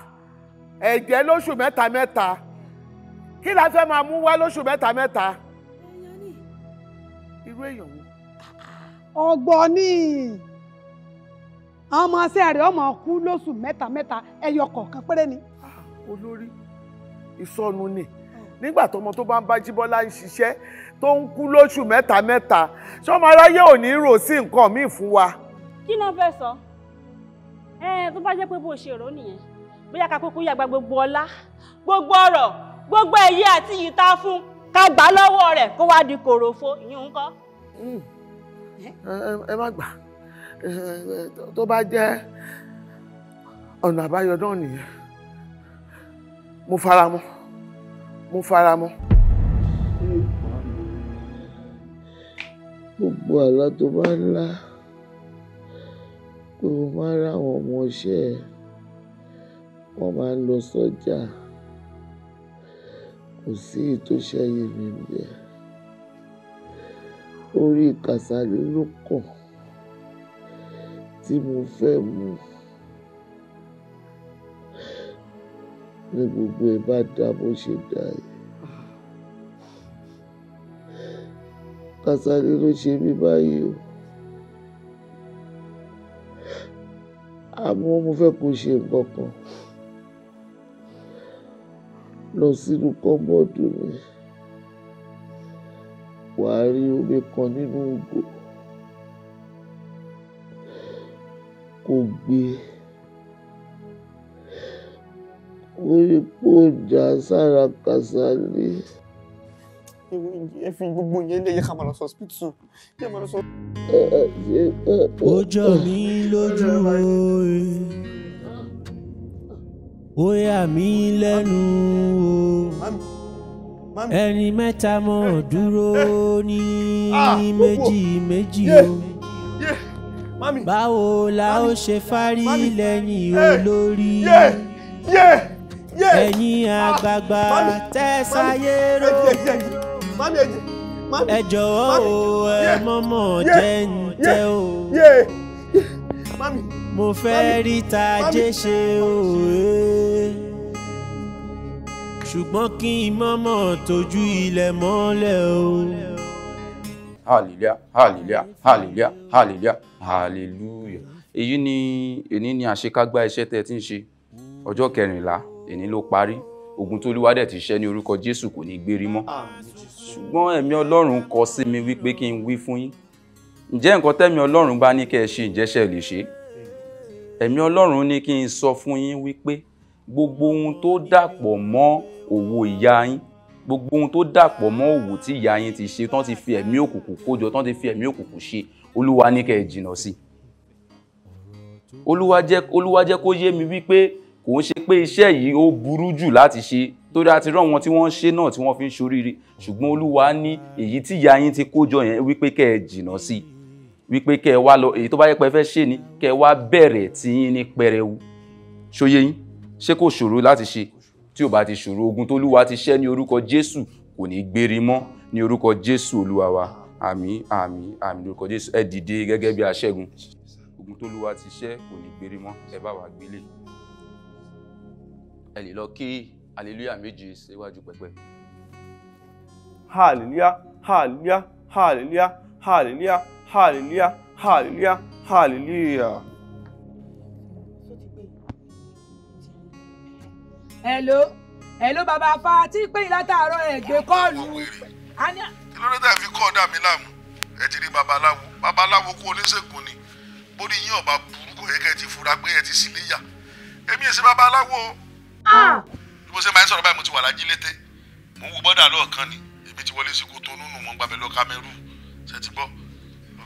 ẹ̀jẹ̀ lóṣù mẹ́ta mẹ́ta kí la fẹ́ máa mú wá lóṣù mẹ́ta mẹ́ta irú èèyàn wo. ọgbọ́n ni àwọn ọmọ ọsẹ rẹ ọmọ kú lóṣù mẹ́ta mẹ́ta ẹyọ kọ̀ọ̀kan péré ni. Ah, olórí ìsọnù ni ah. nígbà tọmọ tó bá ń bá jíbọ́lá ń ṣiṣẹ́ tó ń kú lóṣù mẹ́ta mẹ́ta ṣọmọ aráyé ò ní rò sí nǹkan míì fún wa. kí ló fẹ́ sọ ẹ tó bá jẹ́ pé bó ṣe rò nìyẹn bóyá kakókó yàgbá gbogbo ọlá gbogbo ọrọ̀ gbogbo èyí àti yìí tá a fún ká gbà lọ́wọ́ rẹ̀ kó wá di kòròfo ìyún ń kọ́. Hmm. ẹ má gbà tó bá jẹ́ ọ̀nà àbáyọ náà nìyẹn mo fara mọ́ mo fara mọ́. gbogbo àlá tó bá ń lá o má ra àwọn ọmọ ọṣẹ́ wọ́n máa ń lọ sọ́jà. So kò sí ètò ìṣẹyẹ mi bẹ́ẹ̀ orí Kàsálí ló kàn tí mo fẹ́ mú ní gbogbo ẹ bá dá bó ṣe dá yìí Kàsálí ló ṣe mí báyìí o àmọ́ mo fẹ́ kó ṣe nǹkan kan lọ sínú kọ́bọ́ọ̀dù mi wàá rí omi kan nínú ògò kò gbé ó rí pé ó jà sára ẹ fi gbogbo yẹn lè yẹ ká máa lọ sọ́spítù yẹ máa lọ sọ. ó jọ lójú ooo. Oya mi mí lẹ́nu o ẹni mẹ́ta mọ̀ dúró ní ah, méjì méjì o báwo la ó ṣe fárí lẹ́yìn olórí ẹ̀yin ah, àgbààgbà tẹ́sáyé ró ẹ jọ̀wọ́ o ẹ mọ̀mọ́ jẹ́ ń tẹ́ o mo fẹ́ rí tajé ṣe òwe ṣùgbọ́n kí n mọ́mọ́ tójú ilẹ̀ mọ́lẹ̀ o. hallelujah hallelujah hallelujah hallelujah hallelujah èyí ni èní ni àṣekágbá iṣẹ́ tẹ́ ti ń ṣe ọjọ́ kẹrìnlá èní ló parí ogun tó lúwádẹ̀ ti ṣẹ́ ní orúkọ jésù kò ní gbérí mọ́ ṣùgbọ́n ẹ̀mí ọlọ́run kọ sí mi wípé kí n wí fún yín ǹjẹ́ nǹkan tẹ́mi ọlọ́run bá ní kẹ́ ẹ ṣe ǹjẹ́ lè ṣe é ẹ̀mí ọlọ́run ní kí n sọ fún yín wípé gbogbo ohun tó dàpọ̀ mọ́ òwò ìyá yín gbogbo ohun tó dàpọ̀ mọ́ òwò tí ìyá yín ti ṣe tán ti fi ẹ̀mí òkùnkùn kójọ tán ti fi ẹ̀mí òkùnkùn ṣe olúwa ní kẹ́ ẹ jìnnà sí olúwa jẹ́ olúwa jẹ́ kó yé mi wípé kò ń ṣe pé iṣẹ́ yìí ó burú jù láti ṣe torí àti rán wọn tí wọ́n ń ṣe náà tí wọ́n fi ń ṣoríire ṣùgbọ́n olúwa ní èyí tí ìyá yín ti kójọ yẹn wípé kẹ́ ẹ jìnnà sí i wípé kẹ́ ẹ wá lọ èyí tó bá yẹ pé fẹ́ ṣe ni kẹ́ ẹ wá bẹ̀rẹ̀ tí yín ní pẹrẹwu ṣóyé yín ṣé kò ṣòro láti ṣe tí ò bá ti ṣòro ogun tólúwa ti ṣẹ́ ní orúkọ Jésù kò ní gbérí mọ́ ní orúkọ Jésù Olúwa wa àmín àmín àmín lórúkọ Jésù ẹ dìde gẹ́gẹ́ bí aṣẹ́gun ogun tólúwa ti ṣẹ́ kò ní gbérí mọ́ ẹ bá wa gbélé ẹ lè lọ kí hallelujah méje síwájú pẹpẹ. hallelujah hallelujah hallelujah hallelujah hallelujah hallelujah hallelujah. hello hello bàbá afá tí pé látàárọ̀ ẹ̀ gbé kọ́ọ̀lù. lórí tẹ̀ fi kọ́ọ̀dà mi láàmú ẹ ti rí babaláwo babaláwo kó oníṣègùn ni bórí yín ọba burúkú yẹ kẹ́ ẹ ti fura pé ẹ ti sì léyà èmi ẹ ṣe babaláwo. bí mo ṣe máa ń sọ̀rọ̀ báyìí mo ti wà lájí lété mo ń wo bọ́dà lọ́ọ̀kan ni èmi ti wọlé sí kótó nínú mo ń gbàbẹ̀ lọ Kamẹ́rù ṣe ti gbọ́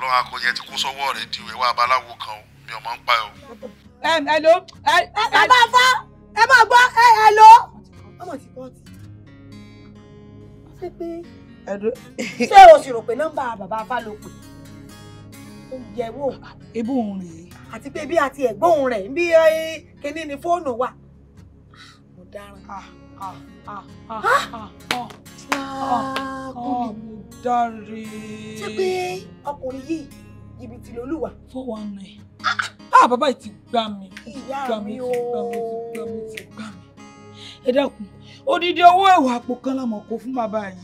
ọlọ́run akọyẹ ti kó sọ́wọ́ rẹ̀ di ìwé abaláwo kan o mi ò mọ̀ ń pa ẹ o. ẹ ẹ máa fọ ẹ máa gbọ́ ẹ ọmọ ti kọ́ ti ṣe pé ṣé o sì rò pé nọ́mbà bàbá afá ló pè ó yẹ wò. ebó òun rèé. àti pé bí àti ẹ̀gbọ́n rẹ̀ ń bí kinní ni fóònù wà. mo dára. Ah, ah, ah, Ọkọ mi dáre. Ṣé pé ọkùnrin yìí jìbìtì Four one nine. Ah bàbá yìí ti gbá mi. Ìyá mi o. Ti gbá mi ti gbá mi owó àpò kan la mọ̀ fún bàbá yìí.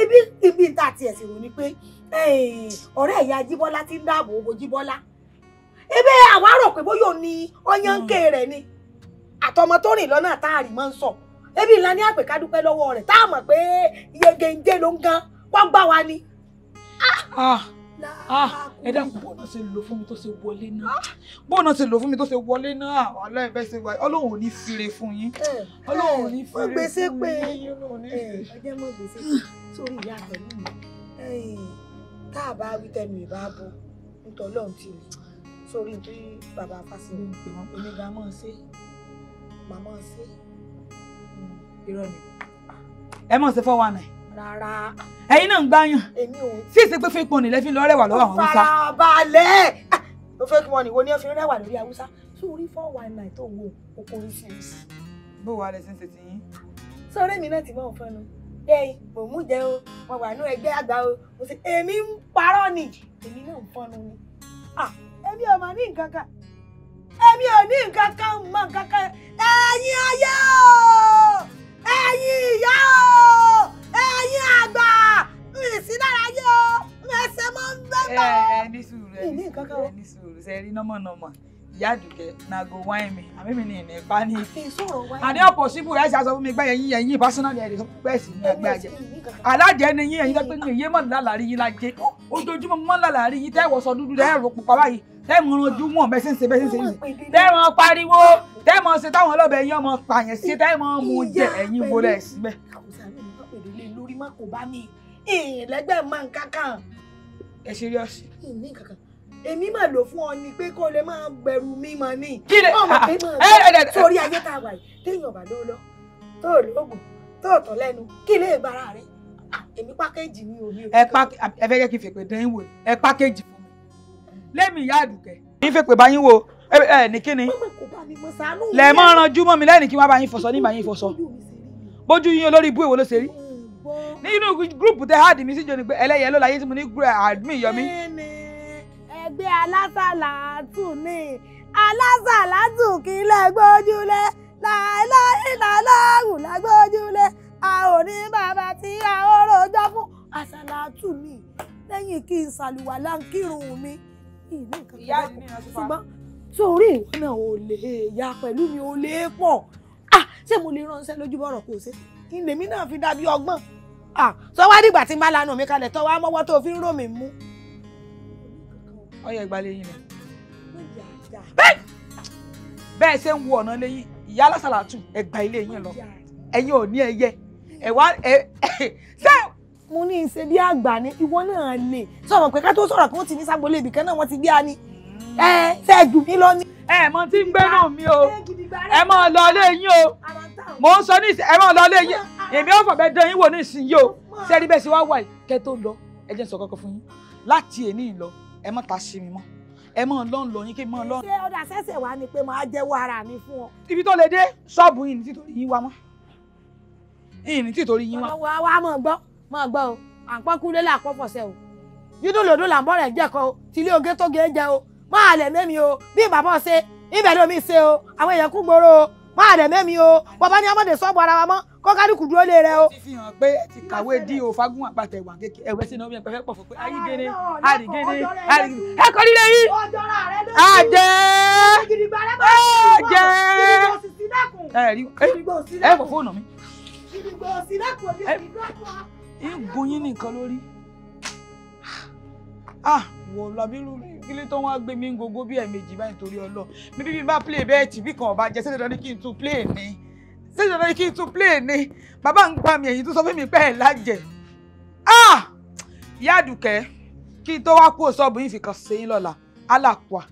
Ibi e, ibi tiẹ̀ sì rò ni pé eh, ti ń dáàbò Ebe àwa rò pé bóyá ọyàn ń ké ni. Àtọmọ tó rìn lọ́nà máa ebi ńlá ní àpè ká dúpẹ́ lọ́wọ́ rẹ̀ tá a mọ̀ pé iye gèǹgé ló ń gan wọ́n gbá wa ni. Ah, ah, ẹ dákun bọ́ọ̀nà ṣe lò fún mi tó ṣe wọlé náà bọ́ọ̀nà ṣe lò fún mi tó ṣe wọlé náà wàhálà ẹ̀bẹ̀ ṣe wáyé ọlọ́run ò ní fire fún yín eh, ọlọ́run ò ní eh, fire fún yín ọlọ́run ò ní eh, fire. ọjọ́ mọ̀ gbèsè pé sórí ìyá pẹ̀lú mi tá a bá wí tẹnu ìbá bọ̀ nítorí ọlọ́run sórí nítorí bàbá fásitì onígbà máa ṣe màmá ń ṣe irọ́ ni. ẹ mọ̀ sí four one nine. rárá. ẹ̀yin náà ń gbáyàn. èmi ò. sí ìsìnkú fún ipò nílẹ̀ fi lọ rẹwà lọ́wọ́ àwọn haúsá. fara balẹ̀ ló ah, fẹ́ kí wọ́n nìwo ní ẹ fi rẹwà lórí haúsá sórí four one nine tó wo okòrí síbí. bó wàá lẹ sí ṣe tiyín. sọ̀rọ̀ èmi náà ti mọ̀ fún ẹnu ẹ mò mú jẹ o mo wà nú ẹgbẹ́ àgbà o mo sì èmi ń parọ́ ni èmi náà ń fọ́nu ni ah, èmi ò mà ní nǹkan kan èmi ò ní nǹkan kan mọ nǹkan kan ẹ̀yin ayé o ẹ̀yin ìyá o ẹ̀yin àgbà ìsí lára yé o ẹsẹ̀ mọ́ ń bẹ́ẹ̀ bá. ẹ ẹ ní sùúrù ẹ ní sùúrù ẹ ní sùúrù ṣe rí nọ́mọ̀nọ́mọ̀ ìyá àdùkẹ́ nago wáìn mi àmì mi ní ìní ipa ní ìfẹ́ àní ọ̀pọ̀ síbù ẹ̀ ṣe aṣọ fún mi gbẹ́ yẹn yẹn personal ẹ̀ lè pẹ́ sí ní ẹgbẹ́ ajẹ́ alájẹ ni yín ẹ̀yin dẹ́gbẹ́ ní èyí mọ̀ lálàrí yín lájẹ ojoojúmọ́ mọ́ lálàrí yín tẹ́ ìwọ̀sọ dúdú tẹ́ ẹ̀rọ pupa báyìí tẹ́ mọ̀ ojú mọ̀ bẹ́ẹ̀ sẹ́nsẹ́ bẹ́ẹ̀ sẹ́nsẹ́ yìí tẹ́ mọ̀ pariwo tẹ́ mọ̀ ṣe táwọn ọlọ́bẹ̀ yín ọmọ pààyàn sí tẹ́ mọ̀ mu jẹ ẹ̀yin wo lẹ̀ síbẹ̀. lórí má kò bá mi ìlẹ́gbẹ́ máa ń kankan. ẹ ṣe rí ọ̀sìn. ìní kankan èmi mà lò fún ọ ni pé kó lè máa gbẹrù mi mọ ni ọmọ ah, pé mọ eh, ọ eh, eh, sórí ayé tá a wà yìí téèyàn bá ló lọ tó o lóògùn tó o tọ lẹ́nu kí lè gbára rẹ ah, èmi pákéjì ni òní. ẹ ẹ fẹ́ jẹ́ kí n fèpè dán wò ẹ pákéjì fún mi lémi ìyá àdùkẹ́. kí n fèpè bá yín wo ẹ ẹ ní kíni lẹ mọ ranjú mọ mi lẹ́yìn kí wọ́n bá yín fọṣọ nígbà yín fọṣọ bójú yín olórí ibú èwo ló ṣe rí nínú gúrùpù tẹ háàdì mi síjọ ni pé ẹlẹ́yẹ ló láyé tí mo ní gúrùpù àdmí ah, yọ ẹgbẹ́ alásàlátù ni alásàlátù kí lẹ́gbójúlé láìláìláláàrùn lágbójúlé a ò ní bàbá tí a rojọ́ fún àsàlátù mi lẹ́yìn kí n ṣàlùwà láǹkírun mi ìyá mi ṣùgbọ́n torí ìwọ náà ò lè ya pẹ̀lú mi ò lè pọ̀ ṣé mo lè ránṣẹ́ lójú bọ̀rọ̀ kò ṣe ilèmí náà fi dàbí ọgbọ́n sọ wá dìgbà tí n bá lanu mi kalẹ̀ tọ́ wá mọ́wọ́ tó fi ń rò mí mú ọyọ ìgbàlẹ̀ yín lọ. bẹ́ẹ̀ ṣe ń wo ọ̀nà lẹ́yìn ìyá alásàlátù ẹgbà ilé yín lọ ẹ̀yin ò ní ẹyẹ ẹ̀wá ṣé. mo ní í ṣe bí àgbà ni ìwọ náà lè sọ̀rọ̀ pé ká tó sọ̀rọ̀ kí wọ́n ti ní ságbólé ibì náà wọ́n ti gbé ani mm. ẹ ṣe jù mí lọ ní. ẹ mọ tí ń gbé náà mi o ẹ mọ lọ lé yín o mò ń sọ ní ìsìn ẹ mọ lọ lé yín èmi ò fọ̀bẹ dán yín wò ní ìsìn yìí o ṣé rí bẹ́ẹ̀ ṣe wá wà kẹ́ tó lọ ẹ jẹ́ sọ kọ́kọ́ fún yín láti èní lọ ẹ mọ́ ta sí mi mọ́ ẹ mọ́ lọ́n lọ yín kí mọ́ lọ́n. ṣé ọ̀dà sẹ́sẹ̀ wá ni pé màá jẹ́wọ́ ara mi fún ọ. ibi tó lè dé ṣọ́ọ̀bù yìí ní títorí yín wá mọ́ yìí ní títorí yín wá. ọ̀dọ̀ wa wa mọ̀ gbọ́ mọ̀ gbọ́ o à ń pọ́n kúndé là pọ́ pọ̀sẹ̀ o yídùn lòdùn là ń bọ̀ rẹ̀ jẹ́kọ̀ o tìlé oge tó ge jẹ o máa lẹ̀ mẹ́mi o bí bàbá ọ̀sẹ̀ ibẹ̀ lómi ṣe o àwọn èèyàn kú gbòòrò o máa lẹ̀ mẹ́mi o bàbá ní ọmọdé sọ́ọ̀bù ara wa mọ́ kọ́kálùkù dúró lé rẹ o. ti fi hàn pé ti kàwé di o fagun àpàtẹ ìwà kékeré ẹwẹ sínú ọmọ ẹgbẹ pọ fún pé ayígẹrẹ àrígẹrẹ àrígẹrẹ ẹ kọrí lẹ yìí. àjẹ àjẹ ẹ rí ẹ fọ fóònù mi. ìgùn yín nìkan lórí. ah wọ labiru kílé tó wá gbé mi ń gogo bí ẹ̀ẹ̀mejì báyìí torí ọlọ mi bí mi bá play bẹ́ẹ̀ tì bí kan ọba jẹ sẹ́dọ̀dọ̀ ní kí n tún play ní ṣé kí n tún play ni bàbá ń gbà mí ẹ̀yìn tó sọ fún mi pé ẹ̀ lájẹ̀ ah! ìyá àdùkẹ́ kí n tó wá kú òṣọ́ọ̀bù yìí fìkan ṣe yín lọ́la alákùá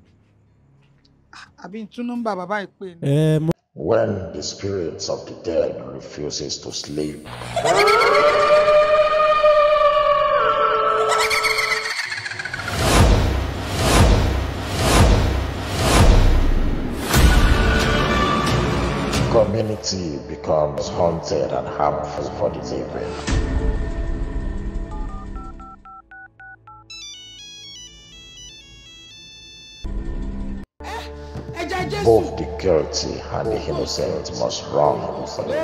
ah, àbí n tún nọ́mbà bàbá yìí pé ni. Eh, When the spirits of the dead refuses to sleep. community becomes haunted and harmful for the living. Both the guilty and the innocent must run for the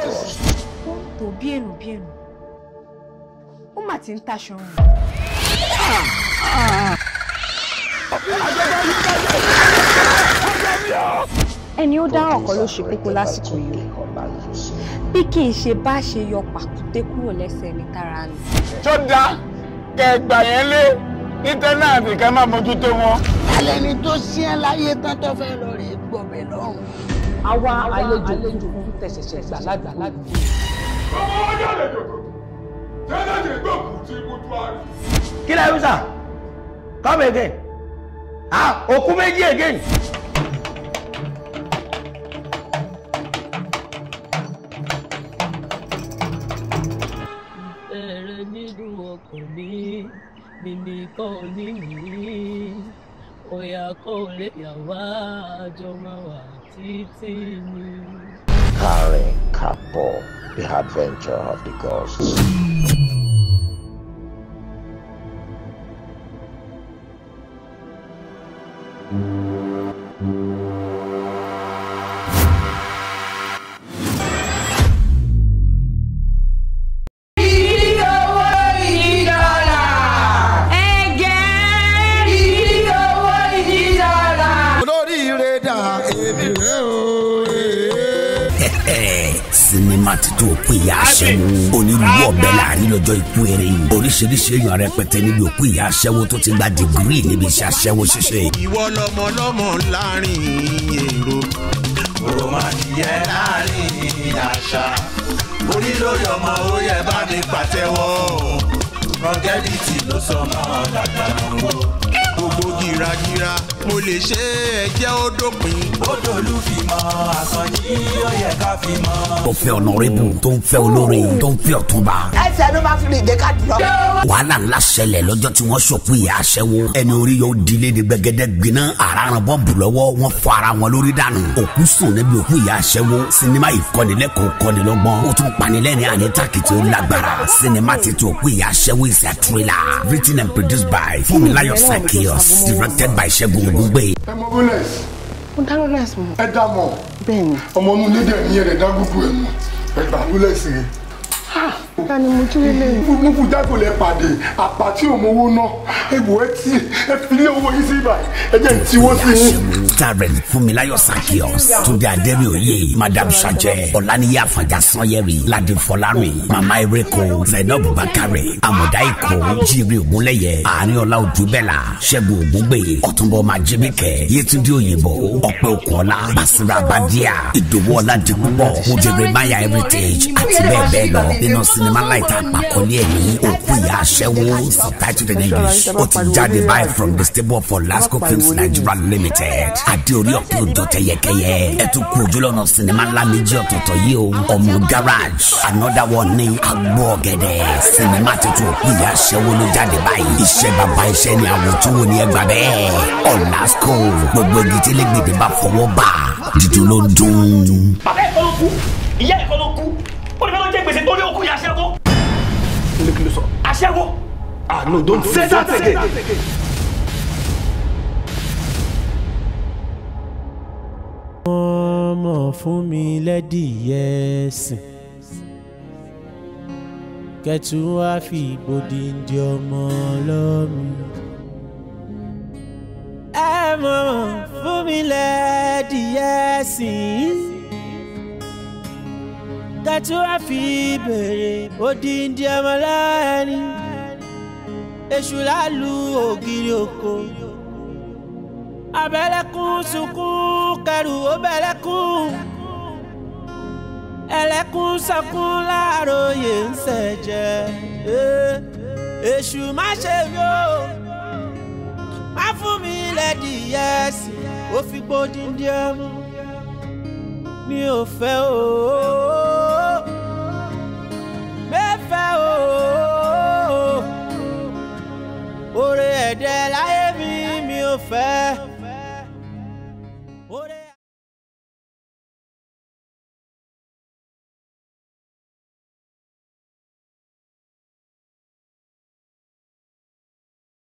ẹni ó dá ọ̀kan ló ṣe kókó lásìkò yìí bí kì í ṣe bá ṣe yọ pàkúté kúrò lẹ́sẹ̀ ní tara ni. tó dá kẹgbà yẹn lé ní tẹ́nàtì ká má mójútó wọn. alẹ́ ni tó sí ẹ láyé tán tó fẹ́ lọ rè é gbọ̀bẹ̀ lọ́rùn. àwa àlejò àlejò kún tẹ̀sẹ̀sẹ̀ gbà lágbà ládùúgbò. ọmọ ọjọ́ lè dòdò tẹ́lẹ̀dẹ̀ gbòkú tí mo tú àrí. kí lẹ́yìn sà come again ah òkú méjì again. kò Capo, mímí òyà yà Karen Kapo, The Adventure of the Ghosts. máa ti tó òkú ìyá aṣẹ́wó onírúurú ọ̀bẹ láàrin lọ́jọ́ ikú eré yìí oríṣiríṣi èèyàn rẹpẹtẹ níbi òkú ìyá aṣẹ́wó tó ti gba dìgírì níbi iṣẹ́ aṣẹ́wó ṣíṣe. ìwọ lọmọ lọmọ láàrin èrò òrò láàrin àṣà mo ọmọ ó yẹ bá mi pàtẹ́wọ́ rọgẹ́dìtì ló sọ mọ́ dàgbà wò gbogbo gìràgìrà mo lè ṣe é jẹ́ ó dópin. odò olúfìmọ̀ àsọjí ó yẹ ká fi mọ̀. tó fẹ́ ọ̀nàrẹ́bù tó ń fẹ́ olórin tó ń fẹ́ ọ̀túnba. ẹsẹ̀ ló máa fi lè dé kádùrọ̀. wàhálà ńlá ṣẹlẹ̀ lọ́jọ́ tí wọ́n ṣòkú ìyá aṣẹ́wó ẹni orí yóò dilé ní gbẹgẹdẹ gbiná àràràn bọ́ǹbù lọ́wọ́ wọ́n fọ ara wọn lórí dànù òkú sùn níbi òkú ìyá aṣẹ́wó sinimá ìkọ́nilẹ́kọ̀ọ́ kọ́nilọ́gbọ́n ó tún panilẹ́rìn àlétàkì tó lágbára sinimá titun òkú ìyá aṣẹ́wó is a thriller written and produced by Fúnmiláyọ̀ Sakiyo Glorious directed by Ṣẹ́gun Ògúngbè. mo dá rolex mọ. ẹ dá mọ. bẹ́ẹ̀ni. ọmọ inú ilé dẹ̀ ní ẹ̀rẹ̀ dá ẹ̀ mọ̀ ẹ gbà rolex yẹn. ta ni mo tún lé lẹ́yìn. nukú dáko lẹ pàdé àpàtì òmòwò náà egbò ẹ tí ẹ fi lé owó yìí sí ibà ẹ jẹ́ ìtiwọ́ sí i starring Funmilayo Sakios Tunde Aderioye Madam Sajẹ Ọláníyà Àfàjà Sanyẹri Ladi Fọlárin Mama Ereko Zainab Bakare Amuda Iko Jire Ogunlẹyẹ Àárínola Odubela Ṣẹ́gun Ògúngbè Ọ̀túnbọ̀ Majibike Yetunde Oyinbo Ọpẹ́ Okunola Basira Abadia Ìdòwú Ọládipúpọ̀ Jeremiah Heritage àti bẹ́ẹ̀ bẹ́ẹ̀ lọ nínú sinimá láìta àpàkọ́lé ẹ̀ ní òkú ìyá aṣẹ́wó subtitled in English ó ti jáde báyìí from the stable for Lasco Films Nigeria Limited àdéorí ọ̀pẹ òjò tẹ̀yẹkẹyẹ ẹ tún kú ojú lọ́nà sinimá ńlá méjì ọ̀tọ̀ọ̀tọ̀ yìí o ọmọ garage another one ní agbó ọ̀gẹ̀dẹ̀ sinimá tuntun òkú ìyá aṣẹ́wó ló jáde báyìí iṣẹ́ bàbá iṣẹ́ ni àwòtún wo ni ẹ gbà bẹ́ẹ̀ ọ̀nà sco gbogbo igi tí lẹ́gbẹ̀dẹ̀ bá fọwọ́ bà dídùn ló ń dún. bàbá ẹ̀kọ́ ló kú ìyá ẹ̀kọ́ ló kú ó ní ah no don't say that wọ́n mọ̀ fún mi lẹ́dìyẹ sìn kẹtù wá fi ìgbòdì ǹdí ọmọ lọ́mí. ẹ mọ̀ fún mi lẹ́dìyẹ sìn kẹtù wá fi ìbèrè ìgbòdì ǹdí ọmọ lọ́ẹ̀ni èṣù lálu ògiri oko abẹ́lẹ́kùn sunkún kẹrù ó bẹ́lẹ́kùn ẹlẹ́kùn sọkún láàròyé ń ṣẹ̀jẹ̀ eh, èṣù má ṣe mí o má fún mi lẹ́dí yẹ́sì ó fi gbódìndín ẹ̀mú mi ò fẹ́ o mẹ́fẹ́ o oore ẹ̀dẹ̀ láyé mi mi ò fẹ́.